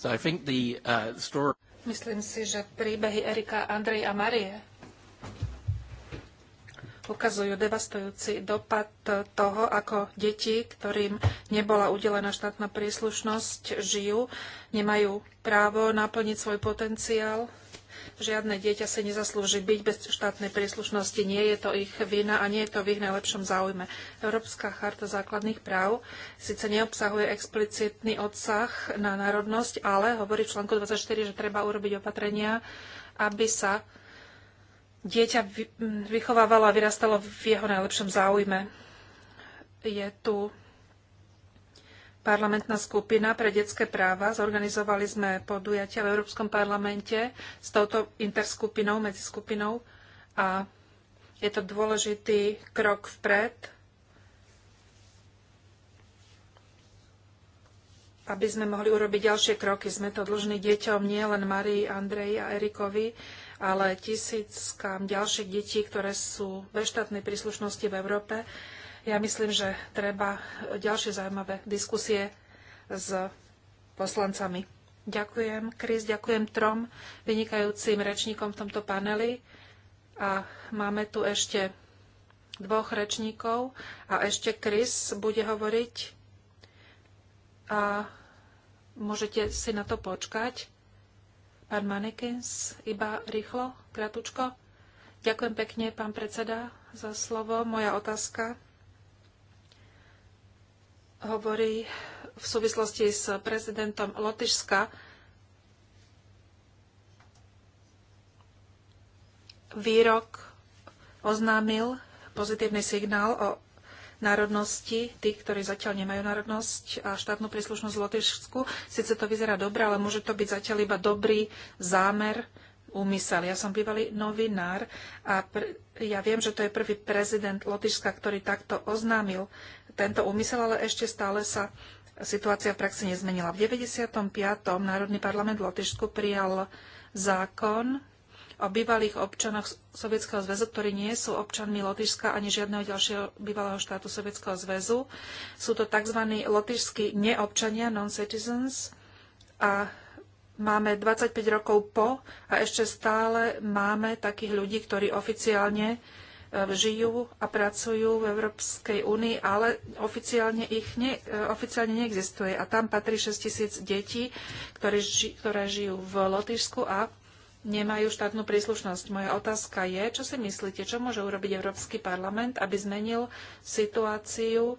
So I think the uh, story... Myslím si, že príbehy Erika, Andrej a Marie ukazujú devastujúci dopad toho, ako deti, ktorým nebola udelená štátna príslušnosť, žijú, nemajú právo naplniť svoj potenciál, Žiadne dieťa si nezaslúži byť bez štátnej príslušnosti. Nie je to ich vina a nie je to v ich najlepšom záujme. Európska charta základných práv síce neobsahuje explicitný odsah na národnosť, ale hovorí v článku 24, že treba urobiť opatrenia, aby sa dieťa vychovávalo a vyrastalo v jeho najlepšom záujme. Je tu parlamentná skupina pre detské práva. Zorganizovali sme podujatia v Európskom parlamente s touto interskupinou, medziskupinou a je to dôležitý krok vpred, aby sme mohli urobiť ďalšie kroky. Sme to dlžní deťom, nie len Marii, Andreji a Erikovi, ale tisíckam ďalších detí, ktoré sú ve štátnej príslušnosti v Európe ja myslím, že treba ďalšie zaujímavé diskusie s poslancami. Ďakujem, Kris, ďakujem trom vynikajúcim rečníkom v tomto paneli. A máme tu ešte dvoch rečníkov a ešte Kris bude hovoriť a môžete si na to počkať. Pán Manekins, iba rýchlo, kratučko. Ďakujem pekne, pán predseda, za slovo. Moja otázka hovorí v súvislosti s prezidentom Lotyšska. Výrok oznámil pozitívny signál o národnosti, tých, ktorí zatiaľ nemajú národnosť a štátnu príslušnosť v Lotyšsku. Sice to vyzerá dobre, ale môže to byť zatiaľ iba dobrý zámer, úmysel. Ja som bývalý novinár a pr- ja viem, že to je prvý prezident Lotyšska, ktorý takto oznámil tento úmysel, ale ešte stále sa situácia v praxi nezmenila. V 95. Národný parlament v Lotyšsku prijal zákon o bývalých občanoch Sovietskeho zväzu, ktorí nie sú občanmi Lotyšska ani žiadneho ďalšieho bývalého štátu Sovietskeho zväzu. Sú to tzv. lotyšskí neobčania, non-citizens. A máme 25 rokov po a ešte stále máme takých ľudí, ktorí oficiálne E, žijú a pracujú v Európskej únii, ale oficiálne ich ne, e, oficiálne neexistuje. A tam patrí 6 tisíc detí, ktoré, ži, ktoré žijú v Lotyšsku a nemajú štátnu príslušnosť. Moja otázka je, čo si myslíte, čo môže urobiť Európsky parlament, aby zmenil situáciu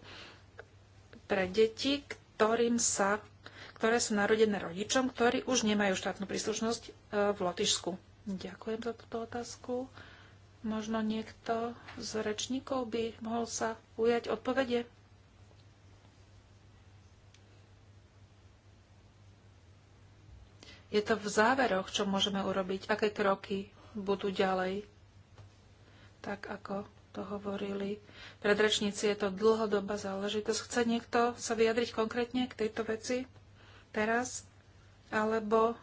pre deti, ktorým sa, ktoré sú narodené rodičom, ktorí už nemajú štátnu príslušnosť e, v Lotyšsku. Ďakujem za túto otázku. Možno niekto z rečníkov by mohol sa ujať odpovede. Je to v záveroch, čo môžeme urobiť, aké kroky budú ďalej. Tak ako to hovorili predrečníci, je to dlhodobá záležitosť. Chce niekto sa vyjadriť konkrétne k tejto veci teraz? Alebo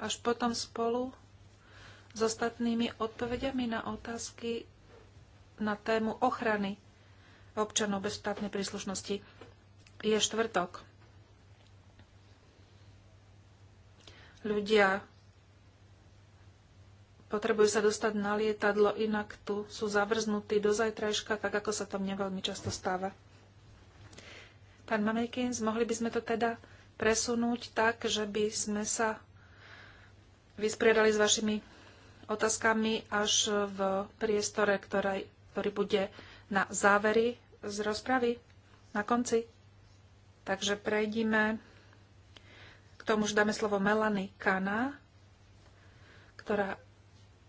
až potom spolu s ostatnými odpovediami na otázky na tému ochrany občanov bez štátnej príslušnosti. Je štvrtok. Ľudia potrebujú sa dostať na lietadlo, inak tu sú zavrznutí do zajtrajška, tak ako sa to mne veľmi často stáva. Pán Mamekins, mohli by sme to teda presunúť tak, že by sme sa vyspriedali s vašimi otázkami až v priestore, ktoré, ktorý bude na závery z rozpravy, na konci. Takže prejdime k tomu, že dáme slovo Melany Kana, ktorá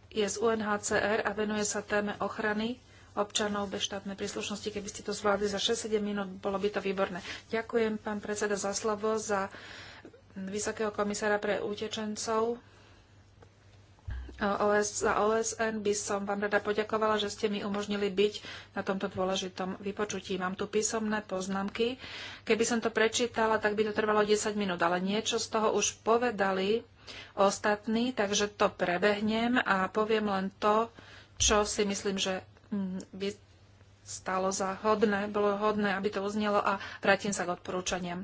je z UNHCR a venuje sa téme ochrany občanov bez štátnej príslušnosti. Keby ste to zvládli za 6-7 minút, bolo by to výborné. Ďakujem, pán predseda, za slovo, za vysokého komisára pre utečencov OS, za OSN by som vám rada poďakovala, že ste mi umožnili byť na tomto dôležitom vypočutí. Mám tu písomné poznámky. Keby som to prečítala, tak by to trvalo 10 minút, ale niečo z toho už povedali ostatní, takže to prebehnem a poviem len to, čo si myslím, že mm, by stalo za hodné, bolo hodné, aby to uznelo a vrátim sa k odporúčaniam.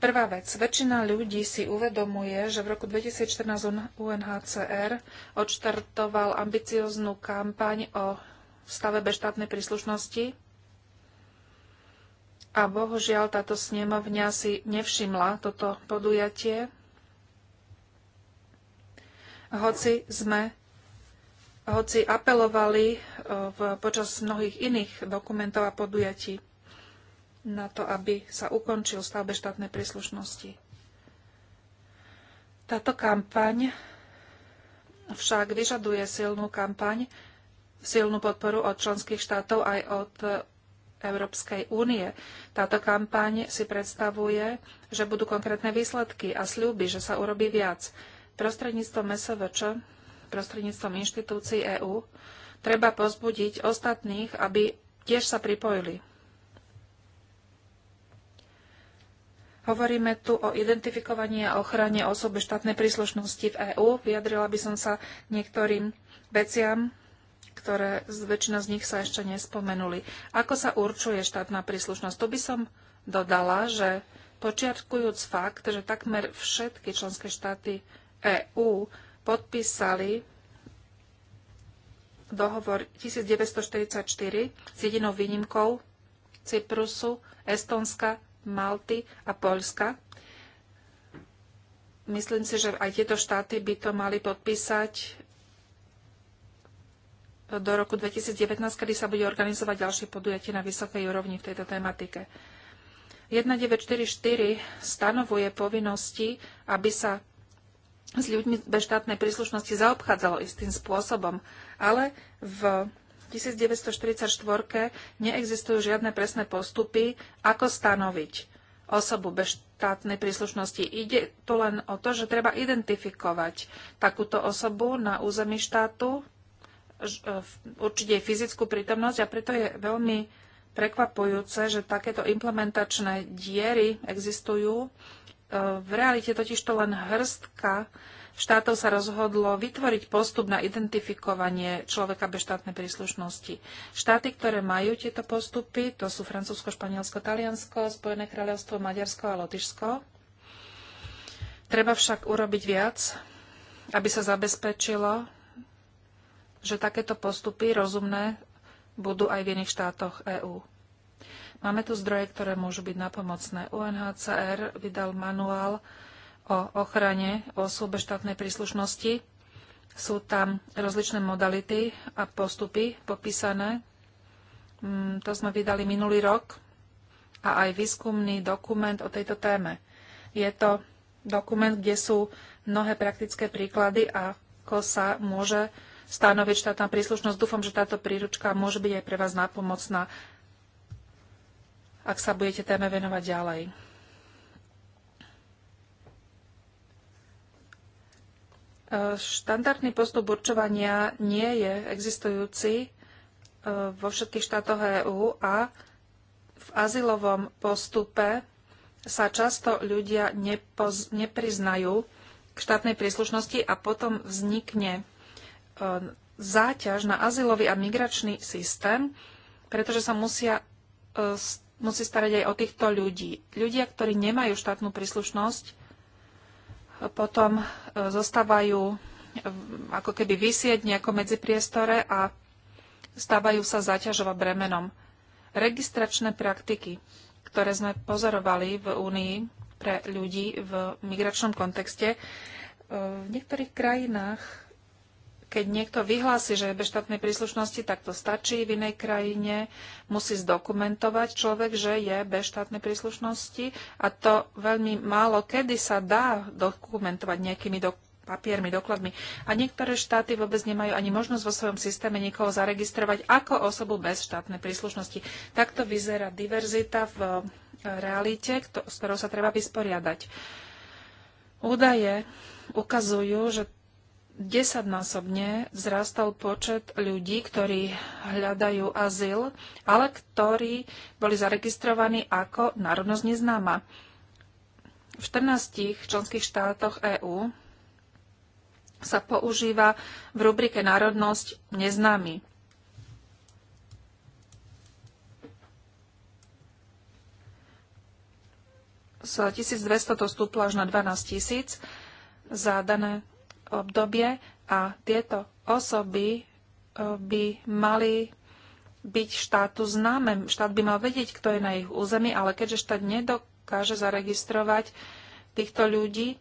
Prvá vec. Väčšina ľudí si uvedomuje, že v roku 2014 UNHCR odštartoval ambicioznú kampaň o stave bez štátnej príslušnosti a bohužiaľ táto snemovňa si nevšimla toto podujatie, hoci sme hoci apelovali eh, v, počas mnohých iných dokumentov a podujatí na to, aby sa ukončil stav štátnej príslušnosti. Táto kampaň však vyžaduje silnú kampaň, silnú podporu od členských štátov aj od Európskej únie. Táto kampaň si predstavuje, že budú konkrétne výsledky a sľuby, že sa urobí viac. Prostredníctvom MSVČ, prostredníctvom inštitúcií EÚ, treba pozbudiť ostatných, aby tiež sa pripojili. Hovoríme tu o identifikovaní a ochrane osobe štátnej príslušnosti v EÚ. Vyjadrila by som sa niektorým veciam, ktoré väčšina z nich sa ešte nespomenuli. Ako sa určuje štátna príslušnosť? Tu by som dodala, že počiatkujúc fakt, že takmer všetky členské štáty EÚ podpísali dohovor 1944 s jedinou výnimkou Cyprusu, Estonska, Malty a Polska. Myslím si, že aj tieto štáty by to mali podpísať do roku 2019, kedy sa bude organizovať ďalšie podujatie na vysokej úrovni v tejto tematike. 1944 stanovuje povinnosti, aby sa s ľuďmi bez štátnej príslušnosti zaobchádzalo istým spôsobom, ale v 1944 neexistujú žiadne presné postupy, ako stanoviť osobu bez štátnej príslušnosti. Ide tu len o to, že treba identifikovať takúto osobu na území štátu, e, určite jej fyzickú prítomnosť a preto je veľmi prekvapujúce, že takéto implementačné diery existujú. E, v realite totiž to len hrstka štátov sa rozhodlo vytvoriť postup na identifikovanie človeka bez štátnej príslušnosti. Štáty, ktoré majú tieto postupy, to sú Francúzsko, Španielsko, Taliansko, Spojené kráľovstvo, Maďarsko a Lotyšsko. Treba však urobiť viac, aby sa zabezpečilo, že takéto postupy rozumné budú aj v iných štátoch EÚ. Máme tu zdroje, ktoré môžu byť napomocné. UNHCR vydal manuál o ochrane osôb štátnej príslušnosti. Sú tam rozličné modality a postupy popísané. Mm, to sme vydali minulý rok a aj výskumný dokument o tejto téme. Je to dokument, kde sú mnohé praktické príklady, ako sa môže stanoviť štátna príslušnosť. Dúfam, že táto príručka môže byť aj pre vás nápomocná, ak sa budete téme venovať ďalej. Štandardný postup určovania nie je existujúci e, vo všetkých štátoch EÚ a v azylovom postupe sa často ľudia nepoz- nepriznajú k štátnej príslušnosti a potom vznikne e, záťaž na azylový a migračný systém, pretože sa musia, e, musí starať aj o týchto ľudí. Ľudia, ktorí nemajú štátnu príslušnosť, potom e, zostávajú e, ako keby vysieť nejako medzi priestore a stávajú sa zaťažovať bremenom. Registračné praktiky, ktoré sme pozorovali v Únii pre ľudí v migračnom kontexte, e, v niektorých krajinách keď niekto vyhlási, že je bez štátnej príslušnosti, tak to stačí. V inej krajine musí zdokumentovať človek, že je bez štátnej príslušnosti a to veľmi málo kedy sa dá dokumentovať nejakými do papiermi, dokladmi. A niektoré štáty vôbec nemajú ani možnosť vo svojom systéme niekoho zaregistrovať ako osobu bez štátnej príslušnosti. Takto vyzerá diverzita v e, realite, s ktorou sa treba vysporiadať. Údaje ukazujú, že desaťnásobne vzrastal počet ľudí, ktorí hľadajú azyl, ale ktorí boli zaregistrovaní ako národnosť neznáma. V 14 členských štátoch EÚ sa používa v rubrike národnosť neznámy. Z 1200 to stúplo až na 12 000 za dané obdobie a tieto osoby e, by mali byť štátu známe. Štát by mal vedieť, kto je na ich území, ale keďže štát nedokáže zaregistrovať týchto ľudí,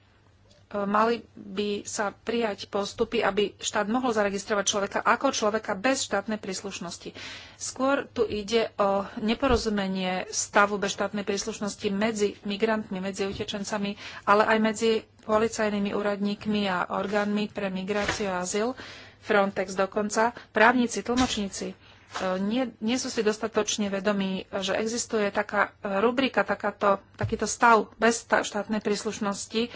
E, mali by sa prijať postupy, aby štát mohol zaregistrovať človeka ako človeka bez štátnej príslušnosti. Skôr tu ide o neporozumenie stavu bez štátnej príslušnosti medzi migrantmi, medzi utečencami, ale aj medzi policajnými úradníkmi a orgánmi pre migráciu a azyl, Frontex dokonca, právnici, tlmočníci. E, nie, nie sú si dostatočne vedomí, že existuje taká rubrika, takáto, takýto stav bez štátnej príslušnosti,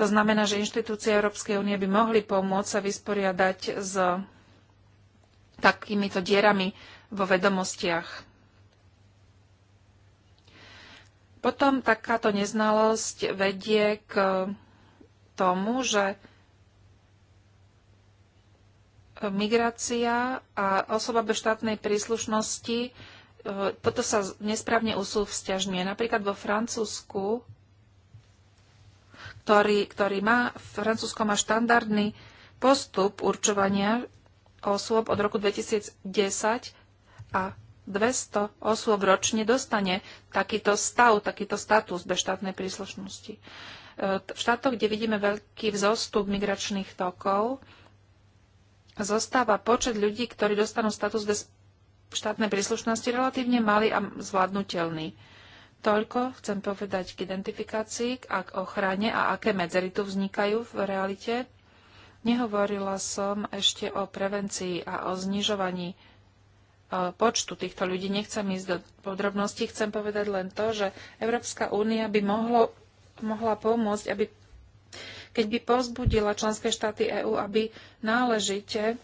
to znamená, že inštitúcie Európskej únie by mohli pomôcť sa vysporiadať s takýmito dierami vo vedomostiach. Potom takáto neznalosť vedie k tomu, že migrácia a osoba bez štátnej príslušnosti, e, toto sa nesprávne usúvzťažňuje. Napríklad vo Francúzsku ktorý, ktorý má, Francúzsko má štandardný postup určovania osôb od roku 2010 a 200 osôb ročne dostane takýto stav, takýto status bez štátnej príslušnosti. E, v štátoch, kde vidíme veľký vzostup migračných tokov, zostáva počet ľudí, ktorí dostanú status bez štátnej príslušnosti relatívne malý a zvládnutelný. Toľko chcem povedať k identifikácii, a k ochrane a aké medzery tu vznikajú v realite. Nehovorila som ešte o prevencii a o znižovaní e, počtu týchto ľudí. Nechcem ísť do podrobností, chcem povedať len to, že Európska únia by mohlo, mohla pomôcť, aby, keď by povzbudila členské štáty EÚ, aby náležite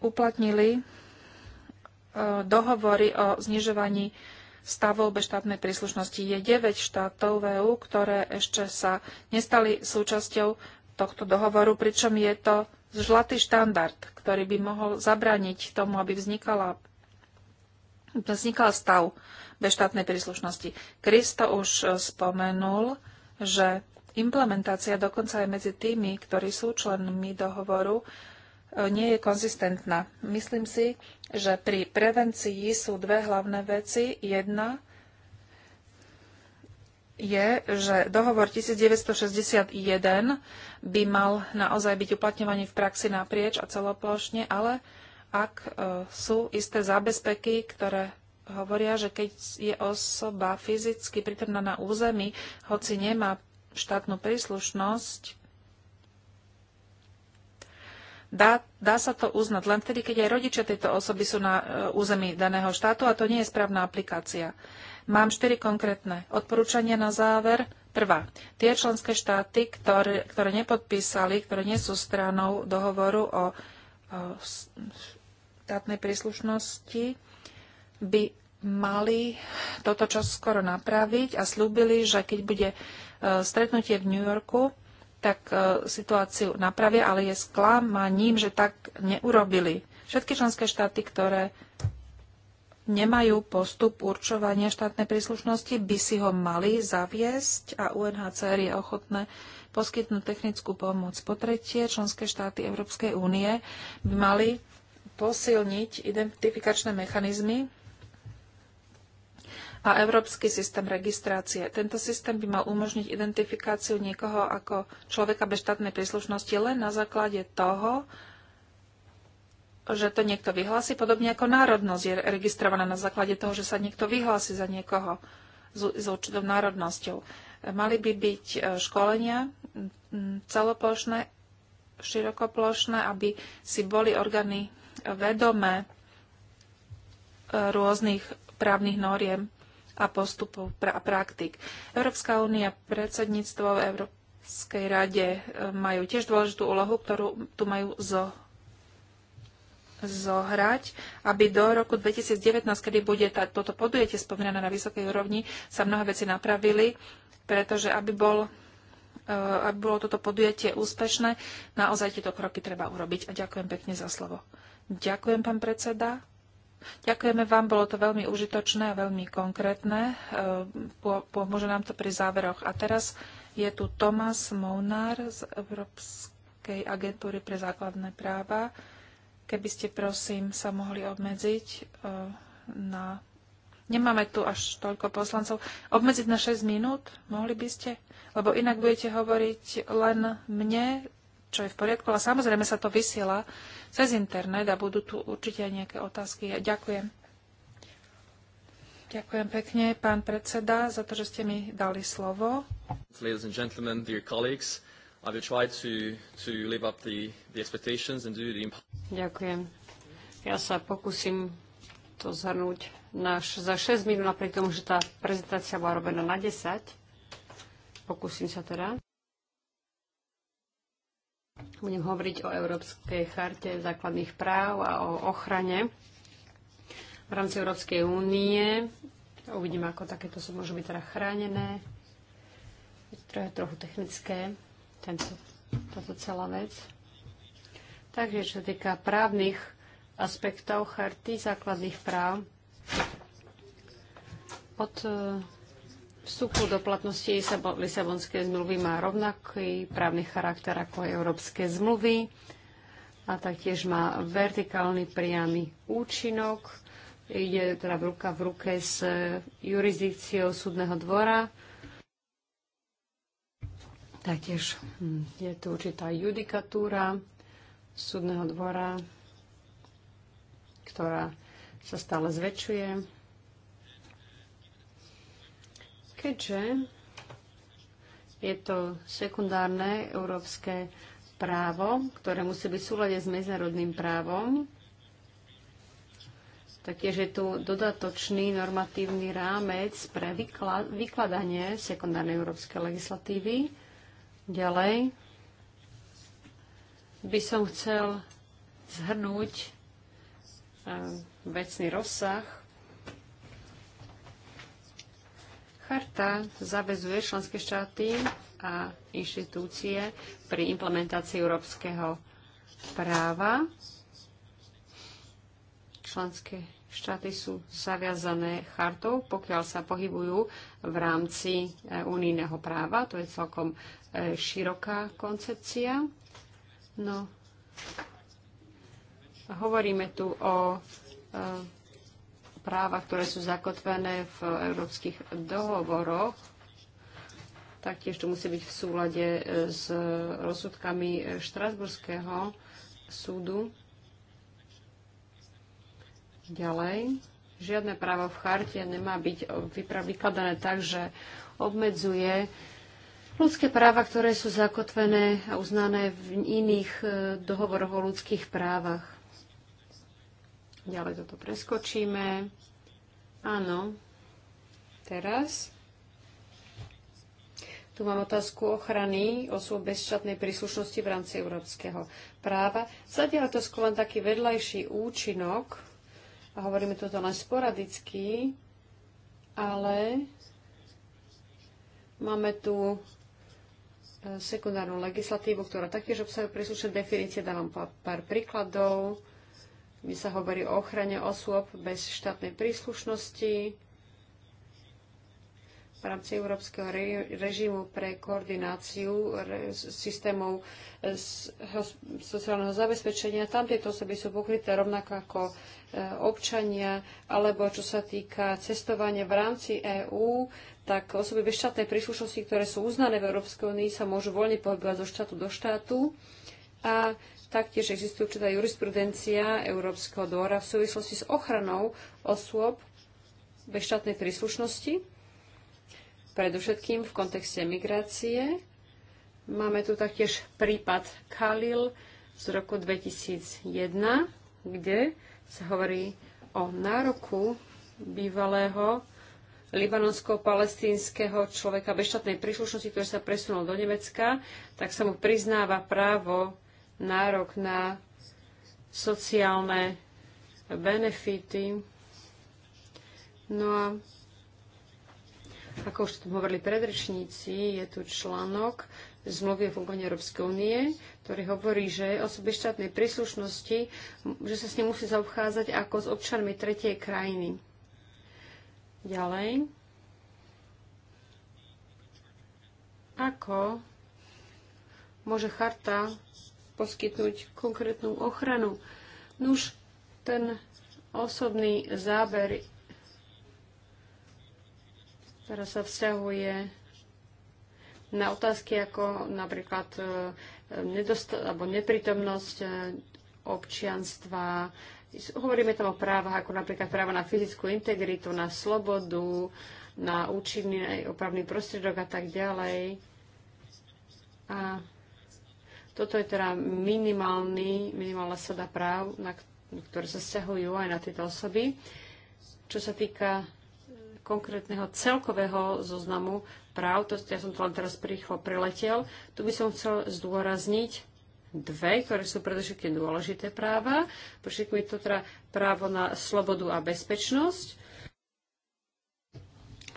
uplatnili e, dohovory o znižovaní stavovbe štátnej príslušnosti. Je 9 štátov EÚ, ktoré ešte sa nestali súčasťou tohto dohovoru, pričom je to zlatý štandard, ktorý by mohol zabrániť tomu, aby vznikala, vznikal stav bez štátnej príslušnosti. Kristo už e, spomenul, že implementácia dokonca aj medzi tými, ktorí sú členmi dohovoru, E, nie je konzistentná. Myslím si, že pri prevencii sú dve hlavné veci. Jedna je, že dohovor 1961 by mal naozaj byť uplatňovaný v praxi naprieč a celoplošne, ale ak e, sú isté zábezpeky, ktoré hovoria, že keď je osoba fyzicky prítomná na území, hoci nemá štátnu príslušnosť, Dá, dá sa to uznať len vtedy, keď aj rodičia tejto osoby sú na e, území daného štátu a to nie je správna aplikácia. Mám štyri konkrétne odporúčania na záver. Prvá. Tie členské štáty, ktoré, ktoré nepodpísali, ktoré nie sú stranou dohovoru o, o štátnej príslušnosti, by mali toto skoro napraviť a slúbili, že keď bude e, stretnutie v New Yorku, tak e, situáciu napravia, ale je sklamaním, že tak neurobili. Všetky členské štáty, ktoré nemajú postup určovania štátnej príslušnosti, by si ho mali zaviesť a UNHCR je ochotné poskytnúť technickú pomoc. Po tretie, členské štáty Európskej únie by mali posilniť identifikačné mechanizmy a Európsky systém registrácie. Tento systém by mal umožniť identifikáciu niekoho ako človeka bez štátnej príslušnosti len na základe toho, že to niekto vyhlási, podobne ako národnosť je registrovaná na základe toho, že sa niekto vyhlási za niekoho s určitou národnosťou. Mali by byť e, školenia celoplošné, širokoplošné, aby si boli orgány vedomé e, rôznych právnych noriem a postupov a praktik. Európska únia, predsedníctvo v Európskej rade e, majú tiež dôležitú úlohu, ktorú tu majú zo zohrať, aby do roku 2019, kedy bude tá, toto podujete spomínané na vysokej úrovni, sa mnohé veci napravili, pretože aby, bol, e, aby bolo toto podujatie úspešné, naozaj tieto kroky treba urobiť. A ďakujem pekne za slovo. Ďakujem, pán predseda. Ďakujeme vám, bolo to veľmi užitočné a veľmi konkrétne. E, Pomôže nám to pri záveroch. A teraz je tu Tomas Mounár z Európskej agentúry pre základné práva. Keby ste, prosím, sa mohli obmedziť e, na... Nemáme tu až toľko poslancov. Obmedziť na 6 minút? Mohli by ste? Lebo inak budete hovoriť len mne, čo je v poriadku, ale samozrejme sa to vysiela cez internet a budú tu určite aj nejaké otázky. Ďakujem. Ďakujem pekne, pán predseda, za to, že ste mi dali slovo. Ladies and gentlemen, dear colleagues, I will try to, to live up the, the expectations and do the... Ďakujem. Ja sa pokúsim to zhrnúť naš, za 6 minút, napriek tomu, že tá prezentácia bola robená na 10. Pokúsim sa teda. Budem hovoriť o Európskej charte základných práv a o ochrane v rámci Európskej únie. Uvidím, ako takéto sú môžu byť teda chránené. Je to trochu, trochu technické, tento, táto celá vec. Takže, čo sa týka právnych aspektov charty základných práv, od eh, vstupu do platnosti Lisabonskej zmluvy má rovnaký právny charakter ako aj európske zmluvy a taktiež má vertikálny priamy účinok. Ide teda v ruka v ruke s jurisdikciou súdneho dvora. Taktiež hm, je tu určitá judikatúra súdneho dvora, ktorá sa stále zväčšuje. Keďže je to sekundárne európske právo, ktoré musí byť v súlade s medzinárodným právom, Taktiež je tu dodatočný normatívny rámec pre vykladanie sekundárnej európskej legislatívy. Ďalej by som chcel zhrnúť eh, vecný rozsah Charta zavezuje členské štáty a inštitúcie pri implementácii európskeho práva. Členské štáty sú zaviazané chartou, pokiaľ sa pohybujú v rámci e, unijného práva. To je celkom e, široká koncepcia. No, hovoríme tu o e, práva, ktoré sú zakotvené v európskych dohovoroch. Taktiež to musí byť v súlade e, s rozsudkami e, Štrasburského súdu. Ďalej, žiadne právo v charte nemá byť vykladané tak, že obmedzuje ľudské práva, ktoré sú zakotvené a uznané v iných e, dohovoroch o ľudských právach. Ďalej toto preskočíme. Áno. Teraz. Tu mám otázku ochrany osôb bez štátnej príslušnosti v rámci európskeho práva. Zadiaľ to skôr len taký vedľajší účinok, a hovoríme toto len sporadicky, ale máme tu e, sekundárnu legislatívu, ktorá taktiež obsahuje príslušné definície. Dávam pár príkladov kde sa hovorí o ochrane osôb bez štátnej príslušnosti v rámci európskeho režimu pre koordináciu systémov eh, sociálneho zabezpečenia. Tam tieto osoby sú pokryté rovnako ako eh, občania, alebo čo sa týka cestovania v rámci EÚ, tak osoby bez štátnej príslušnosti, ktoré sú uznané v Európskej únii, sa môžu voľne pohybovať zo štátu do štátu. A Taktiež existuje určitá jurisprudencia Európskeho dvora v súvislosti s ochranou osôb bez štátnej príslušnosti, predovšetkým v kontexte migrácie. Máme tu taktiež prípad Kalil z roku 2001, kde sa hovorí o nároku bývalého libanonsko-palestínskeho človeka bez štátnej príslušnosti, ktorý sa presunul do Nemecka, tak sa mu priznáva právo nárok na sociálne benefity. No a ako už tu hovorili predrečníci, je tu článok zmluvy o fungovaní Európskej únie, ktorý hovorí, že osoby štátnej príslušnosti, že sa s ním musí zaobchádzať ako s občanmi tretej krajiny. Ďalej. Ako môže charta poskytnúť konkrétnu ochranu. Nuž, ten osobný záber ktorá sa vzťahuje na otázky ako napríklad e, nedost- alebo neprítomnosť e, občianstva. Hovoríme tam o právach ako napríklad práva na fyzickú integritu, na slobodu, na účinný opravný prostriedok a tak ďalej. A toto je teda minimálny, minimálna sada práv, na ktoré sa stiahujú aj na tieto osoby. Čo sa týka eh, konkrétneho celkového zoznamu práv, to ja som to len teraz rýchlo preletel, tu by som chcel zdôrazniť dve, ktoré sú predovšetkým dôležité práva. Všetko je to teda právo na slobodu a bezpečnosť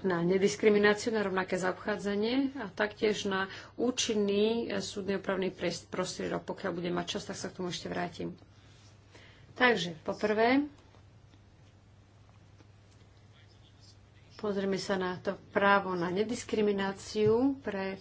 na nediskrimináciu, na rovnaké zaobchádzanie a taktiež na účinný eh, súdny opravný prostriedok. Pokiaľ bude mať čas, tak sa k tomu ešte vrátim. Takže, poprvé, pozrieme sa na to právo na nediskrimináciu pre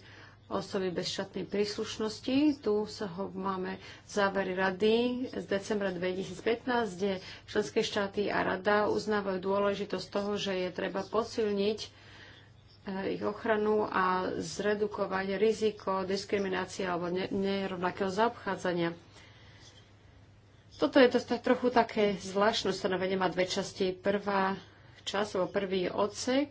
osoby bez šatnej príslušnosti. Tu sa ho máme závery rady z decembra 2015, kde členské štáty a rada uznávajú dôležitosť toho, že je treba posilniť eh, ich ochranu a zredukovať riziko diskriminácie alebo nerovnakého zaobchádzania. Toto je to trochu také zvláštne stanovenie, má dve časti. Prvá časť, alebo prvý odsek,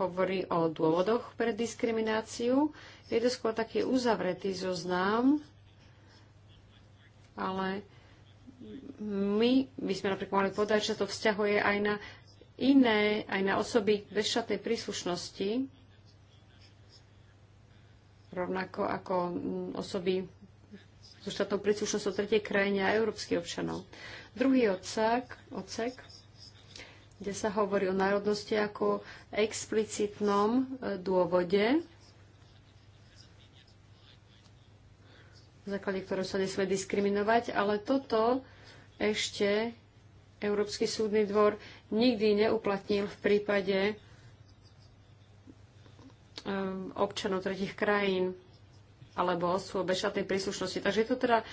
hovorí o dôvodoch pre diskrimináciu. Je to skôr taký uzavretý zoznam, ale my by sme napríklad mohli povedať, že to vzťahuje aj na iné, aj na osoby bez šatnej príslušnosti, rovnako ako osoby so štátnou príslušnosťou tretej krajiny a európskych občanov. Druhý odsek, odsek kde sa hovorí o národnosti ako explicitnom e, dôvode, v základe ktorého sa nesmie diskriminovať, ale toto ešte Európsky súdny dvor nikdy neuplatnil v prípade e, občanov tretich krajín alebo osôb bez príslušnosti. Takže je to teda e,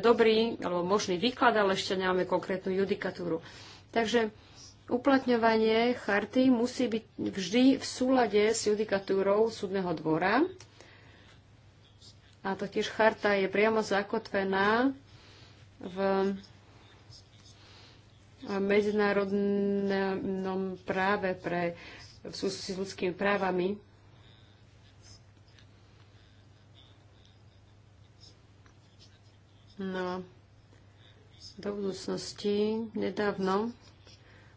dobrý alebo možný výklad, ale ešte nemáme konkrétnu judikatúru. Takže Uplatňovanie charty musí byť vždy v súlade s judikatúrou súdneho dvora. A totiž charta je priamo zakotvená v medzinárodnom práve pre v súvislosti s ľudskými právami. No, do budúcnosti nedávno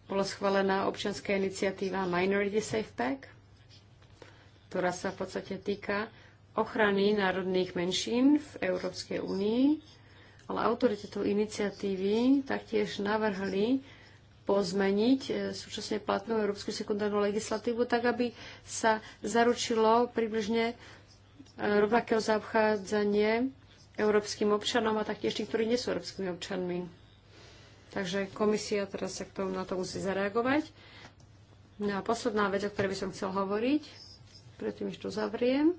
bola schválená občianská iniciatíva Minority Safe Pack, ktorá sa v podstate týka ochrany národných menšín v Európskej únii, ale autori tejto iniciatívy taktiež navrhli pozmeniť e, súčasne platnú európsku sekundárnu legislatívu tak, aby sa zaručilo približne e, rovnakého zaobchádzanie európskym občanom a taktiež tým, ktorí nie sú európskymi občanmi. Takže komisia teraz sa k tomu na to musí zareagovať. No a posledná vec, o ktorej by som chcel hovoriť, predtým, ešte to zavriem.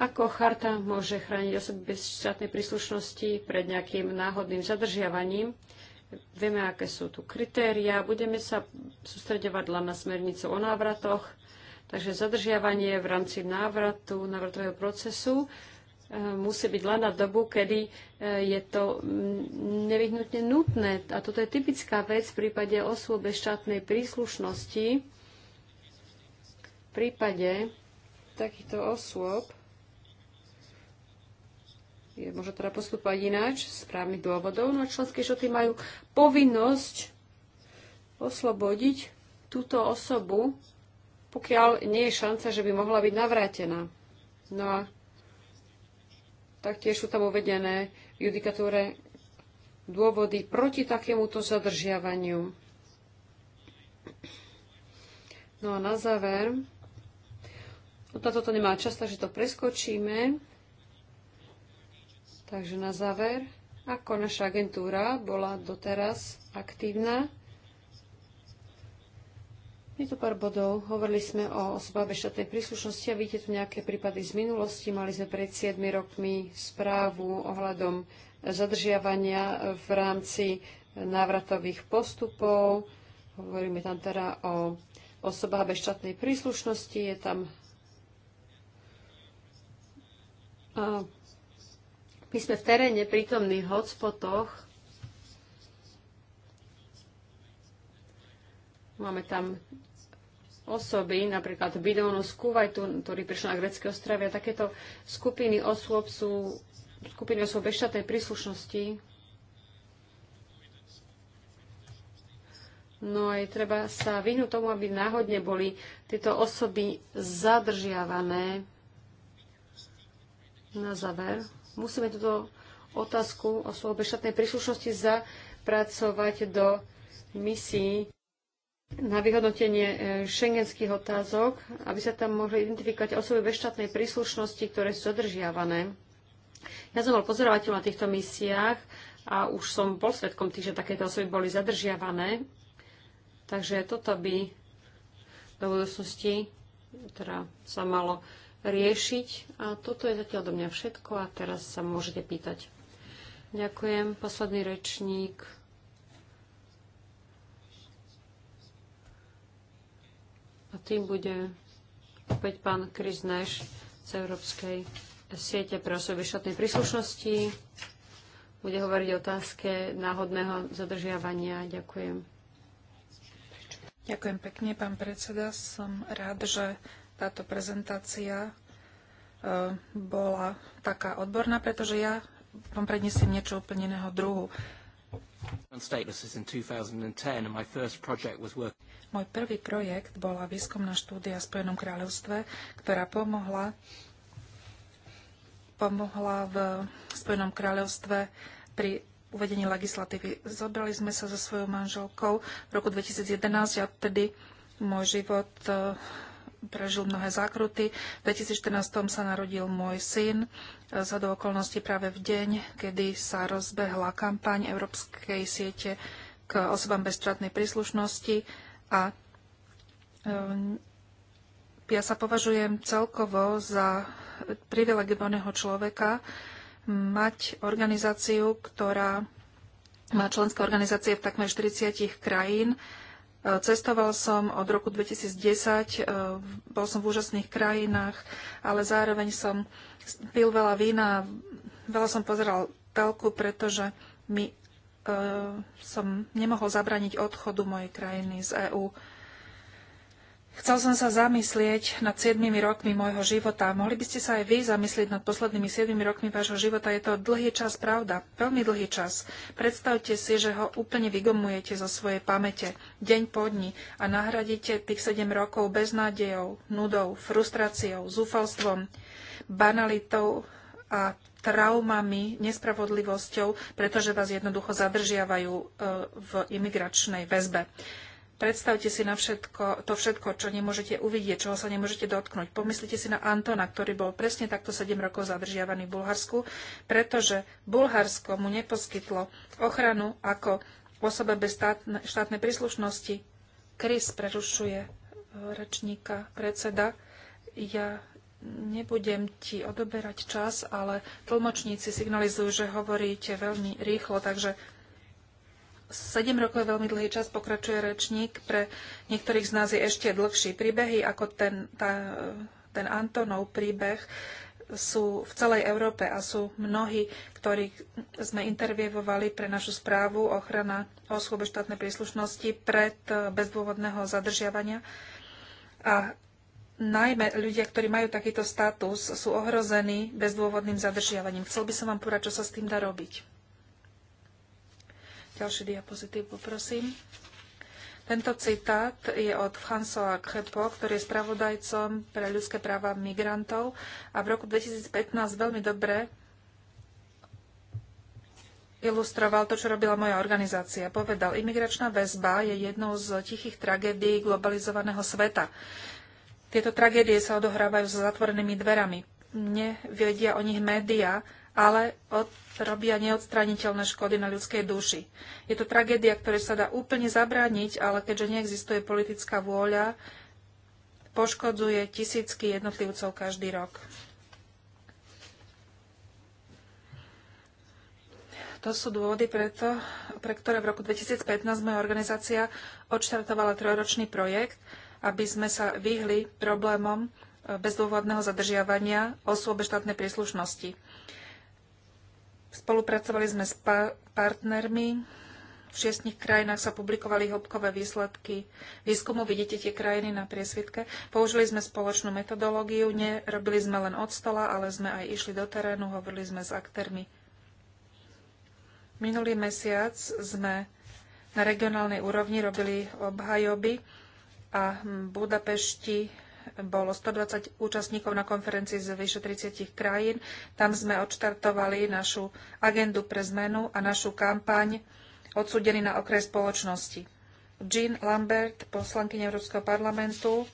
Ako charta môže chrániť osoby bez štátnej príslušnosti pred nejakým náhodným zadržiavaním? Vieme, aké sú tu kritéria. Budeme sa sústredovať len na smernicu o návratoch, takže zadržiavanie v rámci návratu, návratového procesu musí byť len na dobu, kedy e, je to mm, nevyhnutne nutné. A toto je typická vec v prípade osôb bez štátnej príslušnosti. V prípade takýchto osôb je možno teda postupovať ináč z dôvodov, no členské štáty majú povinnosť oslobodiť túto osobu, pokiaľ nie je šanca, že by mohla byť navrátená. No a Taktiež sú tam uvedené v judikatúre dôvody proti takémuto zadržiavaniu. No a na záver, no táto to nemá čas, takže to preskočíme. Takže na záver, ako naša agentúra bola doteraz aktívna je to pár bodov. Hovorili sme o osobách štátnej príslušnosti a vidíte tu nejaké prípady z minulosti. Mali sme pred 7 rokmi správu ohľadom zadržiavania v rámci návratových postupov. Hovoríme tam teda o osobách bez štátnej príslušnosti. Je tam a my sme v teréne prítomných hotspotoch. Máme tam osoby, napríklad bidónu z Kuwaitu, ktorí prišli na grecké ostravy. A takéto skupiny osôb sú skupiny osôb bez príslušnosti. No aj treba sa vyhnúť tomu, aby náhodne boli tieto osoby zadržiavané. Na záver, musíme túto otázku o svojho príslušnosti zapracovať do misií na vyhodnotenie e, šengenských otázok, aby sa tam mohli identifikovať osoby ve štátnej príslušnosti, ktoré sú zadržiavané. Ja som bol pozorovateľ na týchto misiách a už som bol svetkom tých, že takéto osoby boli zadržiavané. Takže toto by do budúcnosti teda sa malo riešiť. A toto je zatiaľ do mňa všetko a teraz sa môžete pýtať. Ďakujem. Posledný rečník. tým bude opäť pán Chris Nash z Európskej siete pre osoby štátnej príslušnosti. Bude hovoriť o otázke náhodného zadržiavania. Ďakujem. Ďakujem pekne, pán predseda. Som rád, že táto prezentácia e, bola taká odborná, pretože ja vám prednesiem niečo úplneného druhu. úplne iného druhu. Môj prvý projekt bola výskumná štúdia v Spojenom kráľovstve, ktorá pomohla, pomohla v Spojenom kráľovstve pri uvedení legislatívy. Zobrali sme sa so svojou manželkou v roku 2011 a vtedy môj život e, prežil mnohé zákruty. V 2014 sa narodil môj syn. E, za do okolností práve v deň, kedy sa rozbehla kampaň Európskej siete k osobám bez príslušnosti a ja sa považujem celkovo za privilegovaného človeka mať organizáciu, ktorá má členské organizácie v takmer 40 krajín. E, cestoval som od roku 2010, e, bol som v úžasných krajinách, ale zároveň som pil veľa vína, veľa som pozeral telku, pretože mi Eh, som nemohol zabraniť odchodu mojej krajiny z EÚ. Chcel som sa zamyslieť nad 7 rokmi môjho života. Mohli by ste sa aj vy zamyslieť nad poslednými 7 rokmi vášho života. Je to dlhý čas, pravda. Veľmi dlhý čas. Predstavte si, že ho úplne vygomujete zo svojej pamäte. Deň po dni. A nahradíte tých 7 rokov beznádejou, nudou, frustráciou, zúfalstvom, banalitou a traumami, nespravodlivosťou, pretože vás jednoducho zadržiavajú e, v imigračnej väzbe. Predstavte si na všetko, to všetko, čo nemôžete uvidieť, čoho sa nemôžete dotknúť. Pomyslite si na Antona, ktorý bol presne takto 7 rokov zadržiavaný v Bulharsku, pretože Bulharsko mu neposkytlo ochranu ako osobe bez štátnej príslušnosti. Kris prerušuje e, rečníka predseda. Ja Nebudem ti odoberať čas, ale tlmočníci signalizujú, že hovoríte veľmi rýchlo, takže 7 rokov je veľmi dlhý čas, pokračuje rečník. Pre niektorých z nás je ešte dlhší príbehy, ako ten, tá, ten Antonov príbeh sú v celej Európe a sú mnohí, ktorých sme intervievovali pre našu správu ochrana osôb štátnej príslušnosti pred eh, bezdôvodného zadržiavania. A najmä ľudia, ktorí majú takýto status, sú ohrození bezdôvodným zadržiavaním. Chcel by som vám povedať, čo sa s tým dá robiť. Ďalší diapozitív poprosím. Tento citát je od François Kepo, ktorý je spravodajcom pre ľudské práva migrantov a v roku 2015 veľmi dobre ilustroval to, čo robila moja organizácia. Povedal, imigračná väzba je jednou z tichých tragédií globalizovaného sveta. Tieto tragédie sa odohrávajú s zatvorenými dverami. Nevedia o nich médiá, ale od, robia neodstraniteľné škody na ľudskej duši. Je to tragédia, ktorej sa dá úplne zabrániť, ale keďže neexistuje politická vôľa, poškodzuje tisícky jednotlivcov každý rok. To sú dôvody, preto, pre ktoré v roku 2015 moja organizácia odštartovala trojročný projekt, aby sme sa vyhli problémom e, bezdôvodného zadržiavania osôb štátnej príslušnosti. Spolupracovali sme s pa- partnermi. V šiestich krajinách sa publikovali hĺbkové výsledky výskumu. Vidíte tie krajiny na priesvitke. Použili sme spoločnú metodológiu. Nerobili sme len od stola, ale sme aj išli do terénu. Hovorili sme s aktérmi. Minulý mesiac sme na regionálnej úrovni robili obhajoby a Budapešti bolo 120 účastníkov na konferencii z vyše 30 krajín. Tam sme odštartovali našu agendu pre zmenu a našu kampaň odsudený na okraj spoločnosti. Jean Lambert, poslankyňa Európskeho parlamentu,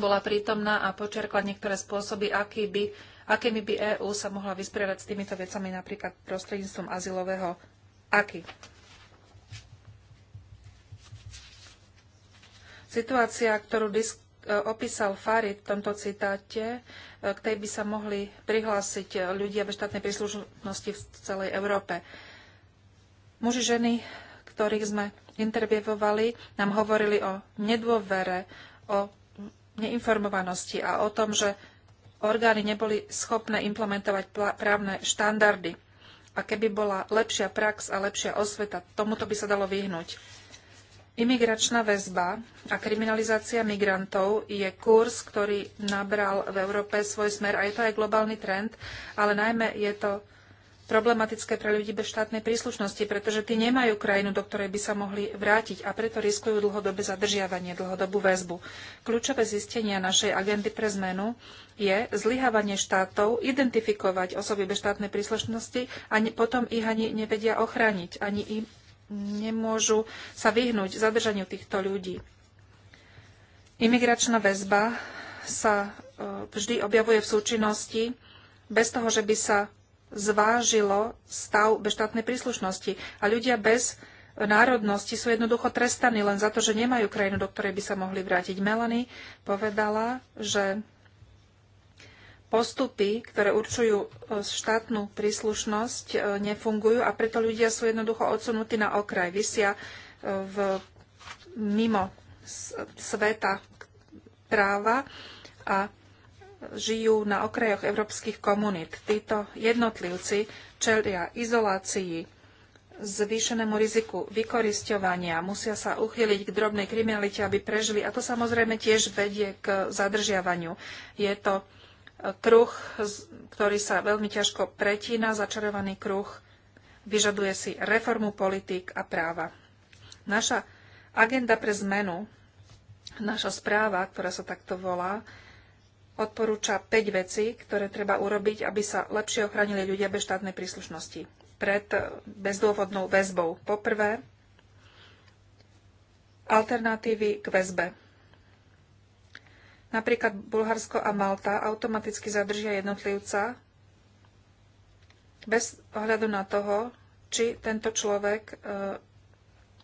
bola prítomná a počerkla niektoré spôsoby, aký by, akými by EÚ sa mohla vysporiadať s týmito vecami, napríklad prostredníctvom azylového aký. Situácia, ktorú disk- e, opísal Farid v tomto citáte, e, k tej by sa mohli prihlásiť e, ľudia ve štátnej príslušnosti v celej Európe. Muži, ženy, ktorých sme intervievovali, nám hovorili o nedôvere, o neinformovanosti a o tom, že orgány neboli schopné implementovať právne štandardy. A keby bola lepšia prax a lepšia osveta, tomuto by sa dalo vyhnúť. Imigračná väzba a kriminalizácia migrantov je kurz, ktorý nabral v Európe svoj smer a je to aj globálny trend, ale najmä je to problematické pre ľudí bez štátnej príslušnosti, pretože tí nemajú krajinu, do ktorej by sa mohli vrátiť a preto riskujú dlhodobé zadržiavanie, dlhodobú väzbu. Kľúčové zistenia našej agendy pre zmenu je zlyhávanie štátov identifikovať osoby bez štátnej príslušnosti a potom ich ani nevedia ochrániť, ani im nemôžu sa vyhnúť zadržaniu týchto ľudí. Imigračná väzba sa e, vždy objavuje v súčinnosti bez toho, že by sa zvážilo stav bez štátnej príslušnosti. A ľudia bez národnosti sú jednoducho trestaní len za to, že nemajú krajinu, do ktorej by sa mohli vrátiť. Melanie povedala, že postupy, ktoré určujú e, štátnu príslušnosť, e, nefungujú a preto ľudia sú jednoducho odsunutí na okraj, vysia e, v, mimo sveta práva a žijú na okrajoch európskych komunít. Títo jednotlivci čelia izolácii, zvýšenému riziku vykorisťovania, musia sa uchyliť k drobnej kriminalite, aby prežili. A to samozrejme tiež vedie k zadržiavaniu. Je to kruh, ktorý sa veľmi ťažko pretína, začarovaný kruh, vyžaduje si reformu politik a práva. Naša agenda pre zmenu, naša správa, ktorá sa takto volá, odporúča 5 vecí, ktoré treba urobiť, aby sa lepšie ochránili ľudia bez štátnej príslušnosti pred eh, bezdôvodnou väzbou. Poprvé, alternatívy k väzbe. Napríklad Bulharsko a Malta automaticky zadržia jednotlivca bez ohľadu na toho, či tento človek e,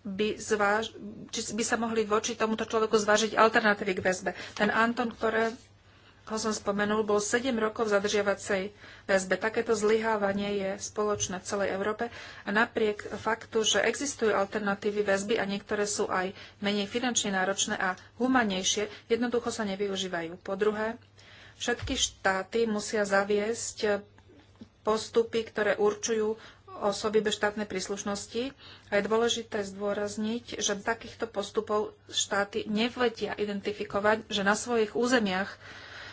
by, zváž- či by sa mohli voči tomuto človeku zvážiť alternatívy k väzbe. Ten Anton, ktoré, ho som spomenul, bol 7 rokov v zadržiavacej väzbe. Takéto zlyhávanie je spoločné v celej Európe a napriek faktu, že existujú alternatívy väzby a niektoré sú aj menej finančne náročné a humanejšie, jednoducho sa nevyužívajú. Po druhé, všetky štáty musia zaviesť postupy, ktoré určujú osoby bez štátnej príslušnosti. A je dôležité zdôrazniť, že takýchto postupov štáty nevedia identifikovať, že na svojich územiach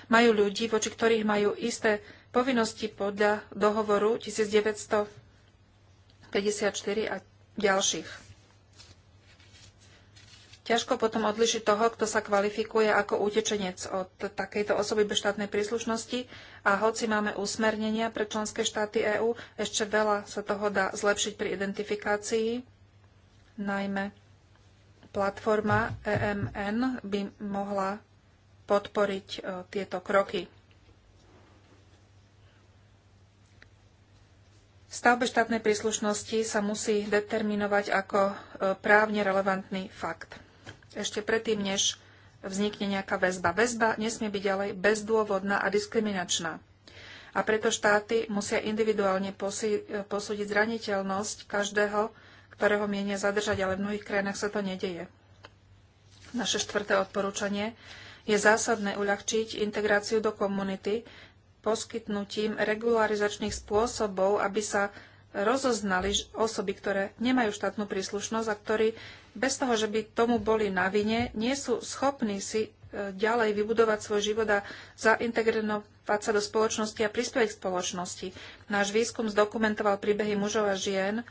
majú ľudí, voči ktorých majú isté povinnosti podľa dohovoru 1954 a ďalších. Ťažko potom odlišiť toho, kto sa kvalifikuje ako utečenec od takejto osoby bez štátnej príslušnosti a hoci máme usmernenia pre členské štáty EÚ, ešte veľa sa toho dá zlepšiť pri identifikácii, najmä platforma EMN by mohla podporiť e, tieto kroky. Stavbe štátnej príslušnosti sa musí determinovať ako e, právne relevantný fakt. Ešte predtým, než vznikne nejaká väzba. Väzba nesmie byť ďalej bezdôvodná a diskriminačná. A preto štáty musia individuálne e, posúdiť zraniteľnosť každého, ktorého mienia zadržať, ale v mnohých krajinách sa to nedeje. Naše štvrté odporúčanie je zásadné uľahčiť integráciu do komunity poskytnutím regularizačných spôsobov, aby sa rozoznali osoby, ktoré nemajú štátnu príslušnosť a ktorí bez toho, že by tomu boli na vine, nie sú schopní si e, ďalej vybudovať svoj život a zaintegrovať sa do spoločnosti a prispieť k spoločnosti. Náš výskum zdokumentoval príbehy mužov a žien.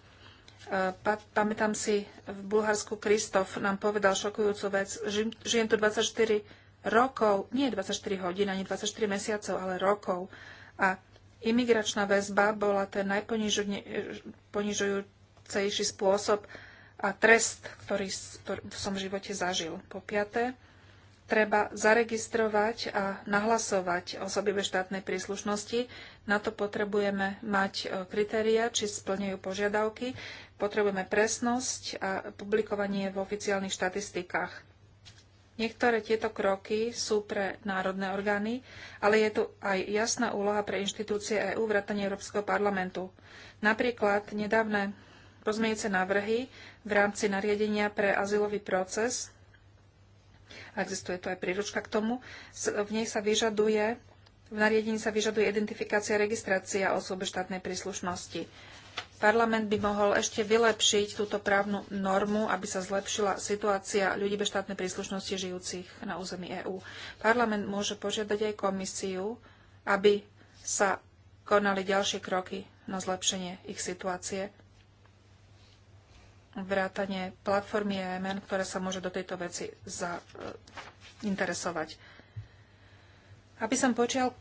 E, pamätám si, v Bulharsku Kristof nám povedal šokujúcu vec. Žijem tu 24 rokov, nie 24 hodín, ani 24 mesiacov, ale rokov. A imigračná väzba bola ten najponižujúcejší spôsob a trest, ktorý som v živote zažil. Po piaté, treba zaregistrovať a nahlasovať osoby ve štátnej príslušnosti. Na to potrebujeme mať e, kritéria, či splňujú požiadavky. Potrebujeme presnosť a publikovanie v oficiálnych štatistikách. Niektoré tieto kroky sú pre národné orgány, ale je tu aj jasná úloha pre inštitúcie EÚ vrátane Európskeho parlamentu. Napríklad nedávne pozmiece návrhy v rámci nariadenia pre azylový proces, a existuje tu aj príručka k tomu, v nej sa vyžaduje v nariadení sa vyžaduje identifikácia a registrácia osobe štátnej príslušnosti. Parlament by mohol ešte vylepšiť túto právnu normu, aby sa zlepšila situácia ľudí bez štátnej príslušnosti žijúcich na území EÚ. Parlament môže požiadať aj komisiu, aby sa konali ďalšie kroky na zlepšenie ich situácie. Vrátanie platformy EMN, ktorá sa môže do tejto veci zainteresovať. E, aby som počial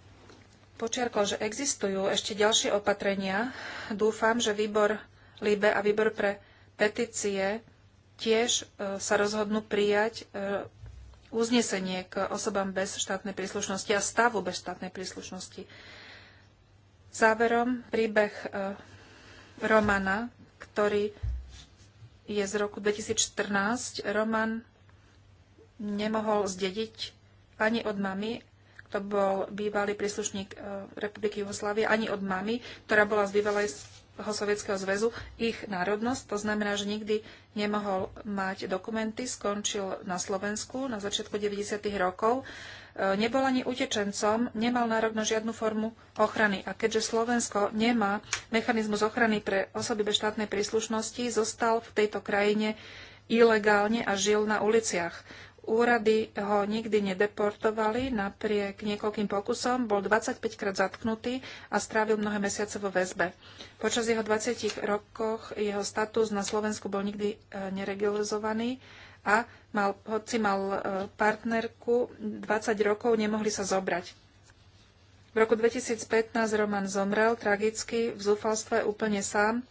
počiarkol, že existujú ešte ďalšie opatrenia. Dúfam, že výbor LIBE a výbor pre petície tiež e, sa rozhodnú prijať e, uznesenie k osobám bez štátnej príslušnosti a stavu bez štátnej príslušnosti. Záverom príbeh e, Romana, ktorý je z roku 2014. Roman nemohol zdediť ani od mamy, to bol bývalý príslušník e, Republiky Jugoslávie, ani od mamy, ktorá bola z bývalého Sovietskeho zväzu, ich národnosť. To znamená, že nikdy nemohol mať dokumenty, skončil na Slovensku na začiatku 90. rokov. E, nebol ani utečencom, nemal nárok na žiadnu formu ochrany. A keďže Slovensko nemá mechanizmus ochrany pre osoby bez štátnej príslušnosti, zostal v tejto krajine ilegálne a žil na uliciach. Úrady ho nikdy nedeportovali, napriek niekoľkým pokusom, bol 25-krát zatknutý a strávil mnohé mesiace vo väzbe. Počas jeho 20 rokoch jeho status na Slovensku bol nikdy e, neregulizovaný a mal, hoci mal e, partnerku 20 rokov, nemohli sa zobrať. V roku 2015 Roman zomrel tragicky v zúfalstve úplne sám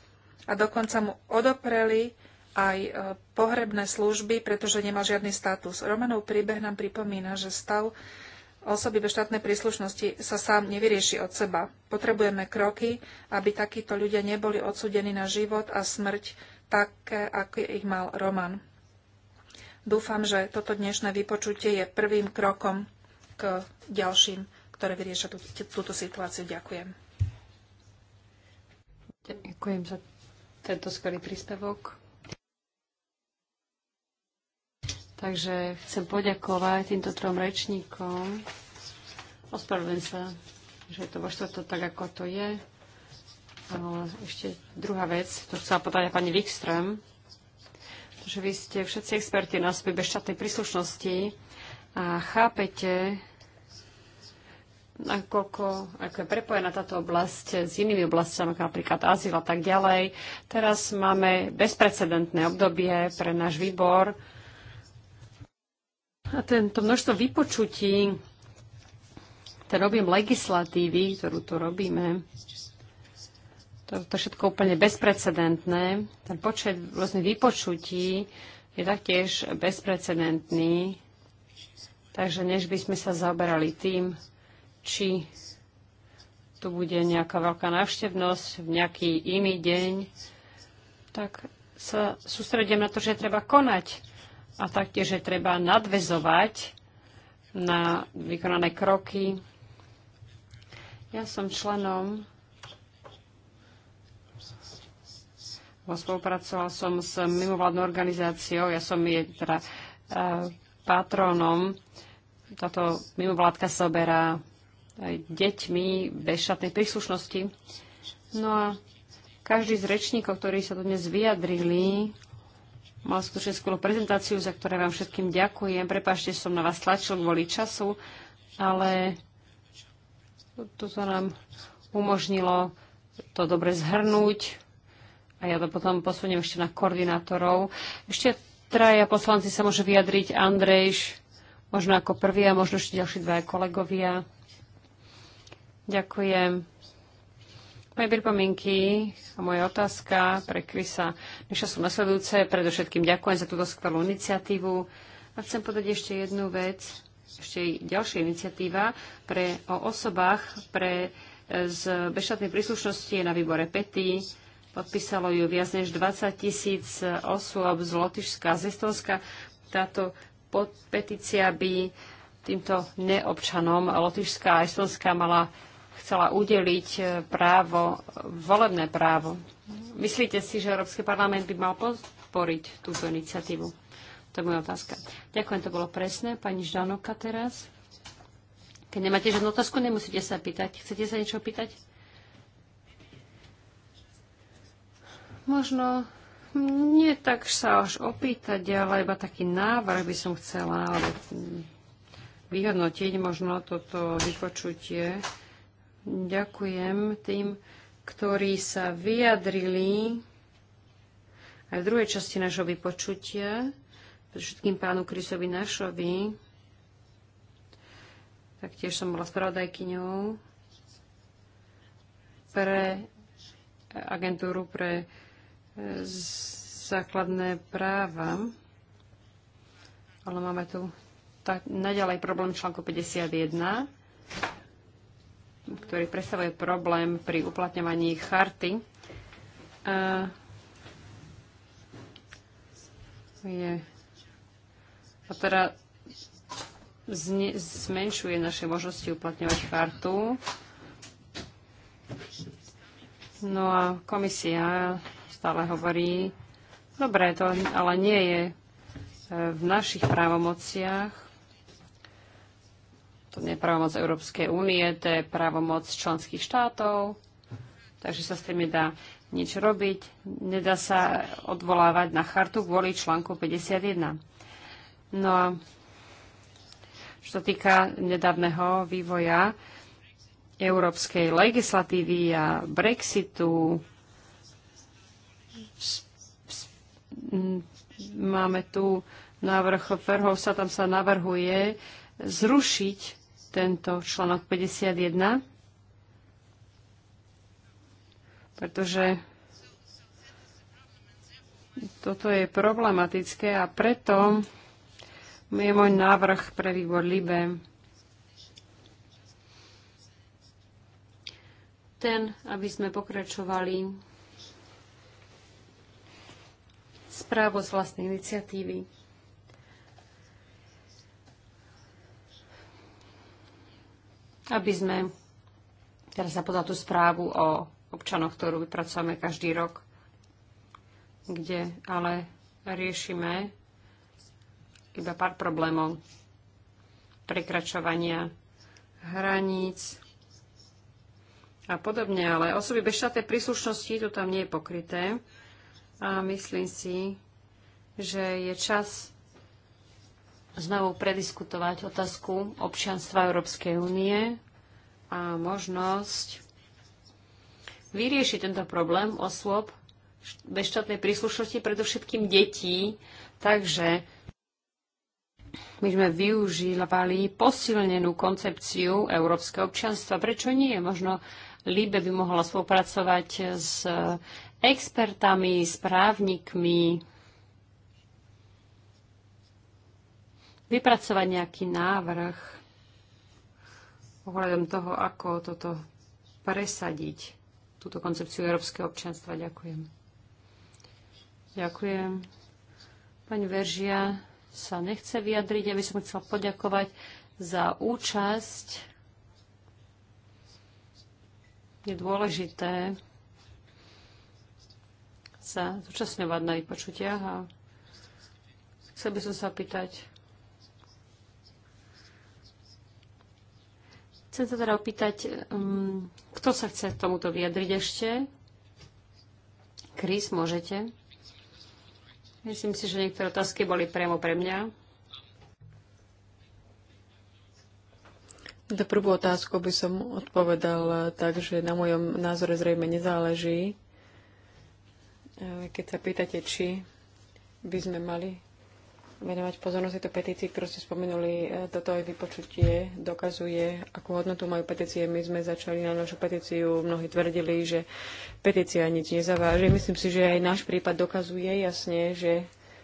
a dokonca mu odopreli aj e, pohrebné služby, pretože nemá žiadny status. Romanov príbeh nám pripomína, že stav osoby ve štátnej príslušnosti sa sám nevyrieši od seba. Potrebujeme kroky, aby takíto ľudia neboli odsudení na život a smrť také, ako ich mal Roman. Dúfam, že toto dnešné vypočutie je prvým krokom k ďalším, ktoré vyriešia tú, túto situáciu. Ďakujem. Ďakujem za tento skvelý príspevok. Takže chcem poďakovať týmto trom rečníkom. Ospravedlňujem sa, že je to vo to tak, ako to je. Ale ešte druhá vec, to chcela povedať pani Wikström, že vy ste všetci experti na svoj bezčatnej príslušnosti a chápete, nakoľko, ako je prepojená táto oblasť s inými oblastiami, ako napríklad azyl a tak ďalej. Teraz máme bezprecedentné obdobie pre náš výbor, a tento množstvo vypočutí, ten robím legislatívy, ktorú tu robíme, to, to všetko úplne bezprecedentné. Ten počet rôznych vypočutí je taktiež bezprecedentný. Takže než by sme sa zaoberali tým, či tu bude nejaká veľká návštevnosť v nejaký iný deň, tak sa sústredím na to, že treba konať a taktiež je treba nadvezovať na vykonané kroky. Ja som členom spolupracoval som s mimovládnou organizáciou, ja som je teda e, patronom. Táto mimovládka sa oberá deťmi bez šatnej príslušnosti. No a každý z rečníkov, ktorí sa tu dnes vyjadrili, mal skutočne skvelú prezentáciu, za ktoré vám všetkým ďakujem. Prepašte, som na vás tlačil kvôli času, ale toto nám umožnilo to dobre zhrnúť a ja to potom posuniem ešte na koordinátorov. Ešte traja poslanci sa môžu vyjadriť. Andrejš, možno ako prvý a možno ešte ďalší dvaja kolegovia. Ďakujem. Moje pripomienky a moja otázka pre Krisa Miša sú nasledujúce. Predovšetkým ďakujem za túto skvelú iniciatívu. A chcem podať ešte jednu vec, ešte ďalšia iniciatíva pre, o osobách pre, e, z bezštátnej príslušnosti na výbore PETI. Podpísalo ju viac než 20 tisíc osôb z Lotyšska a z Estonska. Táto petícia by týmto neobčanom Lotyšska a Estonska mala chcela udeliť e, právo, volebné právo. Myslíte si, že Európsky parlament by mal podporiť túto iniciatívu? To je moja otázka. Ďakujem, to bolo presné. Pani Ždanoka teraz. Keď nemáte žiadnu otázku, nemusíte sa pýtať. Chcete sa niečo pýtať? Možno nie tak sa až opýtať, ale iba taký návrh by som chcela, alebo vyhodnotiť možno toto vypočutie Ďakujem tým, ktorí sa vyjadrili aj v druhej časti nášho vypočutia, všetkým pánu Krisovi Našovi. Taktiež som bola spravodajkyňou pre agentúru pre e, základné práva. Ale máme tu naďalej problém článku 51 ktorý predstavuje problém pri uplatňovaní charty. A e, je, a teda zne, zmenšuje naše možnosti uplatňovať chartu. No a komisia stále hovorí, dobre, to ale nie je e, v našich právomociach to nie je právomoc Európskej únie, to je právomoc členských štátov, takže sa s tým nedá nič robiť. Nedá sa odvolávať na chartu kvôli článku 51. No a čo týka nedávneho vývoja európskej legislatívy a Brexitu, máme tu návrh Ferhovsa, tam sa navrhuje zrušiť tento článok 51, pretože toto je problematické a preto je môj návrh pre výbor Libe ten, aby sme pokračovali správo z vlastnej iniciatívy. aby sme, teraz sa podal tú správu o občanoch, ktorú vypracujeme každý rok, kde ale riešime iba pár problémov prekračovania hraníc a podobne, ale osoby bez štátnej príslušnosti to tam nie je pokryté. A myslím si, že je čas znovu prediskutovať otázku občianstva Európskej únie a možnosť vyriešiť tento problém osôb bez štátnej príslušnosti, predovšetkým detí. Takže my sme využívali posilnenú koncepciu európskeho občianstva. Prečo nie? Možno Líbe by mohla spolupracovať s expertami, s právnikmi, vypracovať nejaký návrh ohľadom toho, ako toto presadiť, túto koncepciu európskeho občianstva. Ďakujem. Ďakujem. Pani Veržia sa nechce vyjadriť. Ja by som chcela poďakovať za účasť. Je dôležité sa zúčastňovať na vypočutiach a chcel by som sa pýtať Chcem sa teda opýtať, um, kto sa chce k tomuto vyjadriť ešte? Chris, môžete? Myslím si, že niektoré otázky boli priamo pre mňa. Na prvú otázku by som odpovedal tak, že na mojom názore zrejme nezáleží. Keď sa pýtate, či by sme mali venovať pozornosť tejto petícii, ktorú ste spomenuli. E, toto aj vypočutie dokazuje, akú hodnotu majú petície. My sme začali na našu petíciu, mnohí tvrdili, že petícia nič nezaváži. Myslím si, že aj náš prípad dokazuje jasne, že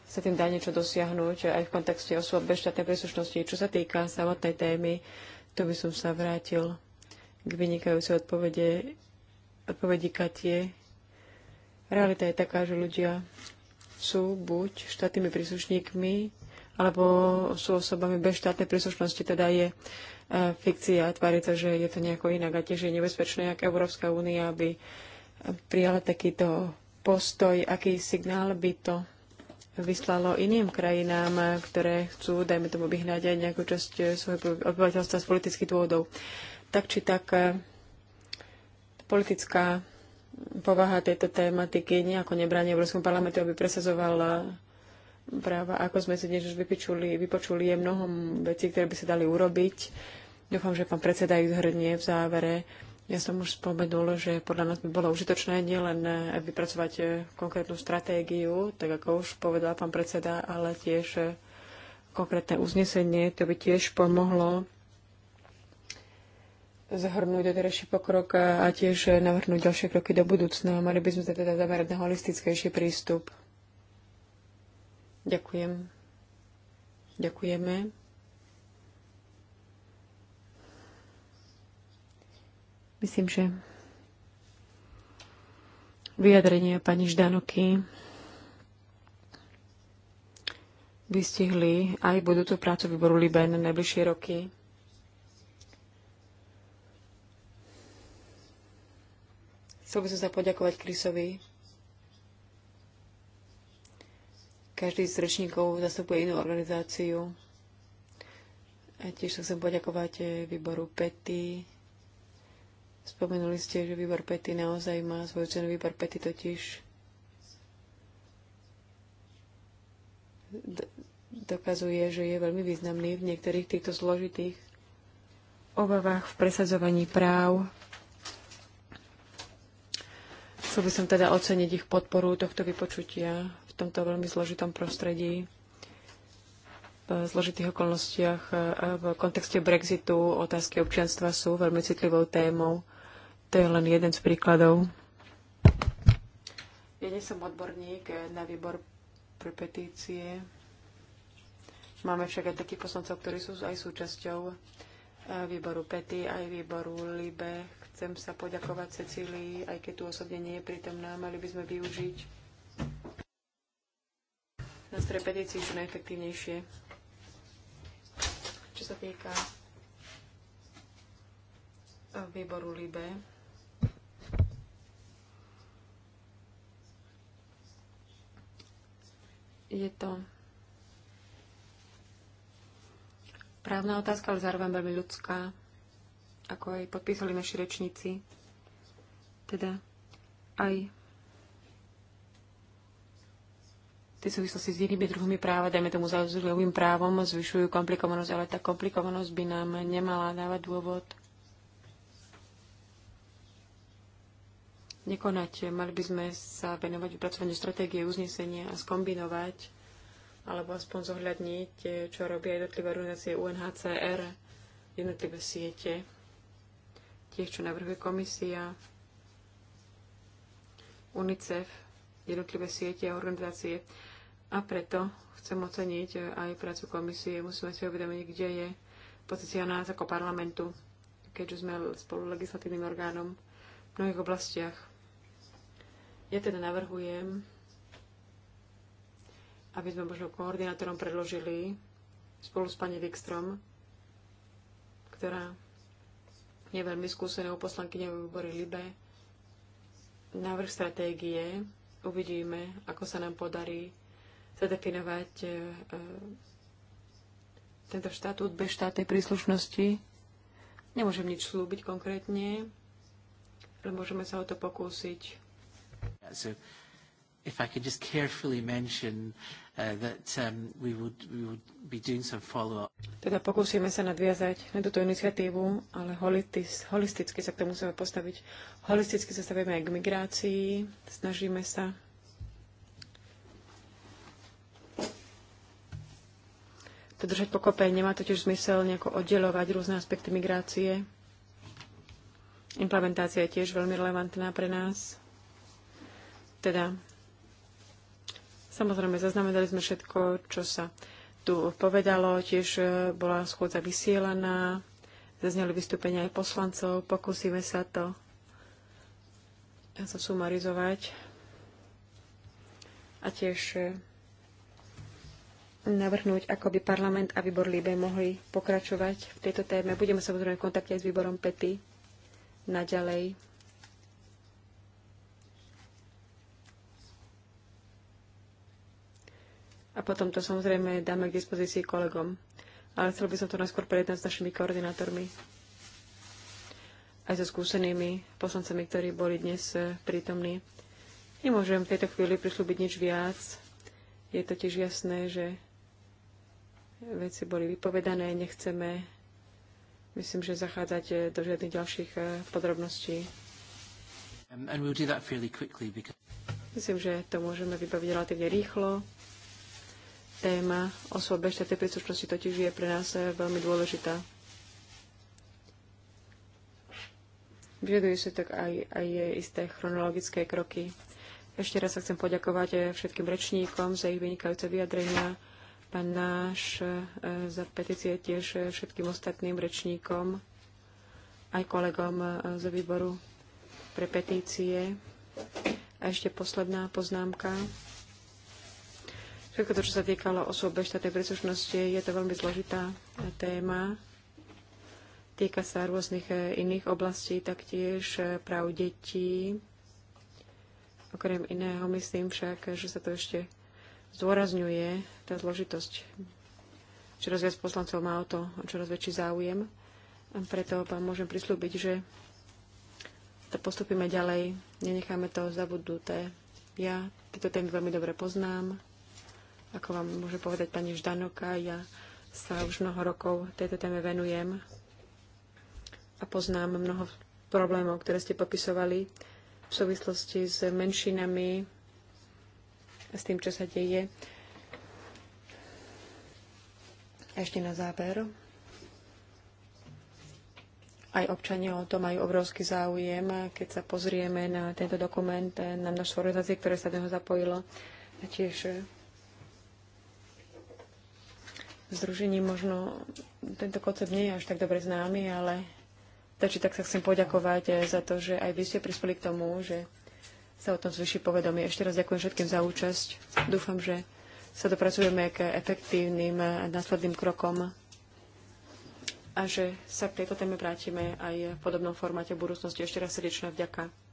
sa tým dá niečo dosiahnuť aj v kontexte osôb bez štátnej príslušnosti. Čo sa týka samotnej témy, tu by som sa vrátil k vynikajúcej odpovede, odpovedi Katie. Realita je taká, že ľudia sú buď štátnymi príslušníkmi, alebo sú osobami bez štátnej príslušnosti, teda je e, fikcia tvári to, že je to nejako inak a tiež je nebezpečné, ak Európska únia by e, prijala takýto postoj, aký signál by to vyslalo iným krajinám, ktoré chcú, dajme tomu, vyhnať aj nejakú časť e, svojho obyvateľstva z politických dôvodov. Tak či tak politická povaha tejto tématiky nejako nebráni Európskom parlamentu, aby presazovala práva. Ako sme si dnes už vypočuli, vypočuli je mnoho vecí, ktoré by sa dali urobiť. Dúfam, že pán predseda ich zhrnie v závere. Ja som už spomenul, že podľa nás by bolo užitočné nielen eh, vypracovať eh, konkrétnu stratégiu, tak ako už povedal pán predseda, ale tiež eh, konkrétne uznesenie. To by tiež pomohlo zhrnúť doterajší pokrok a tiež navrhnúť ďalšie kroky do budúcna. Mali by sme sa teda zamerať na holistickejší prístup. Ďakujem. Ďakujeme. Myslím, že vyjadrenie pani Ždanoky vystihli aj budúcu prácu výboru Liben na najbližšie roky. Chcel by som sa poďakovať Krisovi. Každý z rečníkov zastupuje inú organizáciu. A tiež sa chcem poďakovať eh, výboru Petty. Spomenuli ste, že výbor Pety naozaj má svoju cenu. Výbor Pety totiž dokazuje, že je veľmi významný v niektorých týchto zložitých obavách v presadzovaní práv Chcel by som teda oceniť ich podporu tohto vypočutia v tomto veľmi zložitom prostredí, v zložitých okolnostiach, v kontexte Brexitu otázky občianstva sú veľmi citlivou témou. To je len jeden z príkladov. Ja nie som odborník na výbor pre petície. Máme však aj takých poslancov, ktorí sú aj súčasťou výboru PETI aj výboru LIBE. Chcem sa poďakovať Cecílii, aj keď tu osobne nie je prítomná, mali by sme využiť nástroj petícií čo najefektívnejšie. Čo sa týka výboru LIBE, je to právna otázka, ale zároveň veľmi ľudská, ako aj podpísali naši rečníci. Teda aj tie súvislosti s inými druhými práva, dajme tomu záujmovým právom, zvyšujú komplikovanosť, ale tá komplikovanosť by nám nemala dávať dôvod nekonať. Mali by sme sa venovať vypracovaniu stratégie uznesenia a skombinovať alebo aspoň zohľadniť, e, čo robia jednotlivé organizácie UNHCR, jednotlivé siete, tiež čo navrhuje komisia, UNICEF, jednotlivé siete a organizácie. A preto chcem oceniť e, aj prácu komisie. Musíme si uvedomiť, kde je pozícia nás ako parlamentu, keďže sme spolu legislatívnym orgánom v mnohých oblastiach. Ja teda navrhujem, aby sme možno koordinátorom predložili spolu s pani Wikstrom, ktorá je veľmi skúsenou poslankyňou výbory Libe, návrh stratégie. Uvidíme, ako sa nám podarí zadefinovať e, e, tento štatút bez štátnej príslušnosti. Nemôžem nič slúbiť konkrétne, ale môžeme sa o to pokúsiť. So, if I could just carefully mention Uh, um, teda pokúsime sa nadviazať na túto iniciatívu, ale holisticky sa k tomu musíme postaviť. Holisticky sa stavíme aj k migrácii, snažíme sa to držať pokope. Nemá totiž zmysel nejako oddelovať rôzne aspekty migrácie. Implementácia je tiež veľmi relevantná pre nás. Teda Samozrejme, zaznamenali sme všetko, čo sa tu povedalo. Tiež e, bola schôdza vysielaná, zazneli vystúpenia aj poslancov. Pokúsime sa to zasumarizovať A tiež e, navrhnúť, ako by parlament a výbor Líbe mohli pokračovať v tejto téme. Budeme samozrejme v kontakte s výborom PETI naďalej. A potom to samozrejme dáme k dispozícii kolegom. Ale chcel by som to najskôr prejednať s našimi koordinátormi. Aj so skúsenými poslancami, ktorí boli dnes eh, prítomní. Nemôžem v tejto chvíli prislúbiť nič viac. Je totiž jasné, že veci boli vypovedané, nechceme, myslím, že zachádzať eh, do žiadnych ďalších eh, podrobností. Um, myslím, že to môžeme vybaviť relatívne rýchlo. Téma osôb bez štátnej príslušnosti totiž je pre nás eh, veľmi dôležitá. Vyžaduje sa tak aj, aj isté chronologické kroky. Ešte raz sa chcem poďakovať eh, všetkým rečníkom za ich vynikajúce vyjadrenia. Pán náš eh, za petície tiež všetkým ostatným rečníkom, aj kolegom z výboru pre petície. A ešte posledná poznámka. Všetko to, čo sa týkalo osôb bez štátnej príslušnosti, je to veľmi zložitá téma. Týka sa rôznych e, iných oblastí, taktiež e, práv detí. Okrem iného myslím však, že sa to ešte zdôrazňuje, tá zložitosť. Čoraz viac poslancov má o to čoraz väčší záujem. A preto vám môžem prislúbiť, že to postupíme ďalej, nenecháme to zabudnuté. Ja tieto témy veľmi dobre poznám. Ako vám môže povedať pani Ždanoka, ja sa už mnoho rokov tejto téme venujem a poznám mnoho problémov, ktoré ste popisovali v súvislosti s menšinami a s tým, čo sa deje. A ešte na záver. Aj občania o to majú obrovský záujem, keď sa pozrieme na tento dokument, na množstvo organizácií, ktoré sa do neho zapojilo. A tiež v združení možno tento koncept nie je až tak dobre známy, ale takže tak sa chcem poďakovať eh, za to, že aj vy ste prispeli k tomu, že sa o tom zvyši povedomie. Ešte raz ďakujem všetkým za účasť. Dúfam, že sa dopracujeme k efektívnym a eh, následným krokom a že sa k tejto téme vrátime aj v podobnom formáte v budúcnosti. Ešte raz srdečná vďaka.